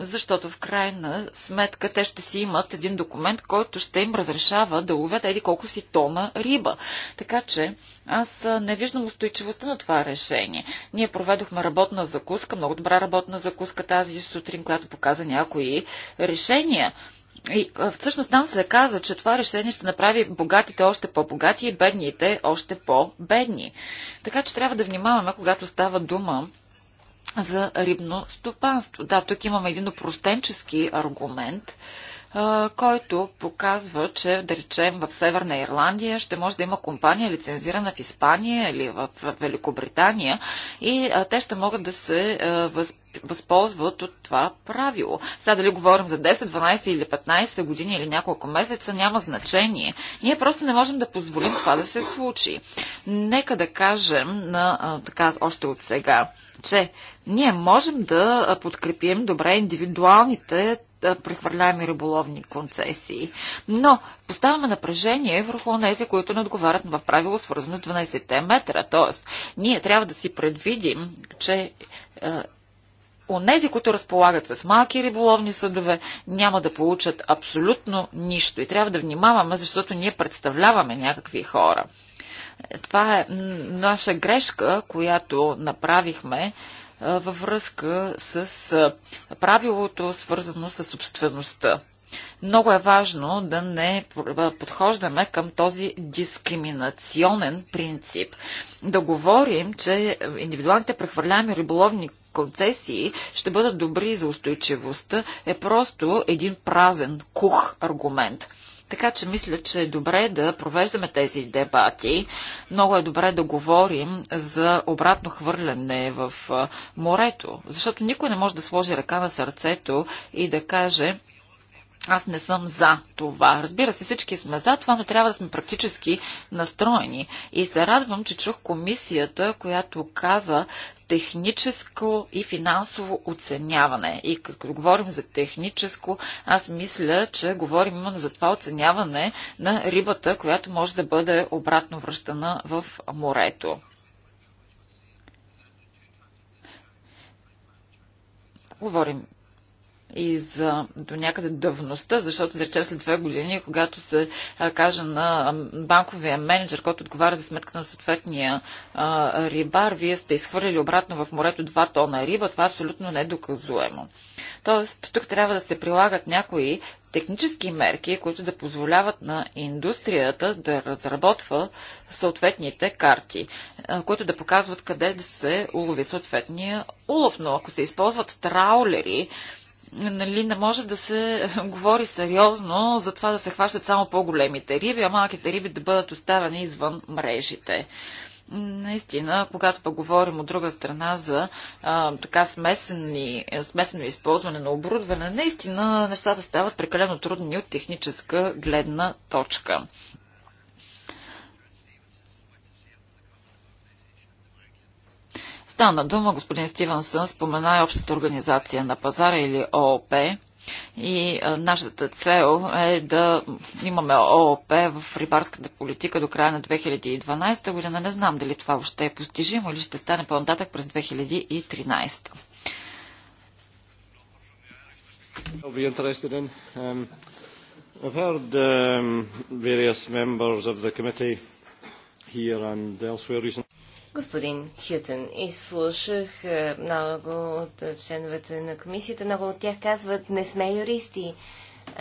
защото в крайна сметка те ще си имат един документ, който ще им разрешава да ловят еди колко си тона риба. Така че аз не виждам устойчивостта на това решение. Ние проведохме работна закуска, много добра работна закуска тази сутрин, която показа някои решения. И всъщност там се казва, че това решение ще направи богатите още по-богати и бедните още по-бедни. Така че трябва да внимаваме, когато става дума за рибно стопанство. Да, тук имаме един опростенчески аргумент, който показва, че, да речем, в Северна Ирландия ще може да има компания лицензирана в Испания или в Великобритания и те ще могат да се възползват от това правило. Сега дали говорим за 10, 12 или 15 години или няколко месеца, няма значение. Ние просто не можем да позволим това да се случи. Нека да кажем на, така, още от сега че ние можем да подкрепим добре индивидуалните прехвърляеми риболовни концесии. Но поставяме напрежение върху тези, които не отговарят в правило свързано с 12 метра. Тоест, ние трябва да си предвидим, че у нези, които разполагат с малки риболовни съдове, няма да получат абсолютно нищо. И трябва да внимаваме, защото ние представляваме някакви хора. Това е наша грешка, която направихме във връзка с правилото, свързано с собствеността. Много е важно да не подхождаме към този дискриминационен принцип. Да говорим, че индивидуалните прехвърляеми риболовни концесии ще бъдат добри за устойчивостта е просто един празен, кух аргумент. Така че мисля, че е добре да провеждаме тези дебати. Много е добре да говорим за обратно хвърляне в морето, защото никой не може да сложи ръка на сърцето и да каже, аз не съм за това. Разбира се, всички сме за това, но трябва да сме практически настроени. И се радвам, че чух комисията, която каза техническо и финансово оценяване. И като говорим за техническо, аз мисля, че говорим именно за това оценяване на рибата, която може да бъде обратно връщана в морето. Говорим и за до някъде давността, защото да речем след две години, когато се а, каже на банковия менеджер, който отговаря за сметка на съответния а, рибар, вие сте изхвърлили обратно в морето 2 тона риба, това е абсолютно не е доказуемо. Тоест, тук трябва да се прилагат някои технически мерки, които да позволяват на индустрията да разработва съответните карти, които да показват къде да се улови съответния улов. Но ако се използват траулери, нали, не може да се говори сериозно за това да се хващат само по-големите риби, а малките риби да бъдат оставени извън мрежите. Наистина, когато пък говорим от друга страна за а, така смесени, смесено използване на оборудване, наистина нещата стават прекалено трудни от техническа гледна точка. Стана дума, господин Стивенсън спомена и общата организация на пазара или ООП. И а, нашата цел е да имаме ООП в рибарската политика до края на 2012 година. Не знам дали това още е постижимо или ще стане по-нататък през 2013. I'll be interested in. Um, I've heard um, various members of the committee here and elsewhere recently господин Хютън. И слушах е, много от членовете на комисията. Много от тях казват, не сме юристи.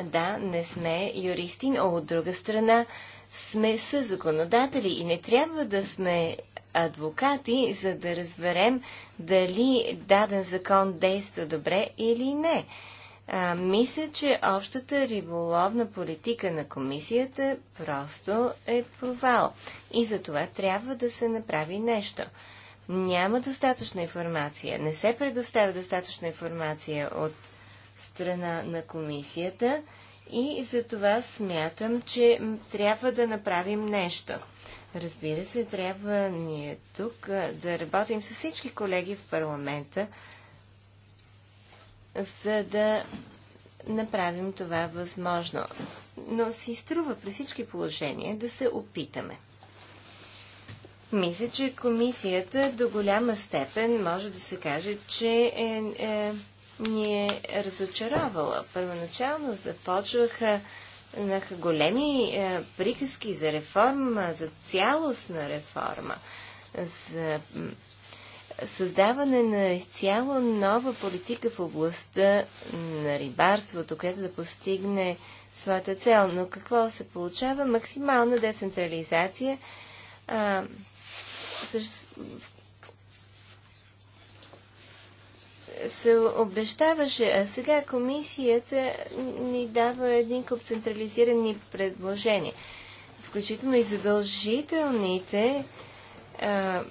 Да, не сме юристи, но от друга страна сме със законодатели и не трябва да сме адвокати, за да разберем дали даден закон действа добре или не. А, мисля, че общата риболовна политика на комисията просто е провал. И за това трябва да се направи нещо. Няма достатъчна информация. Не се предоставя достатъчна информация от страна на комисията и за това смятам, че трябва да направим нещо. Разбира се, трябва ние тук да работим с всички колеги в парламента, за да направим това възможно. Но си струва при всички положения да се опитаме. Мисля, че комисията до голяма степен може да се каже, че е, е, ни е разочаровала. Първоначално започваха на големи е, приказки за реформа, за цялостна реформа, за създаване на изцяло нова политика в областта на рибарството, което да постигне своята цел. Но какво се получава? Максимална децентрализация. А, също, се обещаваше, а сега комисията ни дава един куп централизирани предложения, включително и задължителните а,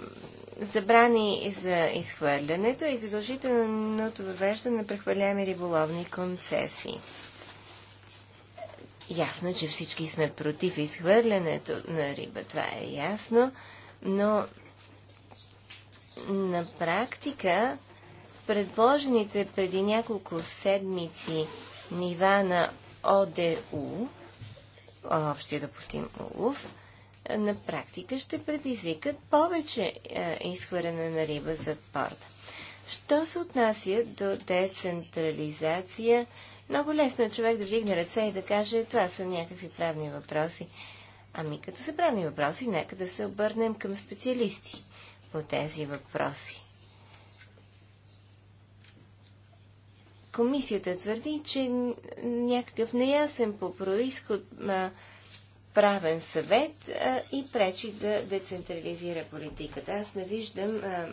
забрани за изхвърлянето и задължителното въвеждане на прехвърляеми риболовни концесии. Ясно е, че всички сме против изхвърлянето на риба, това е ясно, но на практика предложените преди няколко седмици нива на ОДУ, общия допустим улов, на практика ще предизвикат повече е, изхвърляне на риба зад борда. Що се отнася до децентрализация, много лесно е човек да вдигне ръце и да каже, това са някакви правни въпроси. Ами като са правни въпроси, нека да се обърнем към специалисти по тези въпроси. Комисията твърди, че някакъв неясен по происход а, правен съвет а, и пречи да децентрализира политиката. Аз не виждам а,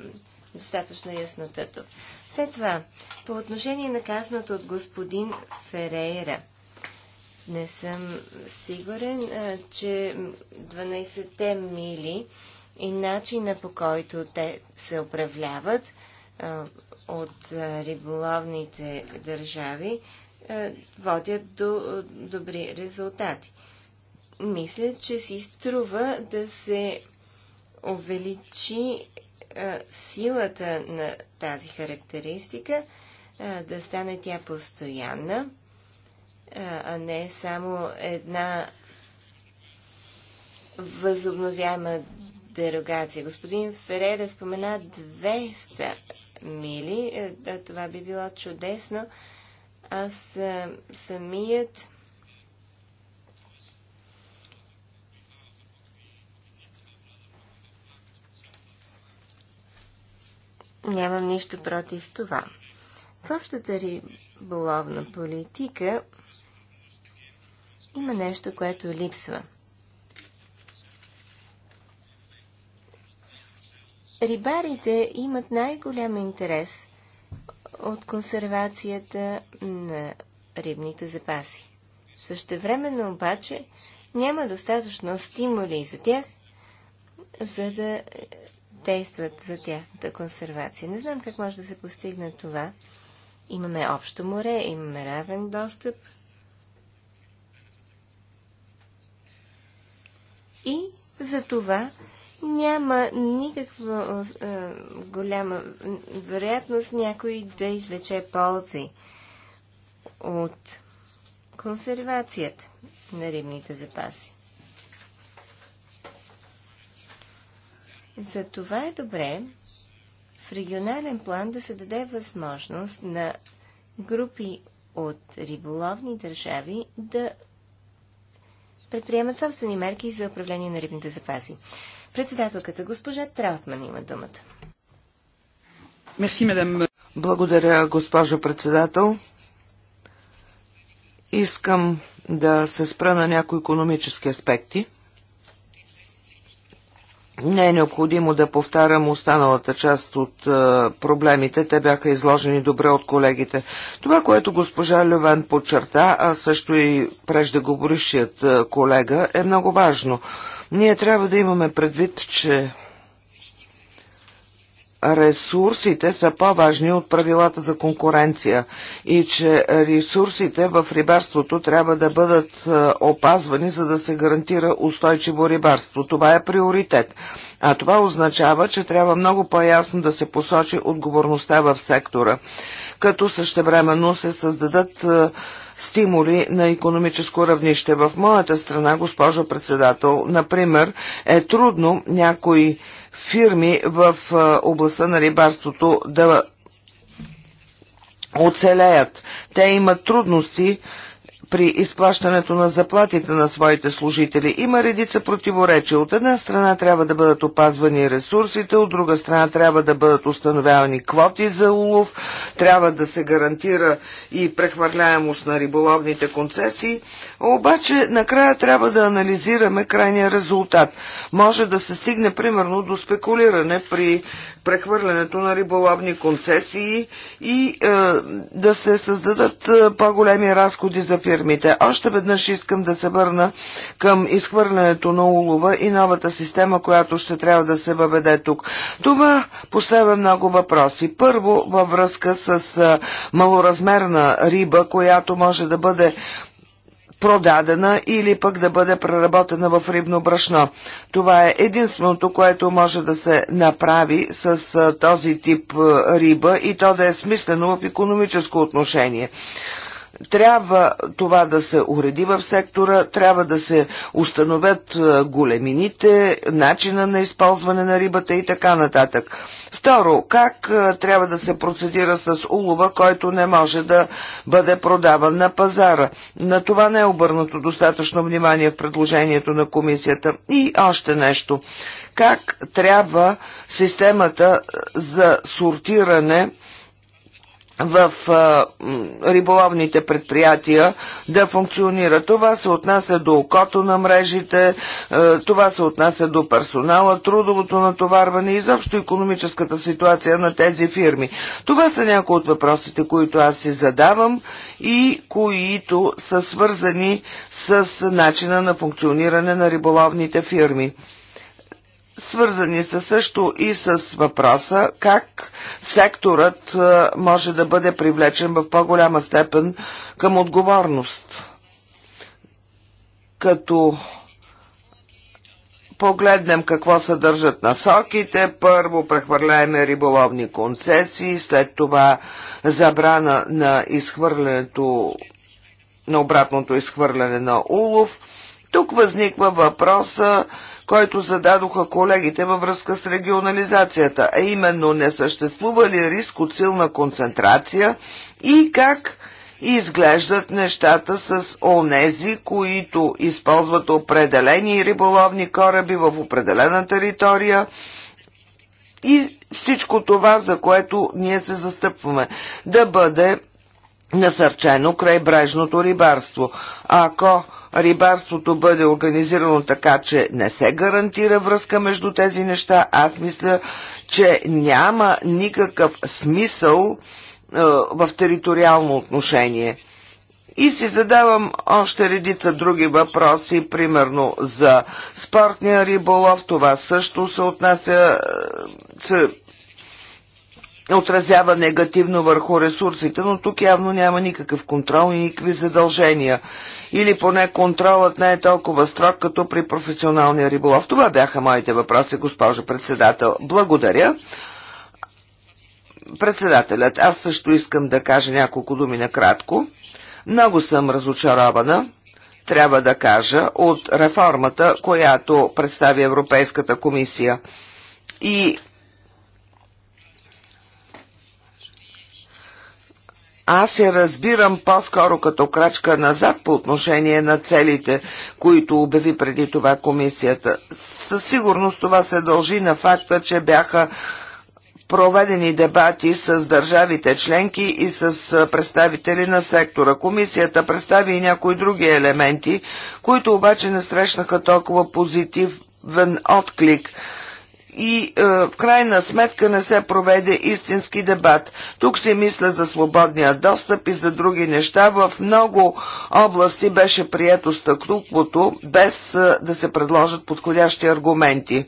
достатъчно яснота тук. След това, по отношение на казаното от господин Ферейра, не съм сигурен, а, че 12-те мили и начина по който те се управляват а, от а, риболовните държави водят до добри резултати мисля, че си струва да се увеличи а, силата на тази характеристика, а, да стане тя постоянна, а, а не само една възобновяема дерогация. Господин Ферера спомена 200 мили. Е, това би било чудесно. Аз самият Нямам нищо против това. В общата риболовна политика има нещо, което липсва. Рибарите имат най-голям интерес от консервацията на рибните запаси. Същевременно обаче няма достатъчно стимули за тях, за да действат за тяхната консервация. Не знам как може да се постигне това. Имаме общо море, имаме равен достъп. И за това няма никаква е, голяма вероятност някой да извлече ползи от консервацията на рибните запаси. За това е добре в регионален план да се даде възможност на групи от риболовни държави да предприемат собствени мерки за управление на рибните запаси. Председателката госпожа Траутман има думата. Мерси, мадам. Благодаря, госпожо председател. Искам да се спра на някои економически аспекти – не е необходимо да повтарям останалата част от е, проблемите. Те бяха изложени добре от колегите. Това, което госпожа Левен подчерта, а също и преждеговорившият е, колега, е много важно. Ние трябва да имаме предвид, че ресурсите са по-важни от правилата за конкуренция и че ресурсите в рибарството трябва да бъдат е, опазвани, за да се гарантира устойчиво рибарство. Това е приоритет. А това означава, че трябва много по-ясно да се посочи отговорността в сектора, като същевременно се създадат е, стимули на економическо равнище. В моята страна, госпожо председател, например, е трудно някои фирми в областта на рибарството да оцелеят. Те имат трудности при изплащането на заплатите на своите служители. Има редица противоречия. От една страна трябва да бъдат опазвани ресурсите, от друга страна трябва да бъдат установявани квоти за улов, трябва да се гарантира и прехвърляемост на риболовните концесии обаче накрая трябва да анализираме крайния резултат. Може да се стигне примерно до спекулиране при прехвърлянето на риболовни концесии и е, да се създадат е, по-големи разходи за фирмите. Още веднъж искам да се върна към изхвърлянето на улова и новата система, която ще трябва да се въведе тук. Това поставя много въпроси. Първо, във връзка с е, малоразмерна риба, която може да бъде продадена или пък да бъде преработена в рибно брашно. Това е единственото, което може да се направи с този тип риба и то да е смислено в економическо отношение. Трябва това да се уреди в сектора, трябва да се установят е, големините, начина на използване на рибата и така нататък. Второ, как е, трябва да се процедира с улова, който не може да бъде продаван на пазара? На това не е обърнато достатъчно внимание в предложението на комисията. И още нещо. Как трябва системата е, за сортиране в а, риболовните предприятия да функционира. Това се отнася до окото на мрежите, а, това се отнася до персонала, трудовото натоварване и заобщо економическата ситуация на тези фирми. Това са някои от въпросите, които аз си задавам и които са свързани с начина на функциониране на риболовните фирми. Свързани са също и с въпроса как секторът е, може да бъде привлечен в по-голяма степен към отговорност. Като погледнем какво съдържат насоките, първо прехвърляеме риболовни концесии, след това забрана на изхвърлянето, на обратното изхвърляне на улов. Тук възниква въпроса който зададоха колегите във връзка с регионализацията, а именно не съществува ли риск от силна концентрация и как изглеждат нещата с онези, които използват определени риболовни кораби в определена територия и всичко това, за което ние се застъпваме, да бъде насърчено край брежното рибарство. Ако рибарството бъде организирано така, че не се гарантира връзка между тези неща, аз мисля, че няма никакъв смисъл е, в териториално отношение. И си задавам още редица други въпроси, примерно за спортния риболов, това също се отнася е, отразява негативно върху ресурсите, но тук явно няма никакъв контрол и никакви задължения. Или поне контролът не е толкова строг, като при професионалния риболов. Това бяха моите въпроси, госпожо председател. Благодаря. Председателят, аз също искам да кажа няколко думи накратко. Много съм разочарована трябва да кажа, от реформата, която представи Европейската комисия. И Аз се разбирам по-скоро като крачка назад по отношение на целите, които обяви преди това комисията. Със сигурност това се дължи на факта, че бяха проведени дебати с държавите членки и с представители на сектора. Комисията представи и някои други елементи, които обаче не срещнаха толкова позитивен отклик – и е, в крайна сметка не се проведе истински дебат. Тук се мисля за свободния достъп и за други неща. В много области беше прието стъклупото, без е, да се предложат подходящи аргументи.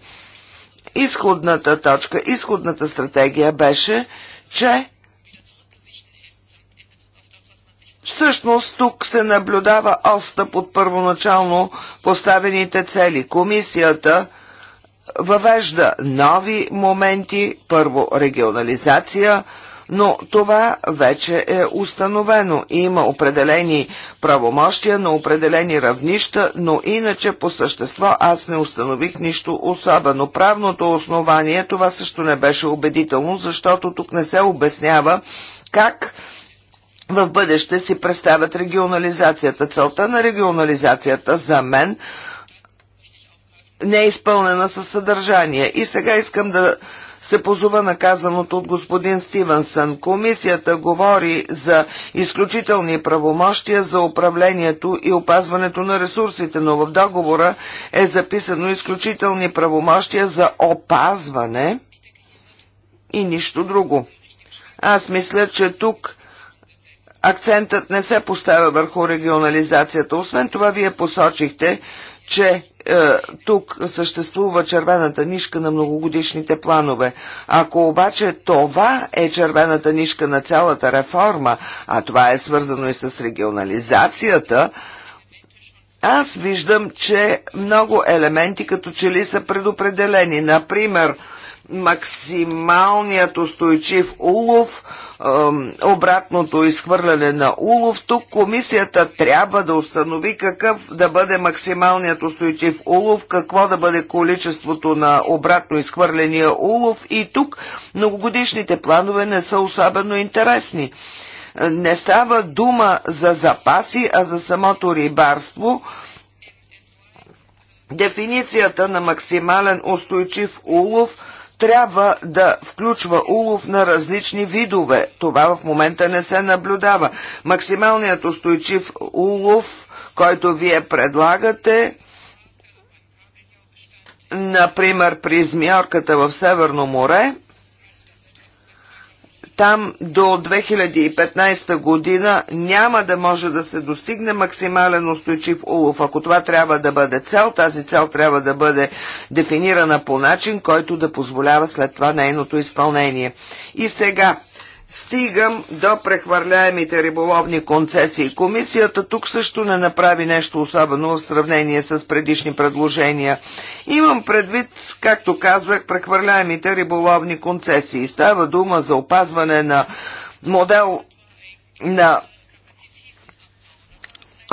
Изходната точка, изходната стратегия беше, че Всъщност тук се наблюдава остъп от първоначално поставените цели. Комисията – въвежда нови моменти, първо регионализация, но това вече е установено. Има определени правомощия на определени равнища, но иначе по същество аз не установих нищо особено. Правното основание това също не беше убедително, защото тук не се обяснява как в бъдеще си представят регионализацията. Целта на регионализацията за мен – не е изпълнена със съдържание. И сега искам да се позова на казаното от господин Стивенсън. Комисията говори за изключителни правомощия за управлението и опазването на ресурсите, но в договора е записано изключителни правомощия за опазване и нищо друго. Аз мисля, че тук акцентът не се поставя върху регионализацията. Освен това, вие посочихте, че е, тук съществува червената нишка на многогодишните планове. Ако обаче това е червената нишка на цялата реформа, а това е свързано и с регионализацията, аз виждам, че много елементи като че ли са предопределени. Например, максималният устойчив улов, обратното изхвърляне на улов. Тук комисията трябва да установи какъв да бъде максималният устойчив улов, какво да бъде количеството на обратно изхвърления улов и тук многогодишните планове не са особено интересни. Не става дума за запаси, а за самото рибарство. Дефиницията на максимален устойчив улов – трябва да включва улов на различни видове. Това в момента не се наблюдава. Максималният устойчив улов, който вие предлагате, например при змиорката в Северно море, там до 2015 година няма да може да се достигне максимален устойчив улов. Ако това трябва да бъде цел, тази цел трябва да бъде дефинирана по начин, който да позволява след това нейното изпълнение. И сега Стигам до прехвърляемите риболовни концесии. Комисията тук също не направи нещо особено в сравнение с предишни предложения. Имам предвид, както казах, прехвърляемите риболовни концесии. Става дума за опазване на модел на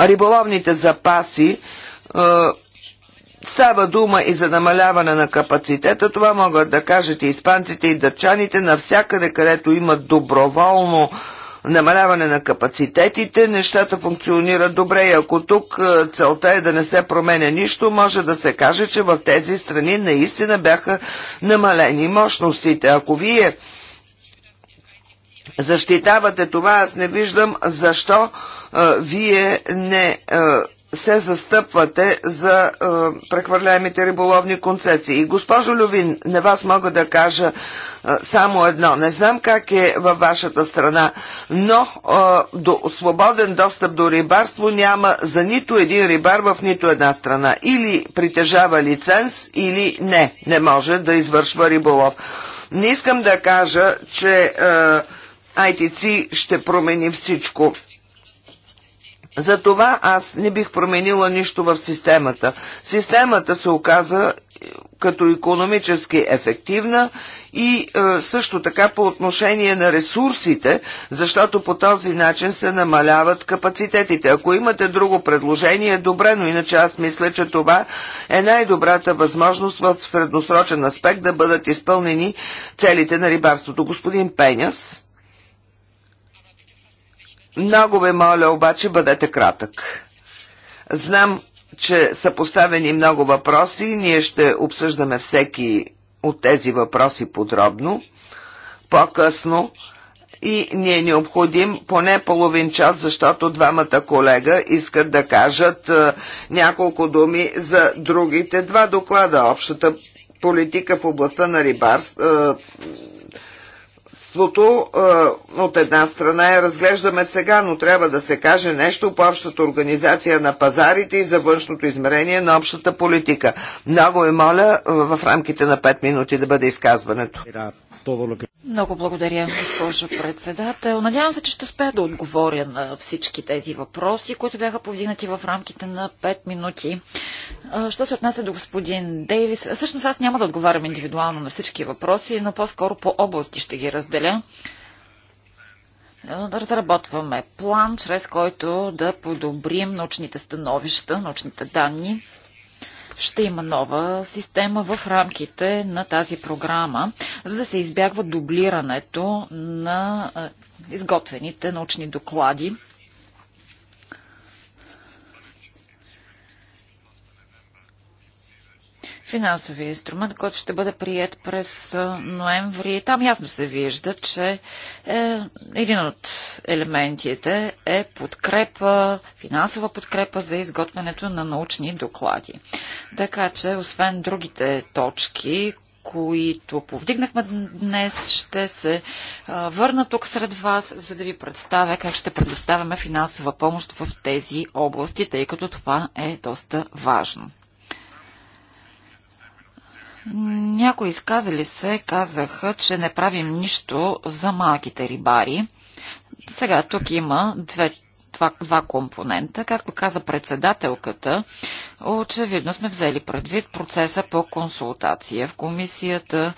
риболовните запаси, е, Става дума и за намаляване на капацитета. Това могат да кажат и испанците и дъчаните навсякъде, където имат доброволно намаляване на капацитетите, нещата функционират добре и ако тук е, целта е да не се променя нищо, може да се каже, че в тези страни наистина бяха намалени мощностите. Ако вие защитавате това, аз не виждам защо а, е, вие не а, е, се застъпвате за е, прехвърляемите риболовни концесии. И Госпожо Лювин, на вас мога да кажа е, само едно. Не знам как е във вашата страна, но е, до, свободен достъп до рибарство няма за нито един рибар в нито една страна. Или притежава лиценз, или не. Не може да извършва риболов. Не искам да кажа, че е, ITC ще промени всичко. Затова аз не бих променила нищо в системата. Системата се оказа е, като економически ефективна и е, също така по отношение на ресурсите, защото по този начин се намаляват капацитетите. Ако имате друго предложение, добре, но иначе аз мисля, че това е най-добрата възможност в средносрочен аспект да бъдат изпълнени целите на рибарството. Господин Пеняс. Много ви моля обаче, бъдете кратък. Знам, че са поставени много въпроси. Ние ще обсъждаме всеки от тези въпроси подробно. По-късно и ни е необходим поне половин час, защото двамата колега искат да кажат а, е, няколко думи за другите два доклада. Общата политика в областта на рибарство, е, Стото е, от една страна я разглеждаме сега, но трябва да се каже нещо по общата организация на пазарите и за външното измерение на общата политика. Много ви моля в рамките на 5 минути да бъде изказването. Много благодаря, госпожо председател. Надявам се, че ще успея да отговоря на всички тези въпроси, които бяха повдигнати в рамките на 5 минути. Що се отнася до господин Дейвис, всъщност аз няма да отговарям индивидуално на всички въпроси, но по-скоро по области ще ги разделя. Да е, разработваме план, чрез който да подобрим научните становища, научните данни ще има нова система в рамките на тази програма, за да се избягва дублирането на изготвените научни доклади финансовия инструмент, който ще бъде прият през ноември. Там ясно се вижда, че е, един от елементите е подкрепа, финансова подкрепа за изготвянето на научни доклади. Така че, освен другите точки, които повдигнахме днес, ще се върна тук сред вас, за да ви представя как ще предоставяме финансова помощ в тези области, тъй като това е доста важно. Някои изказали се казаха, че не правим нищо за малките рибари. Сега тук има две два, два компонента. Както каза председателката, очевидно сме взели предвид процеса по консултация в комисията,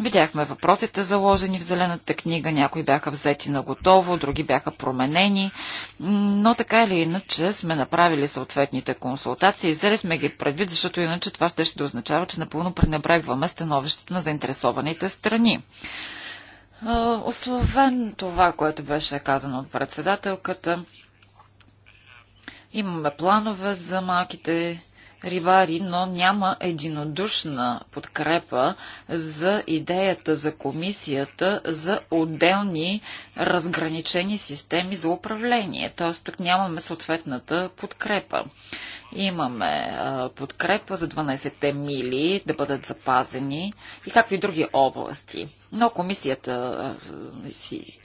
Видяхме въпросите заложени в Зелената книга, някои бяха взети на готово, други бяха променени, но така или иначе сме направили съответните консултации, взели сме ги предвид, защото иначе това ще ще означава, че напълно пренебрегваме становището на заинтересованите страни. Освен това, което беше казано от председателката, имаме планове за малките Ривари, но няма единодушна подкрепа за идеята за комисията за отделни разграничени системи за управление. Т.е. тук нямаме съответната подкрепа. Имаме подкрепа за 12-те мили да бъдат запазени и както и други области. Но комисията си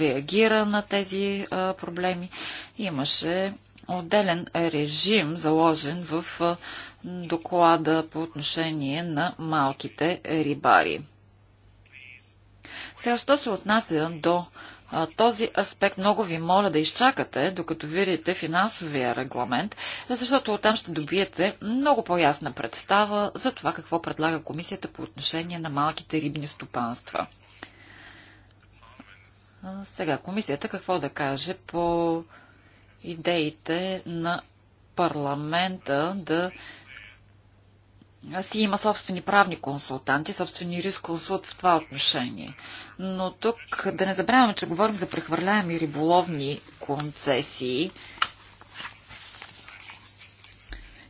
реагира на тези проблеми. Имаше отделен режим, заложен в доклада по отношение на малките рибари. Сега, що се отнася до този аспект, много ви моля да изчакате, докато видите финансовия регламент, защото оттам ще добиете много по-ясна представа за това какво предлага комисията по отношение на малките рибни стопанства. Сега, комисията какво да каже по идеите на парламента да си има собствени правни консултанти, собствени риск консулт в това отношение. Но тук да не забравяме, че говорим за прехвърляеми риболовни концесии.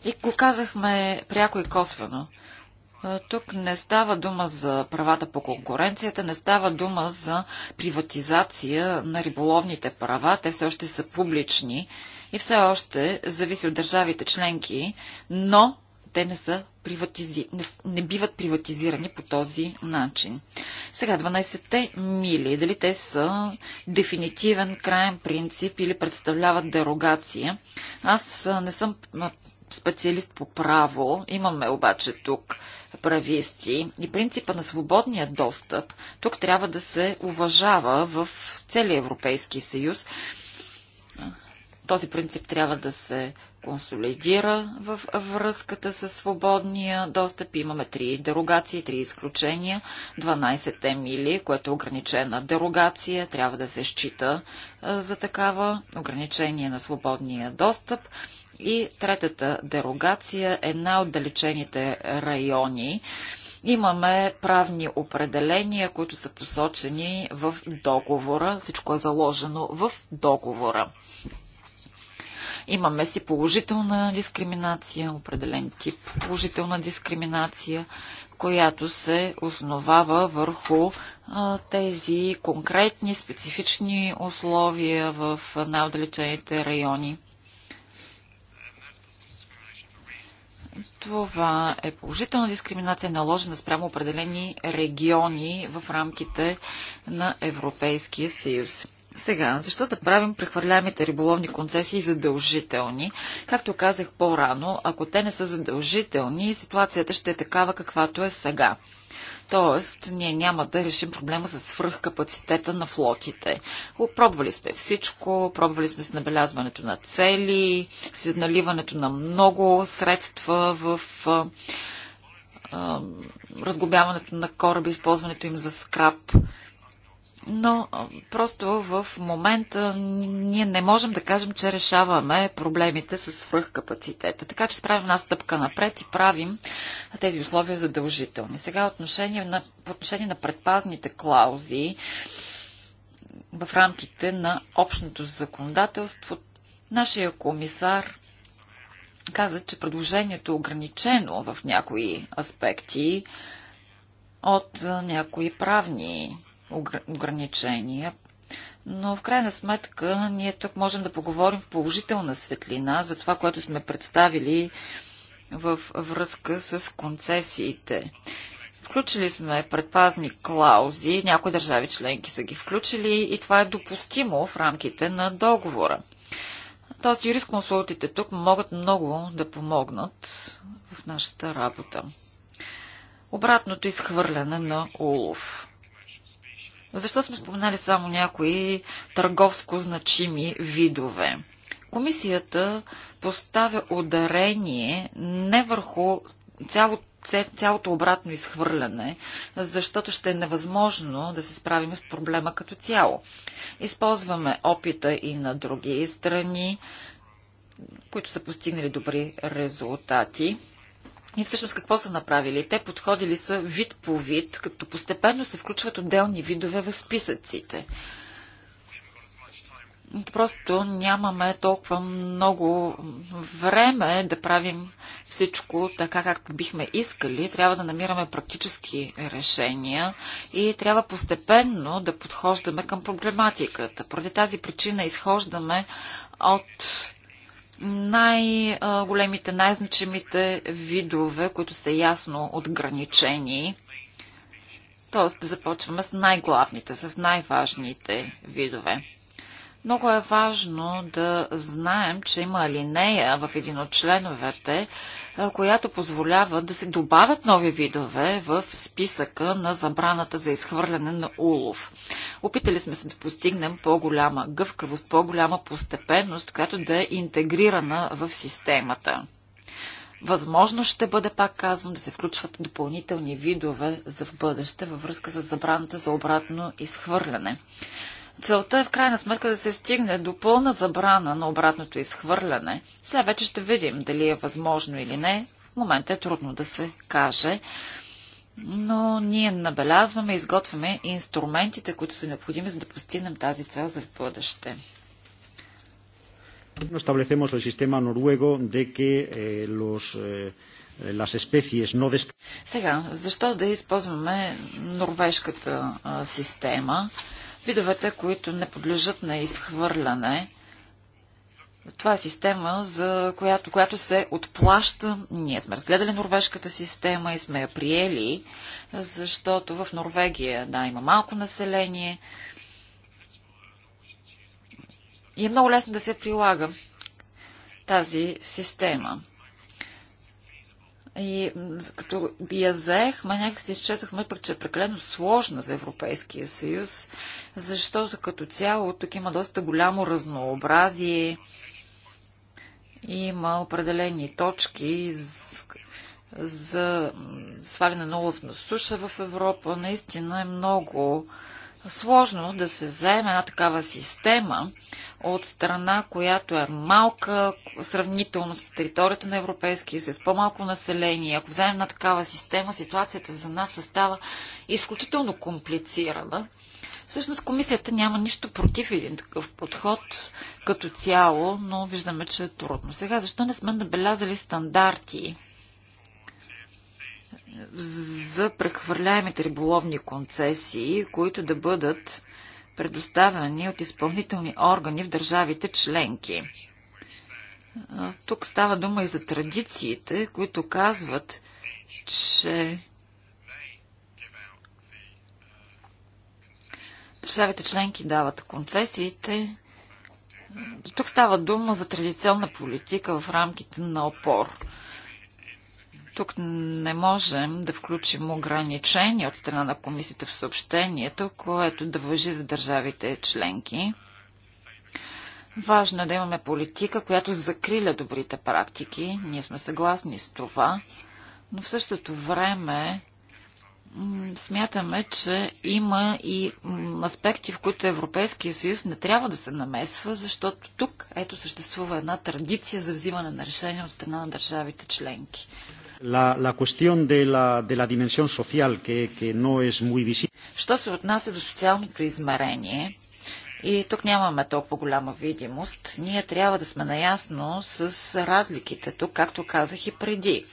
И го казахме пряко и косвено. Тук не става дума за правата по конкуренцията, не става дума за приватизация на риболовните права. Те все още са публични и все още зависи от държавите членки, но те не, са приватизи... не, не биват приватизирани по този начин. Сега 12-те мили, дали те са дефинитивен крайен принцип или представляват дерогация? Аз не съм специалист по право, имаме обаче тук прависти и принципа на свободния достъп тук трябва да се уважава в целия Европейски съюз. Този принцип трябва да се консолидира в връзката с свободния достъп. Имаме три дерогации, три изключения, 12 мили, което е ограничена дерогация, трябва да се счита за такава ограничение на свободния достъп и третата дерогация е на отдалечените райони. Имаме правни определения, които са посочени в договора. Всичко е заложено в договора. Имаме си положителна дискриминация, определен тип положителна дискриминация, която се основава върху а, тези конкретни, специфични условия в най-отдалечените райони. Това е положителна дискриминация, наложена спрямо определени региони в рамките на Европейския съюз. Сега, защо да правим прехвърляемите риболовни концесии задължителни? Както казах по-рано, ако те не са задължителни, ситуацията ще е такава каквато е сега. Тоест, ние няма да решим проблема с свръхкапацитета на флотите. Пробвали сме всичко, пробвали сме с набелязването на цели, с наливането на много средства в а, а, разгубяването на кораби, използването им за скраб но просто в момента ние не можем да кажем, че решаваме проблемите с свръхкапацитета. Така че справим една стъпка напред и правим тези условия задължителни. Сега отношение на, по отношение на предпазните клаузи в рамките на общото законодателство, нашия комисар каза, че предложението е ограничено в някои аспекти от някои правни ограничения. Но в крайна сметка ние тук можем да поговорим в положителна светлина за това, което сме представили в връзка с концесиите. Включили сме предпазни клаузи, някои държави членки са ги включили и това е допустимо в рамките на договора. Тоест юрисконсултите тук могат много да помогнат в нашата работа. Обратното изхвърляне на улов. Защо сме споменали само някои търговско значими видове? Комисията поставя ударение не върху цялото цялото обратно изхвърляне, защото ще е невъзможно да се справим с проблема като цяло. Използваме опита и на други страни, които са постигнали добри резултати. Ни всъщност какво са направили? Те подходили са вид по вид, като постепенно се включват отделни видове в списъците. Просто нямаме толкова много време да правим всичко така, както бихме искали. Трябва да намираме практически решения и трябва постепенно да подхождаме към проблематиката. Поради тази причина изхождаме от най-големите, най-значимите видове, които са ясно отграничени. Тоест, започваме с най-главните, с най-важните видове. Много е важно да знаем, че има алинея в един от членовете, е, която позволява да се добавят нови видове в списъка на забраната за изхвърляне на улов. Опитали сме се да постигнем по-голяма гъвкавост, по-голяма постепенност, която да е интегрирана в системата. Възможно ще бъде, пак казвам, да се включват допълнителни видове за в бъдеще във връзка с забраната за обратно изхвърляне. Целта е в крайна сметка да се стигне до пълна забрана на обратното изхвърляне. Сега вече ще видим дали е възможно или не. В момента е трудно да се каже. Но ние набелязваме, и изготвяме инструментите, които са необходими, за да постигнем тази цел за бъдеще. No establecemos el sistema noruego de que eh, los, eh, las especies no Сега, защо да използваме норвежката а, система? видовете, които не подлежат на изхвърляне. Това е система, за която, която се отплаща. Ние сме разгледали норвежката система и сме я приели, защото в Норвегия, да, има малко население и е много лесно да се прилага тази система. И като би я заехме, някакси изчетохме пък, че е прекалено сложна за Европейския съюз, защото като цяло тук има доста голямо разнообразие. Има определени точки, за сваляне на улов на суша в Европа, наистина е много сложно да се заеме една такава система, от страна, която е малка, сравнително с територията на Европейския съюз, по-малко население. Ако вземем на такава система, ситуацията за нас става изключително комплицирана. Всъщност комисията няма нищо против един такъв подход като цяло, но виждаме, че е трудно. Сега, защо не сме набелязали стандарти за прехвърляемите риболовни концесии, които да бъдат предоставени от изпълнителни органи в държавите членки. Тук става дума и за традициите, които казват, че държавите членки дават концесиите. Тук става дума за традиционна политика в рамките на опор. Тук не можем да включим ограничения от страна на комисията в съобщението, което да въжи за държавите членки. Важно е да имаме политика, която закриля добрите практики. Ние сме съгласни с това, но в същото време смятаме, че има и аспекти, в които Европейския съюз не трябва да се намесва, защото тук ето съществува една традиция за взимане на решения от страна на държавите членки. La, la cuestión de la, de la dimensión social, que, que no es muy visible. Що се отнася до социалното измерение, и тук нямаме толкова голяма видимост, ние трябва да сме наясно с разликите тук, както казах и преди.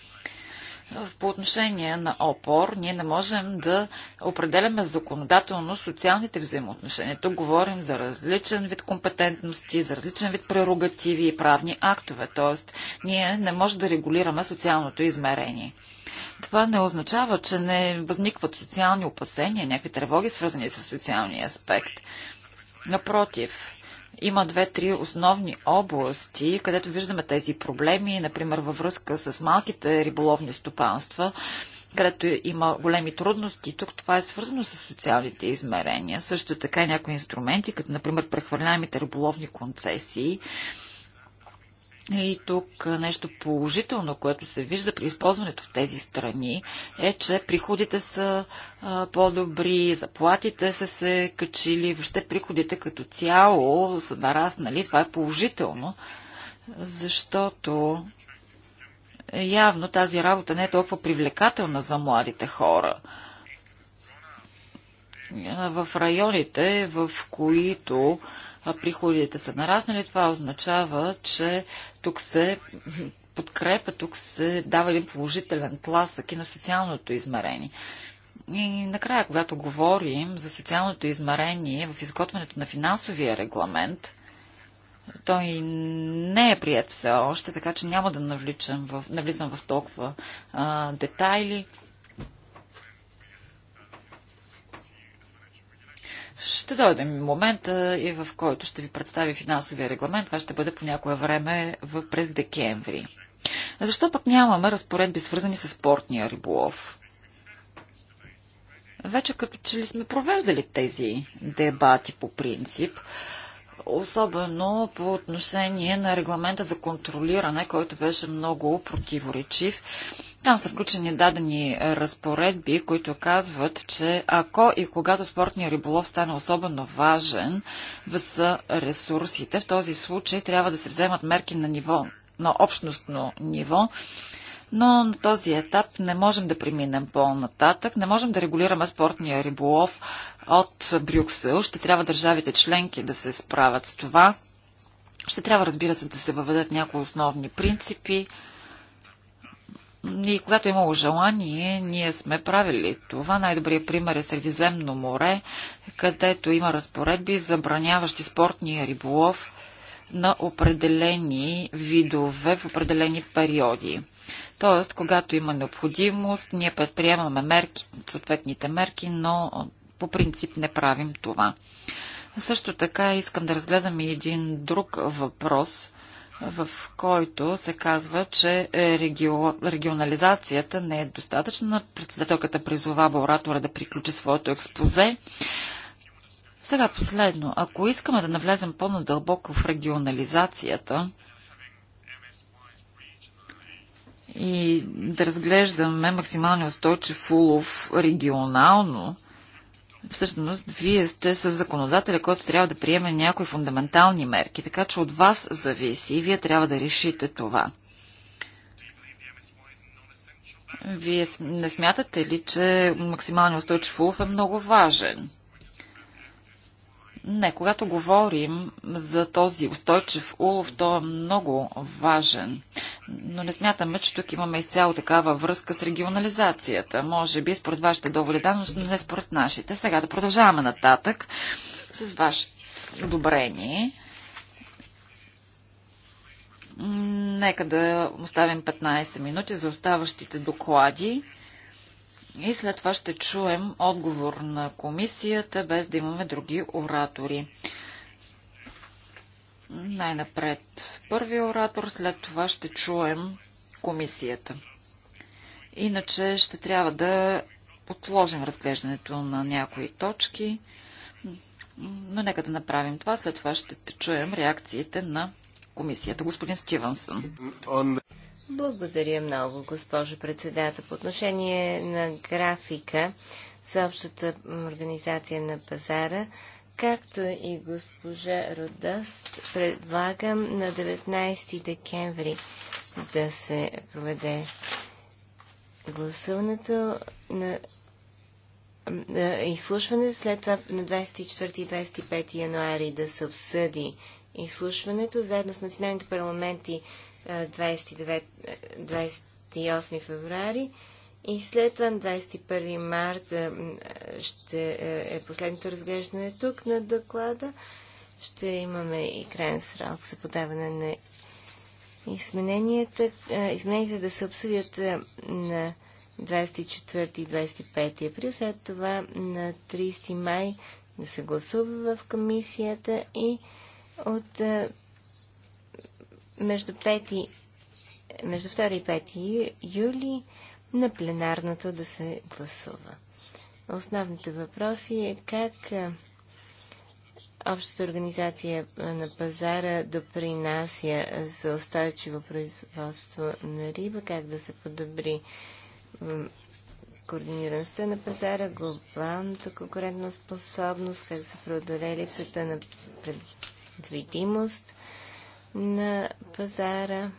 По отношение на опор, ние не можем да определяме законодателно социалните взаимоотношения. Тук говорим за различен вид компетентности, за различен вид прерогативи и правни актове. Тоест, ние не можем да регулираме социалното измерение. Това не означава, че не възникват социални опасения, някакви тревоги, свързани с социалния аспект. Напротив, има две-три основни области, където виждаме тези проблеми, например във връзка с малките риболовни стопанства, където има големи трудности. Тук това е свързано с социалните измерения. Също така и някои инструменти, като например прехвърляемите риболовни концесии, и тук нещо положително, което се вижда при използването в тези страни, е, че приходите са по-добри, заплатите са се качили, въобще приходите като цяло са нараснали. Това е положително, защото явно тази работа не е толкова привлекателна за младите хора в районите, в които приходите са нараснали, това означава, че тук се подкрепа, тук се дава един положителен тласък и на социалното измерение. И накрая, когато говорим за социалното измерение в изготвянето на финансовия регламент, той не е прият все още, така че няма да навличам в, навлизам в толкова а, детайли. Ще дойде момента и в който ще ви представи финансовия регламент. Това ще бъде по някое време в през декември. Защо пък нямаме разпоредби свързани с спортния риболов? Вече като че ли сме провеждали тези дебати по принцип, особено по отношение на регламента за контролиране, който беше много противоречив там са включени дадени разпоредби, които казват, че ако и когато спортния риболов стане особено важен за ресурсите, в този случай трябва да се вземат мерки на ниво, на общностно ниво, но на този етап не можем да преминем по-нататък. Не можем да регулираме спортния риболов от Брюксел. Ще трябва държавите членки да се справят с това. Ще трябва, разбира се, да се въведат някои основни принципи. И когато е имало желание, ние сме правили това. Най-добрият пример е Средиземно море, където има разпоредби, забраняващи спортния риболов на определени видове в определени периоди. Тоест, когато има необходимост, ние предприемаме мерки, съответните мерки, но по принцип не правим това. Също така искам да разгледам и един друг въпрос, в който се казва, че регио... регионализацията не е достатъчна. Председателката призовава оратора да приключи своето експозе. Сега последно, ако искаме да навлезем по-надълбоко в регионализацията, и да разглеждаме максимално устойчив улов регионално, всъщност вие сте с законодателя, който трябва да приеме някои фундаментални мерки, така че от вас зависи и вие трябва да решите това. Вие не смятате ли, че максималният устойчив улов е много важен? Не, когато говорим за този устойчив улов, то е много важен. Но не смятаме, че тук имаме изцяло такава връзка с регионализацията. Може би според вашите доводи да, но не според нашите. Сега да продължаваме нататък с вашето одобрение. Нека да оставим 15 минути за оставащите доклади. И след това ще чуем отговор на комисията, без да имаме други оратори. Най-напред първия оратор, след това ще чуем комисията. Иначе ще трябва да отложим разглеждането на някои точки, но нека да направим това. След това ще чуем реакциите на комисията. Господин Стивенсън. Благодаря много, госпожо председател. По отношение на графика за общата организация на пазара, както и госпожа Родъст, предлагам на 19 декември да се проведе гласуването на, изслушване, след това на 24 и 25 януари да се обсъди изслушването заедно с националните парламенти 29, 28 феврари и след това на 21 март ще е, е последното разглеждане тук на доклада. Ще имаме и крайен срок за подаване на измененията. Измененията да се обсъдят на 24 и 25 април, след това на 30 май да се гласува в комисията и от между, 5, между 2 и 5 юли на пленарното да се гласува. Основните въпроси е как общата организация на пазара допринася за устойчиво производство на риба, как да се подобри координираността на пазара, глобалната конкурентна способност, как да се преодолее липсата на предвидимост – на пазара,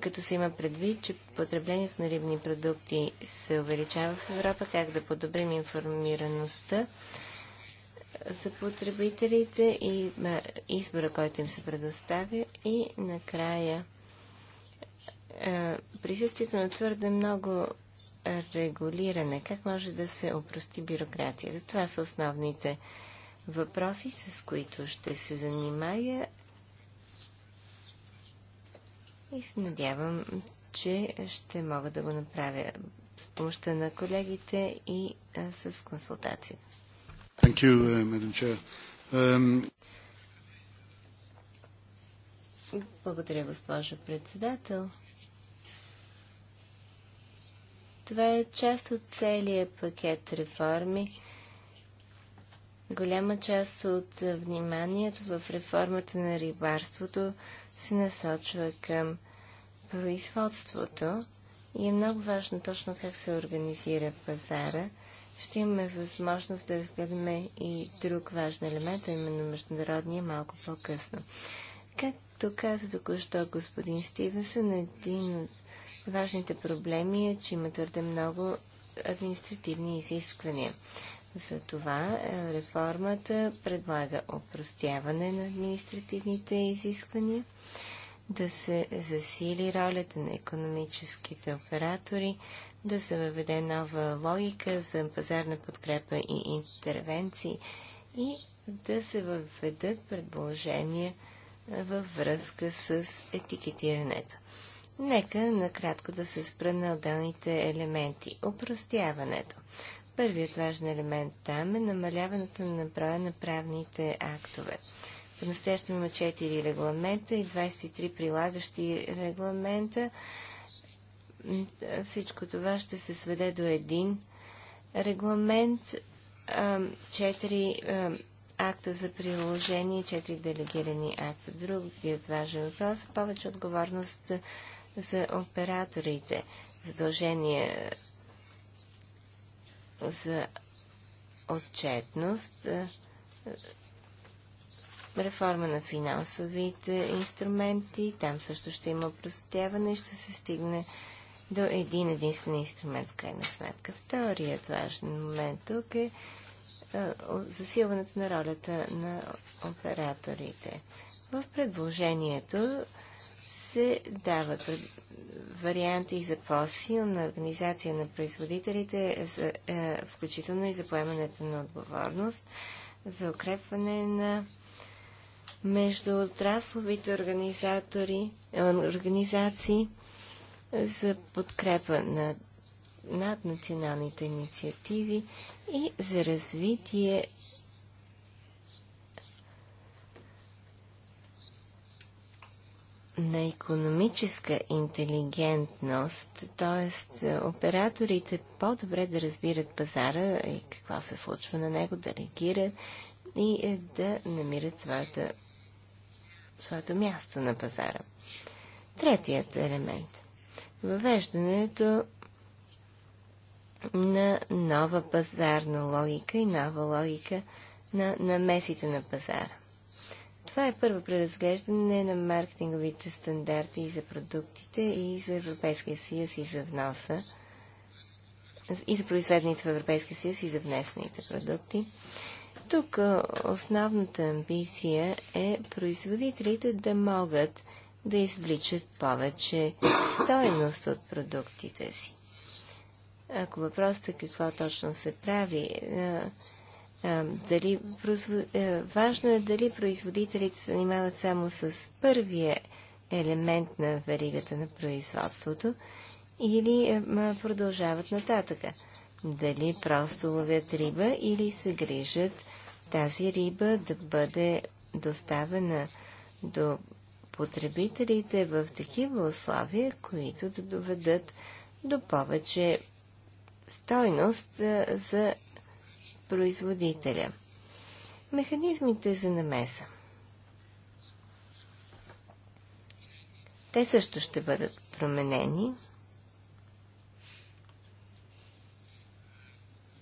като се има предвид, че потреблението на рибни продукти се увеличава в Европа, как да подобрим информираността за потребителите и избора, който им се предоставя и накрая присъствието на твърде много регулиране, как може да се опрости бюрокрацията. Това са основните въпроси, с които ще се занимая и се надявам, че ще мога да го направя с помощта на колегите и а, с консултация. Thank you, uh, Madam Chair. Um... Благодаря, госпожо председател. Това е част от целия пакет реформи, Голяма част от вниманието в реформата на рибарството се насочва към производството и е много важно точно как се организира пазара. Ще имаме възможност да разгледаме и друг важен елемент, а именно международния малко по-късно. Както каза току-що господин Стивенсън, един от важните проблеми е, че има твърде много административни изисквания. Затова е, реформата предлага опростяване на административните изисквания, да се засили ролята на економическите оператори, да се въведе нова логика за пазарна подкрепа и интервенции и да се въведат предложения е, във връзка с етикетирането. Нека накратко да се спра на отделните елементи. Опростяването. Първият важен елемент там е намаляването на броя на правните актове. По-настоящем има 4 регламента и 23 прилагащи регламента. Всичко това ще се сведе до един регламент, 4 акта за приложение и 4 делегирани акта. Другият важен въпрос е повече отговорност за операторите. Задължение за отчетност, реформа на финансовите инструменти, там също ще има простяване и ще се стигне до един единствен инструмент в крайна сметка. Вторият важен момент тук е засилването на ролята на операторите. В предложението се дават варианти за по-силна организация на производителите, за, е, включително и за поемането на отговорност, за укрепване на междуотрасловите организатори, е, организации за подкрепа на наднационалните инициативи и за развитие на економическа интелигентност, т.е. операторите по-добре да разбират пазара и какво се случва на него, да реагират и е, да намират своята, своето място на пазара. Третият елемент въвеждането на нова пазарна логика и нова логика на намесите на пазара. Това е първо преразглеждане на маркетинговите стандарти за продуктите и за Европейския съюз и за вноса и за произведените в Европейския съюз и за внесените продукти. Тук основната амбиция е производителите да могат да извличат повече стоеност от продуктите си. Ако въпросът е какво точно се прави, дали, е, важно е дали производителите се занимават само с първия елемент на веригата на производството или е, продължават нататъка. Дали просто ловят риба или се грижат тази риба да бъде доставена до потребителите в такива условия, които да доведат до повече стойност е, за производителя. Механизмите за намеса. Те също ще бъдат променени.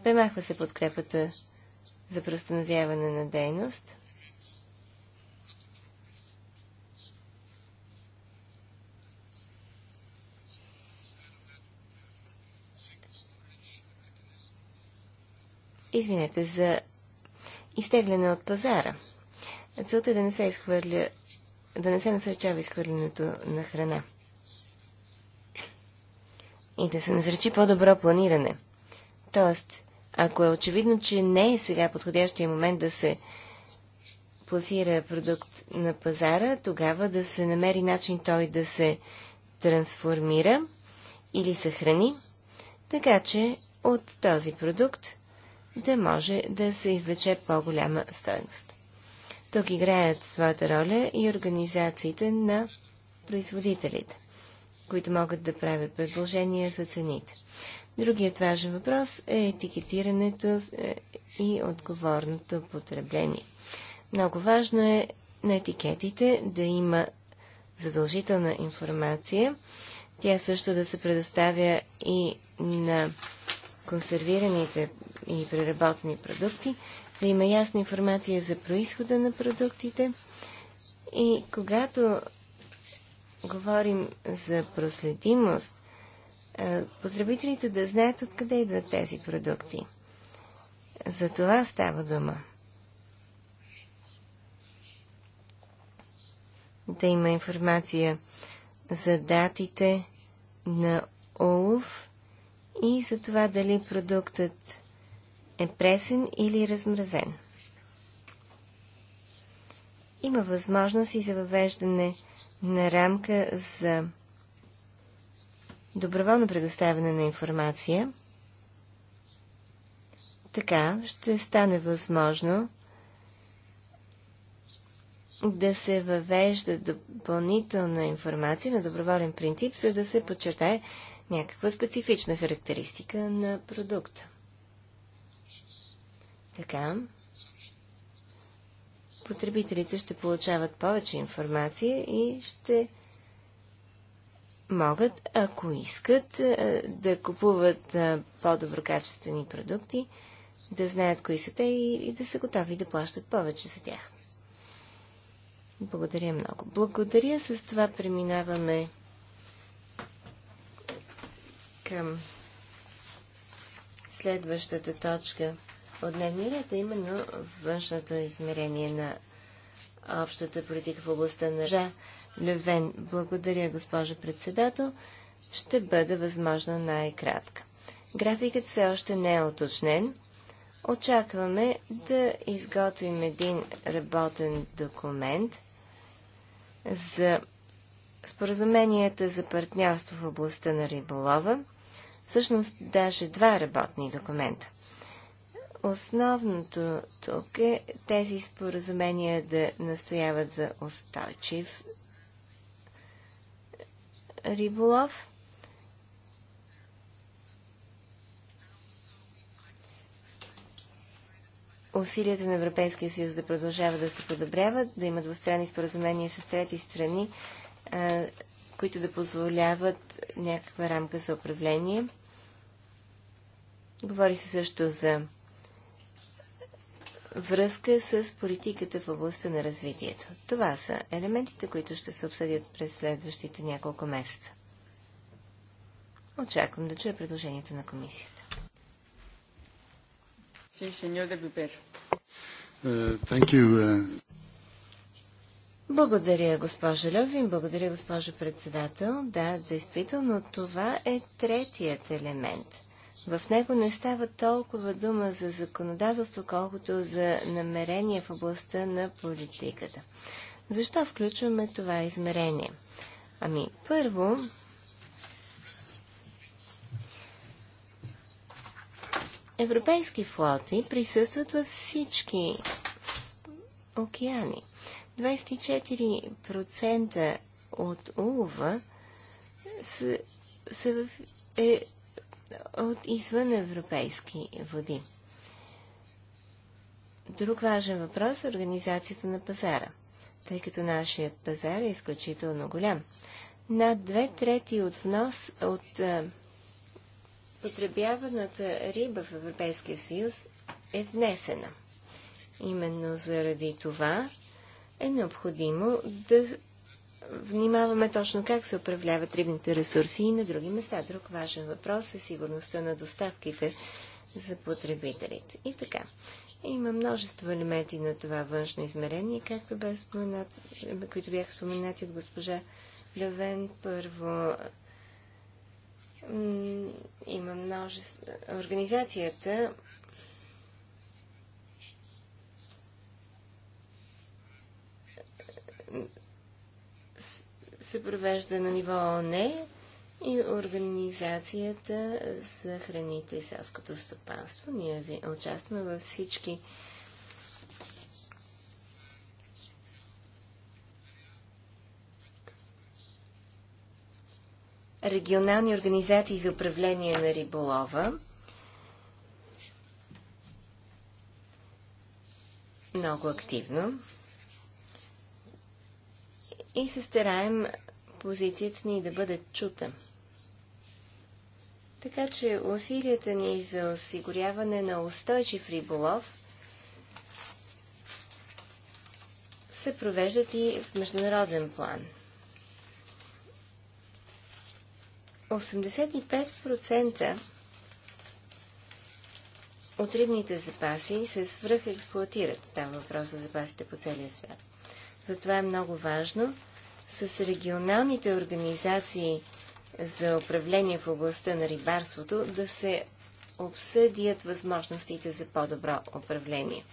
Премахва се подкрепата за простановяване на дейност – извинете, за изтегляне от пазара. Целта е да не се изхвърля, да не се насърчава изхвърлянето на храна. И да се насърчи по-добро планиране. Тоест, ако е очевидно, че не е сега подходящия момент да се пласира продукт на пазара, тогава да се намери начин той да се трансформира или съхрани, така че от този продукт да може да се извлече по-голяма стойност. Тук играят своята роля и организациите на производителите, които могат да правят предложения за цените. Другият важен въпрос е етикетирането е, и отговорното потребление. Много важно е на етикетите да има задължителна информация. Тя също да се предоставя и на консервираните и преработени продукти, да има ясна информация за происхода на продуктите. И когато говорим за проследимост, потребителите да знаят откъде идват тези продукти. За това става дума. Да има информация за датите на улов и за това дали продуктът е пресен или размразен. Има възможност и за въвеждане на рамка за доброволно предоставяне на информация. Така ще стане възможно да се въвежда допълнителна информация на доброволен принцип, за да се подчертае някаква специфична характеристика на продукта. Така, потребителите ще получават повече информация и ще могат, ако искат, да купуват по-доброкачествени продукти, да знаят кои са те и да са готови да плащат повече за тях. Благодаря много. Благодаря. С това преминаваме към следващата точка от дневния ред, а именно външното измерение на общата политика в областта на Жа Левен. Благодаря, госпожа председател. Ще бъде възможно най-кратка. Графикът все още не е уточнен. Очакваме да изготвим един работен документ за споразуменията за партньорство в областта на риболова – всъщност даже два работни документа. Основното тук е тези споразумения да настояват за устойчив риболов. Усилията на Европейския съюз да продължават да се подобряват, да има двустранни споразумения с трети страни, които да позволяват някаква рамка за управление. Говори се също за връзка с политиката в областта на развитието. Това са елементите, които ще се обсъдят през следващите няколко месеца. Очаквам да чуя предложението на комисията. Uh, uh, Благодаря, госпожа Льовин. Благодаря, госпожа председател. Да, действително това е третият елемент – в него не става толкова дума за законодателство, колкото за намерение в областта на политиката. Защо включваме това измерение? Ами, първо, европейски флоти присъстват във всички океани. 24% от улова са, са в, е от извън европейски води. Друг важен въпрос е организацията на пазара, тъй като нашият пазар е изключително голям. Над две трети от внос от е, потребяваната риба в Европейския съюз е внесена. Именно заради това е необходимо да внимаваме точно как се управляват рибните ресурси и на други места. Друг важен въпрос е сигурността на доставките за потребителите. И така. Има множество елементи на това външно измерение, както бе споменат, които бях споменати от госпожа Левен. Първо, има множество... Организацията се провежда на ниво ОНЕ и Организацията за храните и селското стопанство. Ние участваме във всички регионални организации за управление на риболова. Много активно и се стараем позицията ни да бъде чута. Така че усилията ни за осигуряване на устойчив риболов се провеждат и в международен план. 85% от рибните запаси се свръхексплуатират. Става въпрос за запасите по целия свят. Затова е много важно с регионалните организации за управление в областта на рибарството да се обсъдят възможностите за по-добро управление.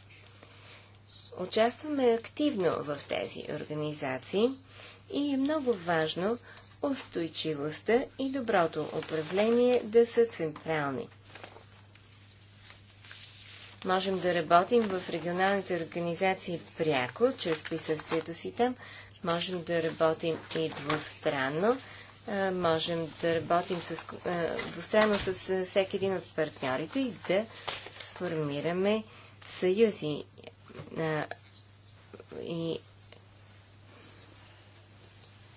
Участваме активно в тези организации и е много важно устойчивостта и доброто управление да са централни Можем да работим в регионалните организации пряко, чрез присъствието си там. Можем да работим и двустранно. Можем да работим с, двустранно с всеки един от партньорите и да сформираме съюзи. И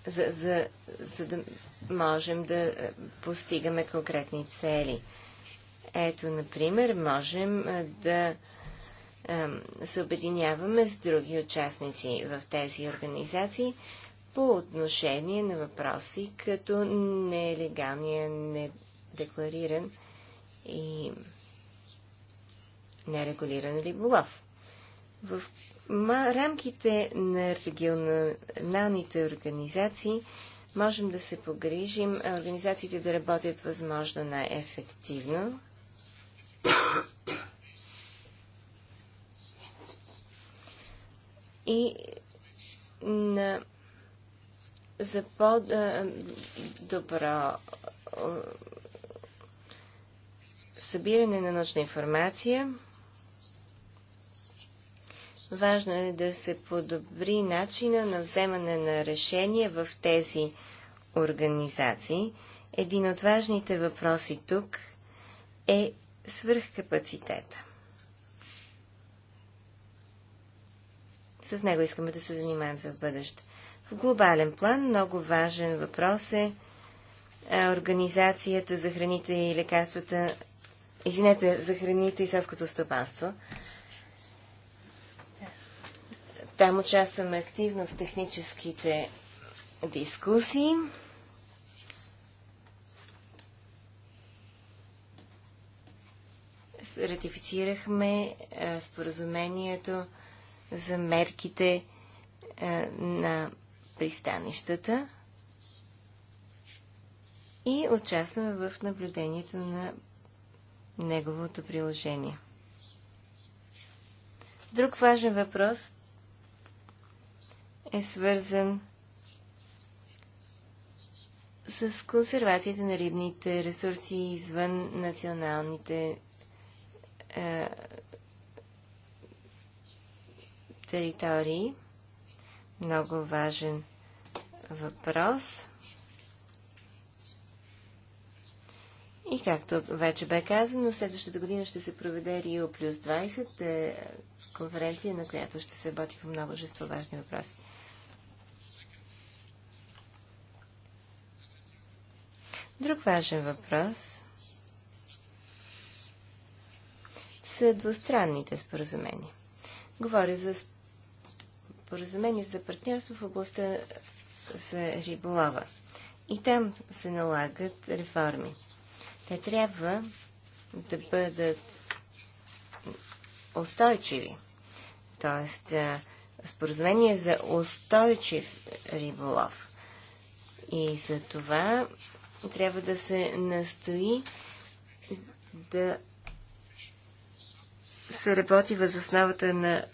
за, за, за да можем да постигаме конкретни цели. Ето, например, можем да се объединяваме с други участници в тези организации по отношение на въпроси като нелегалния, недеклариран и нерегулиран риболов. В рамките на регионалните организации можем да се погрижим организациите да работят възможно най-ефективно, и на, за по-добро събиране на научна информация Важно е да се подобри начина на вземане на решения в тези организации. Един от важните въпроси тук е свръхкапацитета. С него искаме да се занимаем за в бъдеще. В глобален план много важен въпрос е Организацията за храните и лекарствата, извинете, за храните и селското стопанство. Там участваме активно в техническите дискусии. ратифицирахме а, споразумението за мерките а, на пристанищата и участваме в наблюдението на неговото приложение. Друг важен въпрос е свързан с консервацията на рибните ресурси извън националните е, територии. Много важен въпрос. И както вече бе казано, следващата година ще се проведе Рио плюс 20, е конференция, на която ще се работи по много множество важни въпроси. Друг важен въпрос са двустранните споразумения. Говоря за споразумения за партньорство в областта за риболова. И там се налагат реформи. Те трябва да бъдат устойчиви. Тоест, споразумение за устойчив риболов. И за това трябва да се настои да се работи въз основата на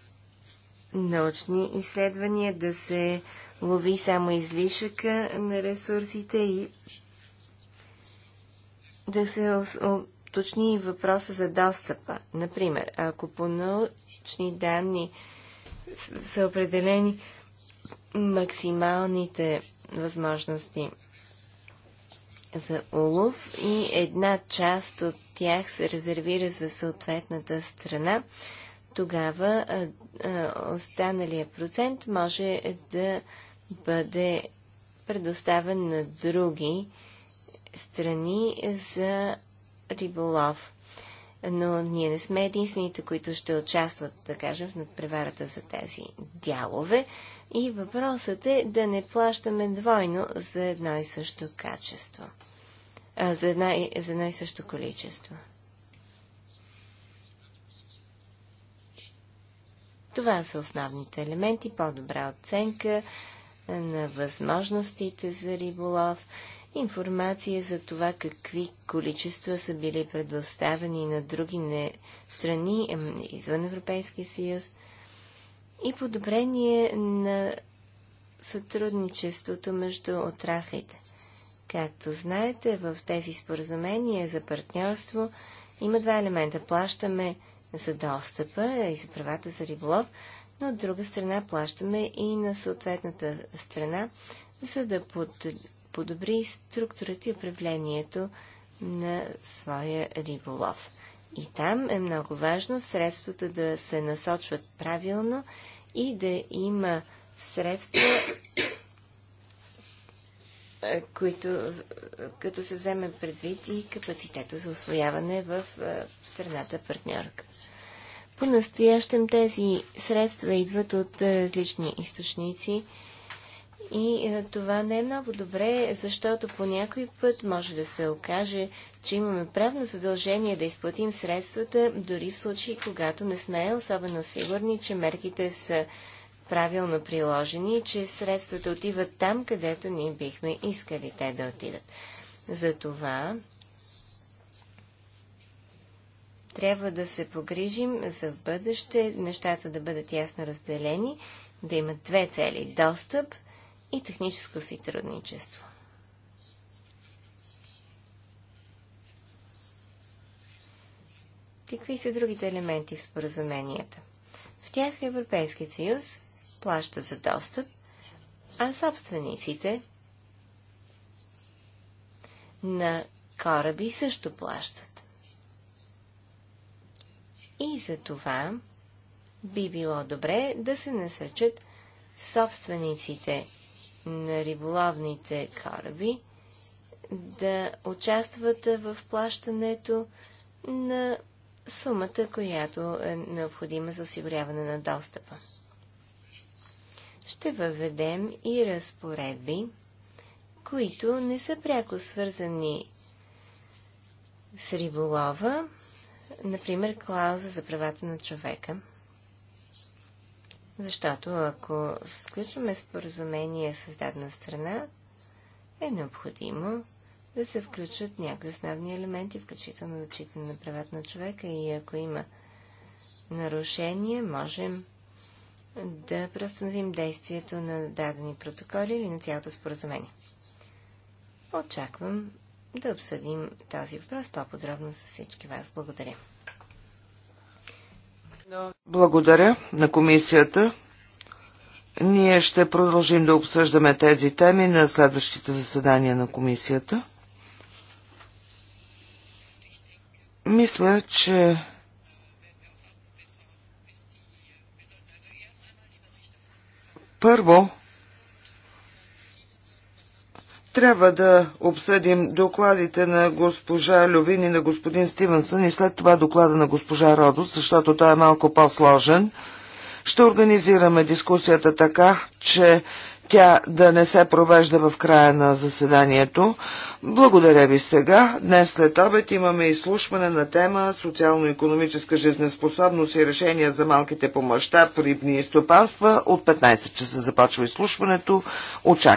научни изследвания, да се лови само излишъка на ресурсите и да се уточни въпроса за достъпа. Например, ако по научни данни са определени максималните възможности за улов и една част от тях се резервира за съответната страна, тогава останалия процент може да бъде предоставен на други страни за риболов но ние не сме единствените, които ще участват, да кажем, в надпреварата за тези дялове. И въпросът е да не плащаме двойно за едно и също качество. А, за, една, и, за едно и също количество. Това са основните елементи. По-добра оценка на възможностите за риболов информация за това какви количества са били предоставени на други не... страни извън Европейския съюз и подобрение на сътрудничеството между отраслите. Както знаете, в тези споразумения за партньорство има два елемента. Плащаме за достъпа и за правата за риболов, но от друга страна плащаме и на съответната страна, за да под подобри структурата и управлението на своя риболов. И там е много важно средствата да се насочват правилно и да има средства, е, които, като се вземе предвид и капацитета за освояване в е, страната партньорка. По-настоящем тези средства идват от е, различни източници – и е, това не е много добре, защото по някой път може да се окаже, че имаме правно задължение да изплатим средствата, дори в случаи, когато не сме особено сигурни, че мерките са правилно приложени и че средствата отиват там, където ние бихме искали те да отидат. Затова трябва да се погрижим за в бъдеще нещата да бъдат ясно разделени, да имат две цели – достъп – и техническо сътрудничество. Какви са другите елементи в споразуменията? В тях Европейският съюз плаща за достъп, а собствениците на кораби също плащат. И за това би било добре да се насъчат собствениците на риболовните кораби да участват в плащането на сумата, която е необходима за осигуряване на достъпа. Ще въведем и разпоредби, които не са пряко свързани с риболова, например клауза за правата на човека. Защото ако сключваме споразумение с дадена страна, е необходимо да се включат някои основни елементи, включително зачитане на правата на човека и ако има нарушение, можем да преустановим действието на дадени протоколи или на цялото споразумение. Очаквам да обсъдим този въпрос по-подробно с всички вас. Благодаря. Благодаря на комисията. Ние ще продължим да обсъждаме тези теми на следващите заседания на комисията. Мисля, че първо трябва да обсъдим докладите на госпожа Любин и на господин Стивенсън и след това доклада на госпожа Родос, защото той е малко по-сложен. Ще организираме дискусията така, че тя да не се провежда в края на заседанието. Благодаря ви сега. Днес след обед имаме изслушване на тема социално-економическа жизнеспособност и решения за малките по мащаб рибни стопанства. От 15 часа започва изслушването. Очаквам.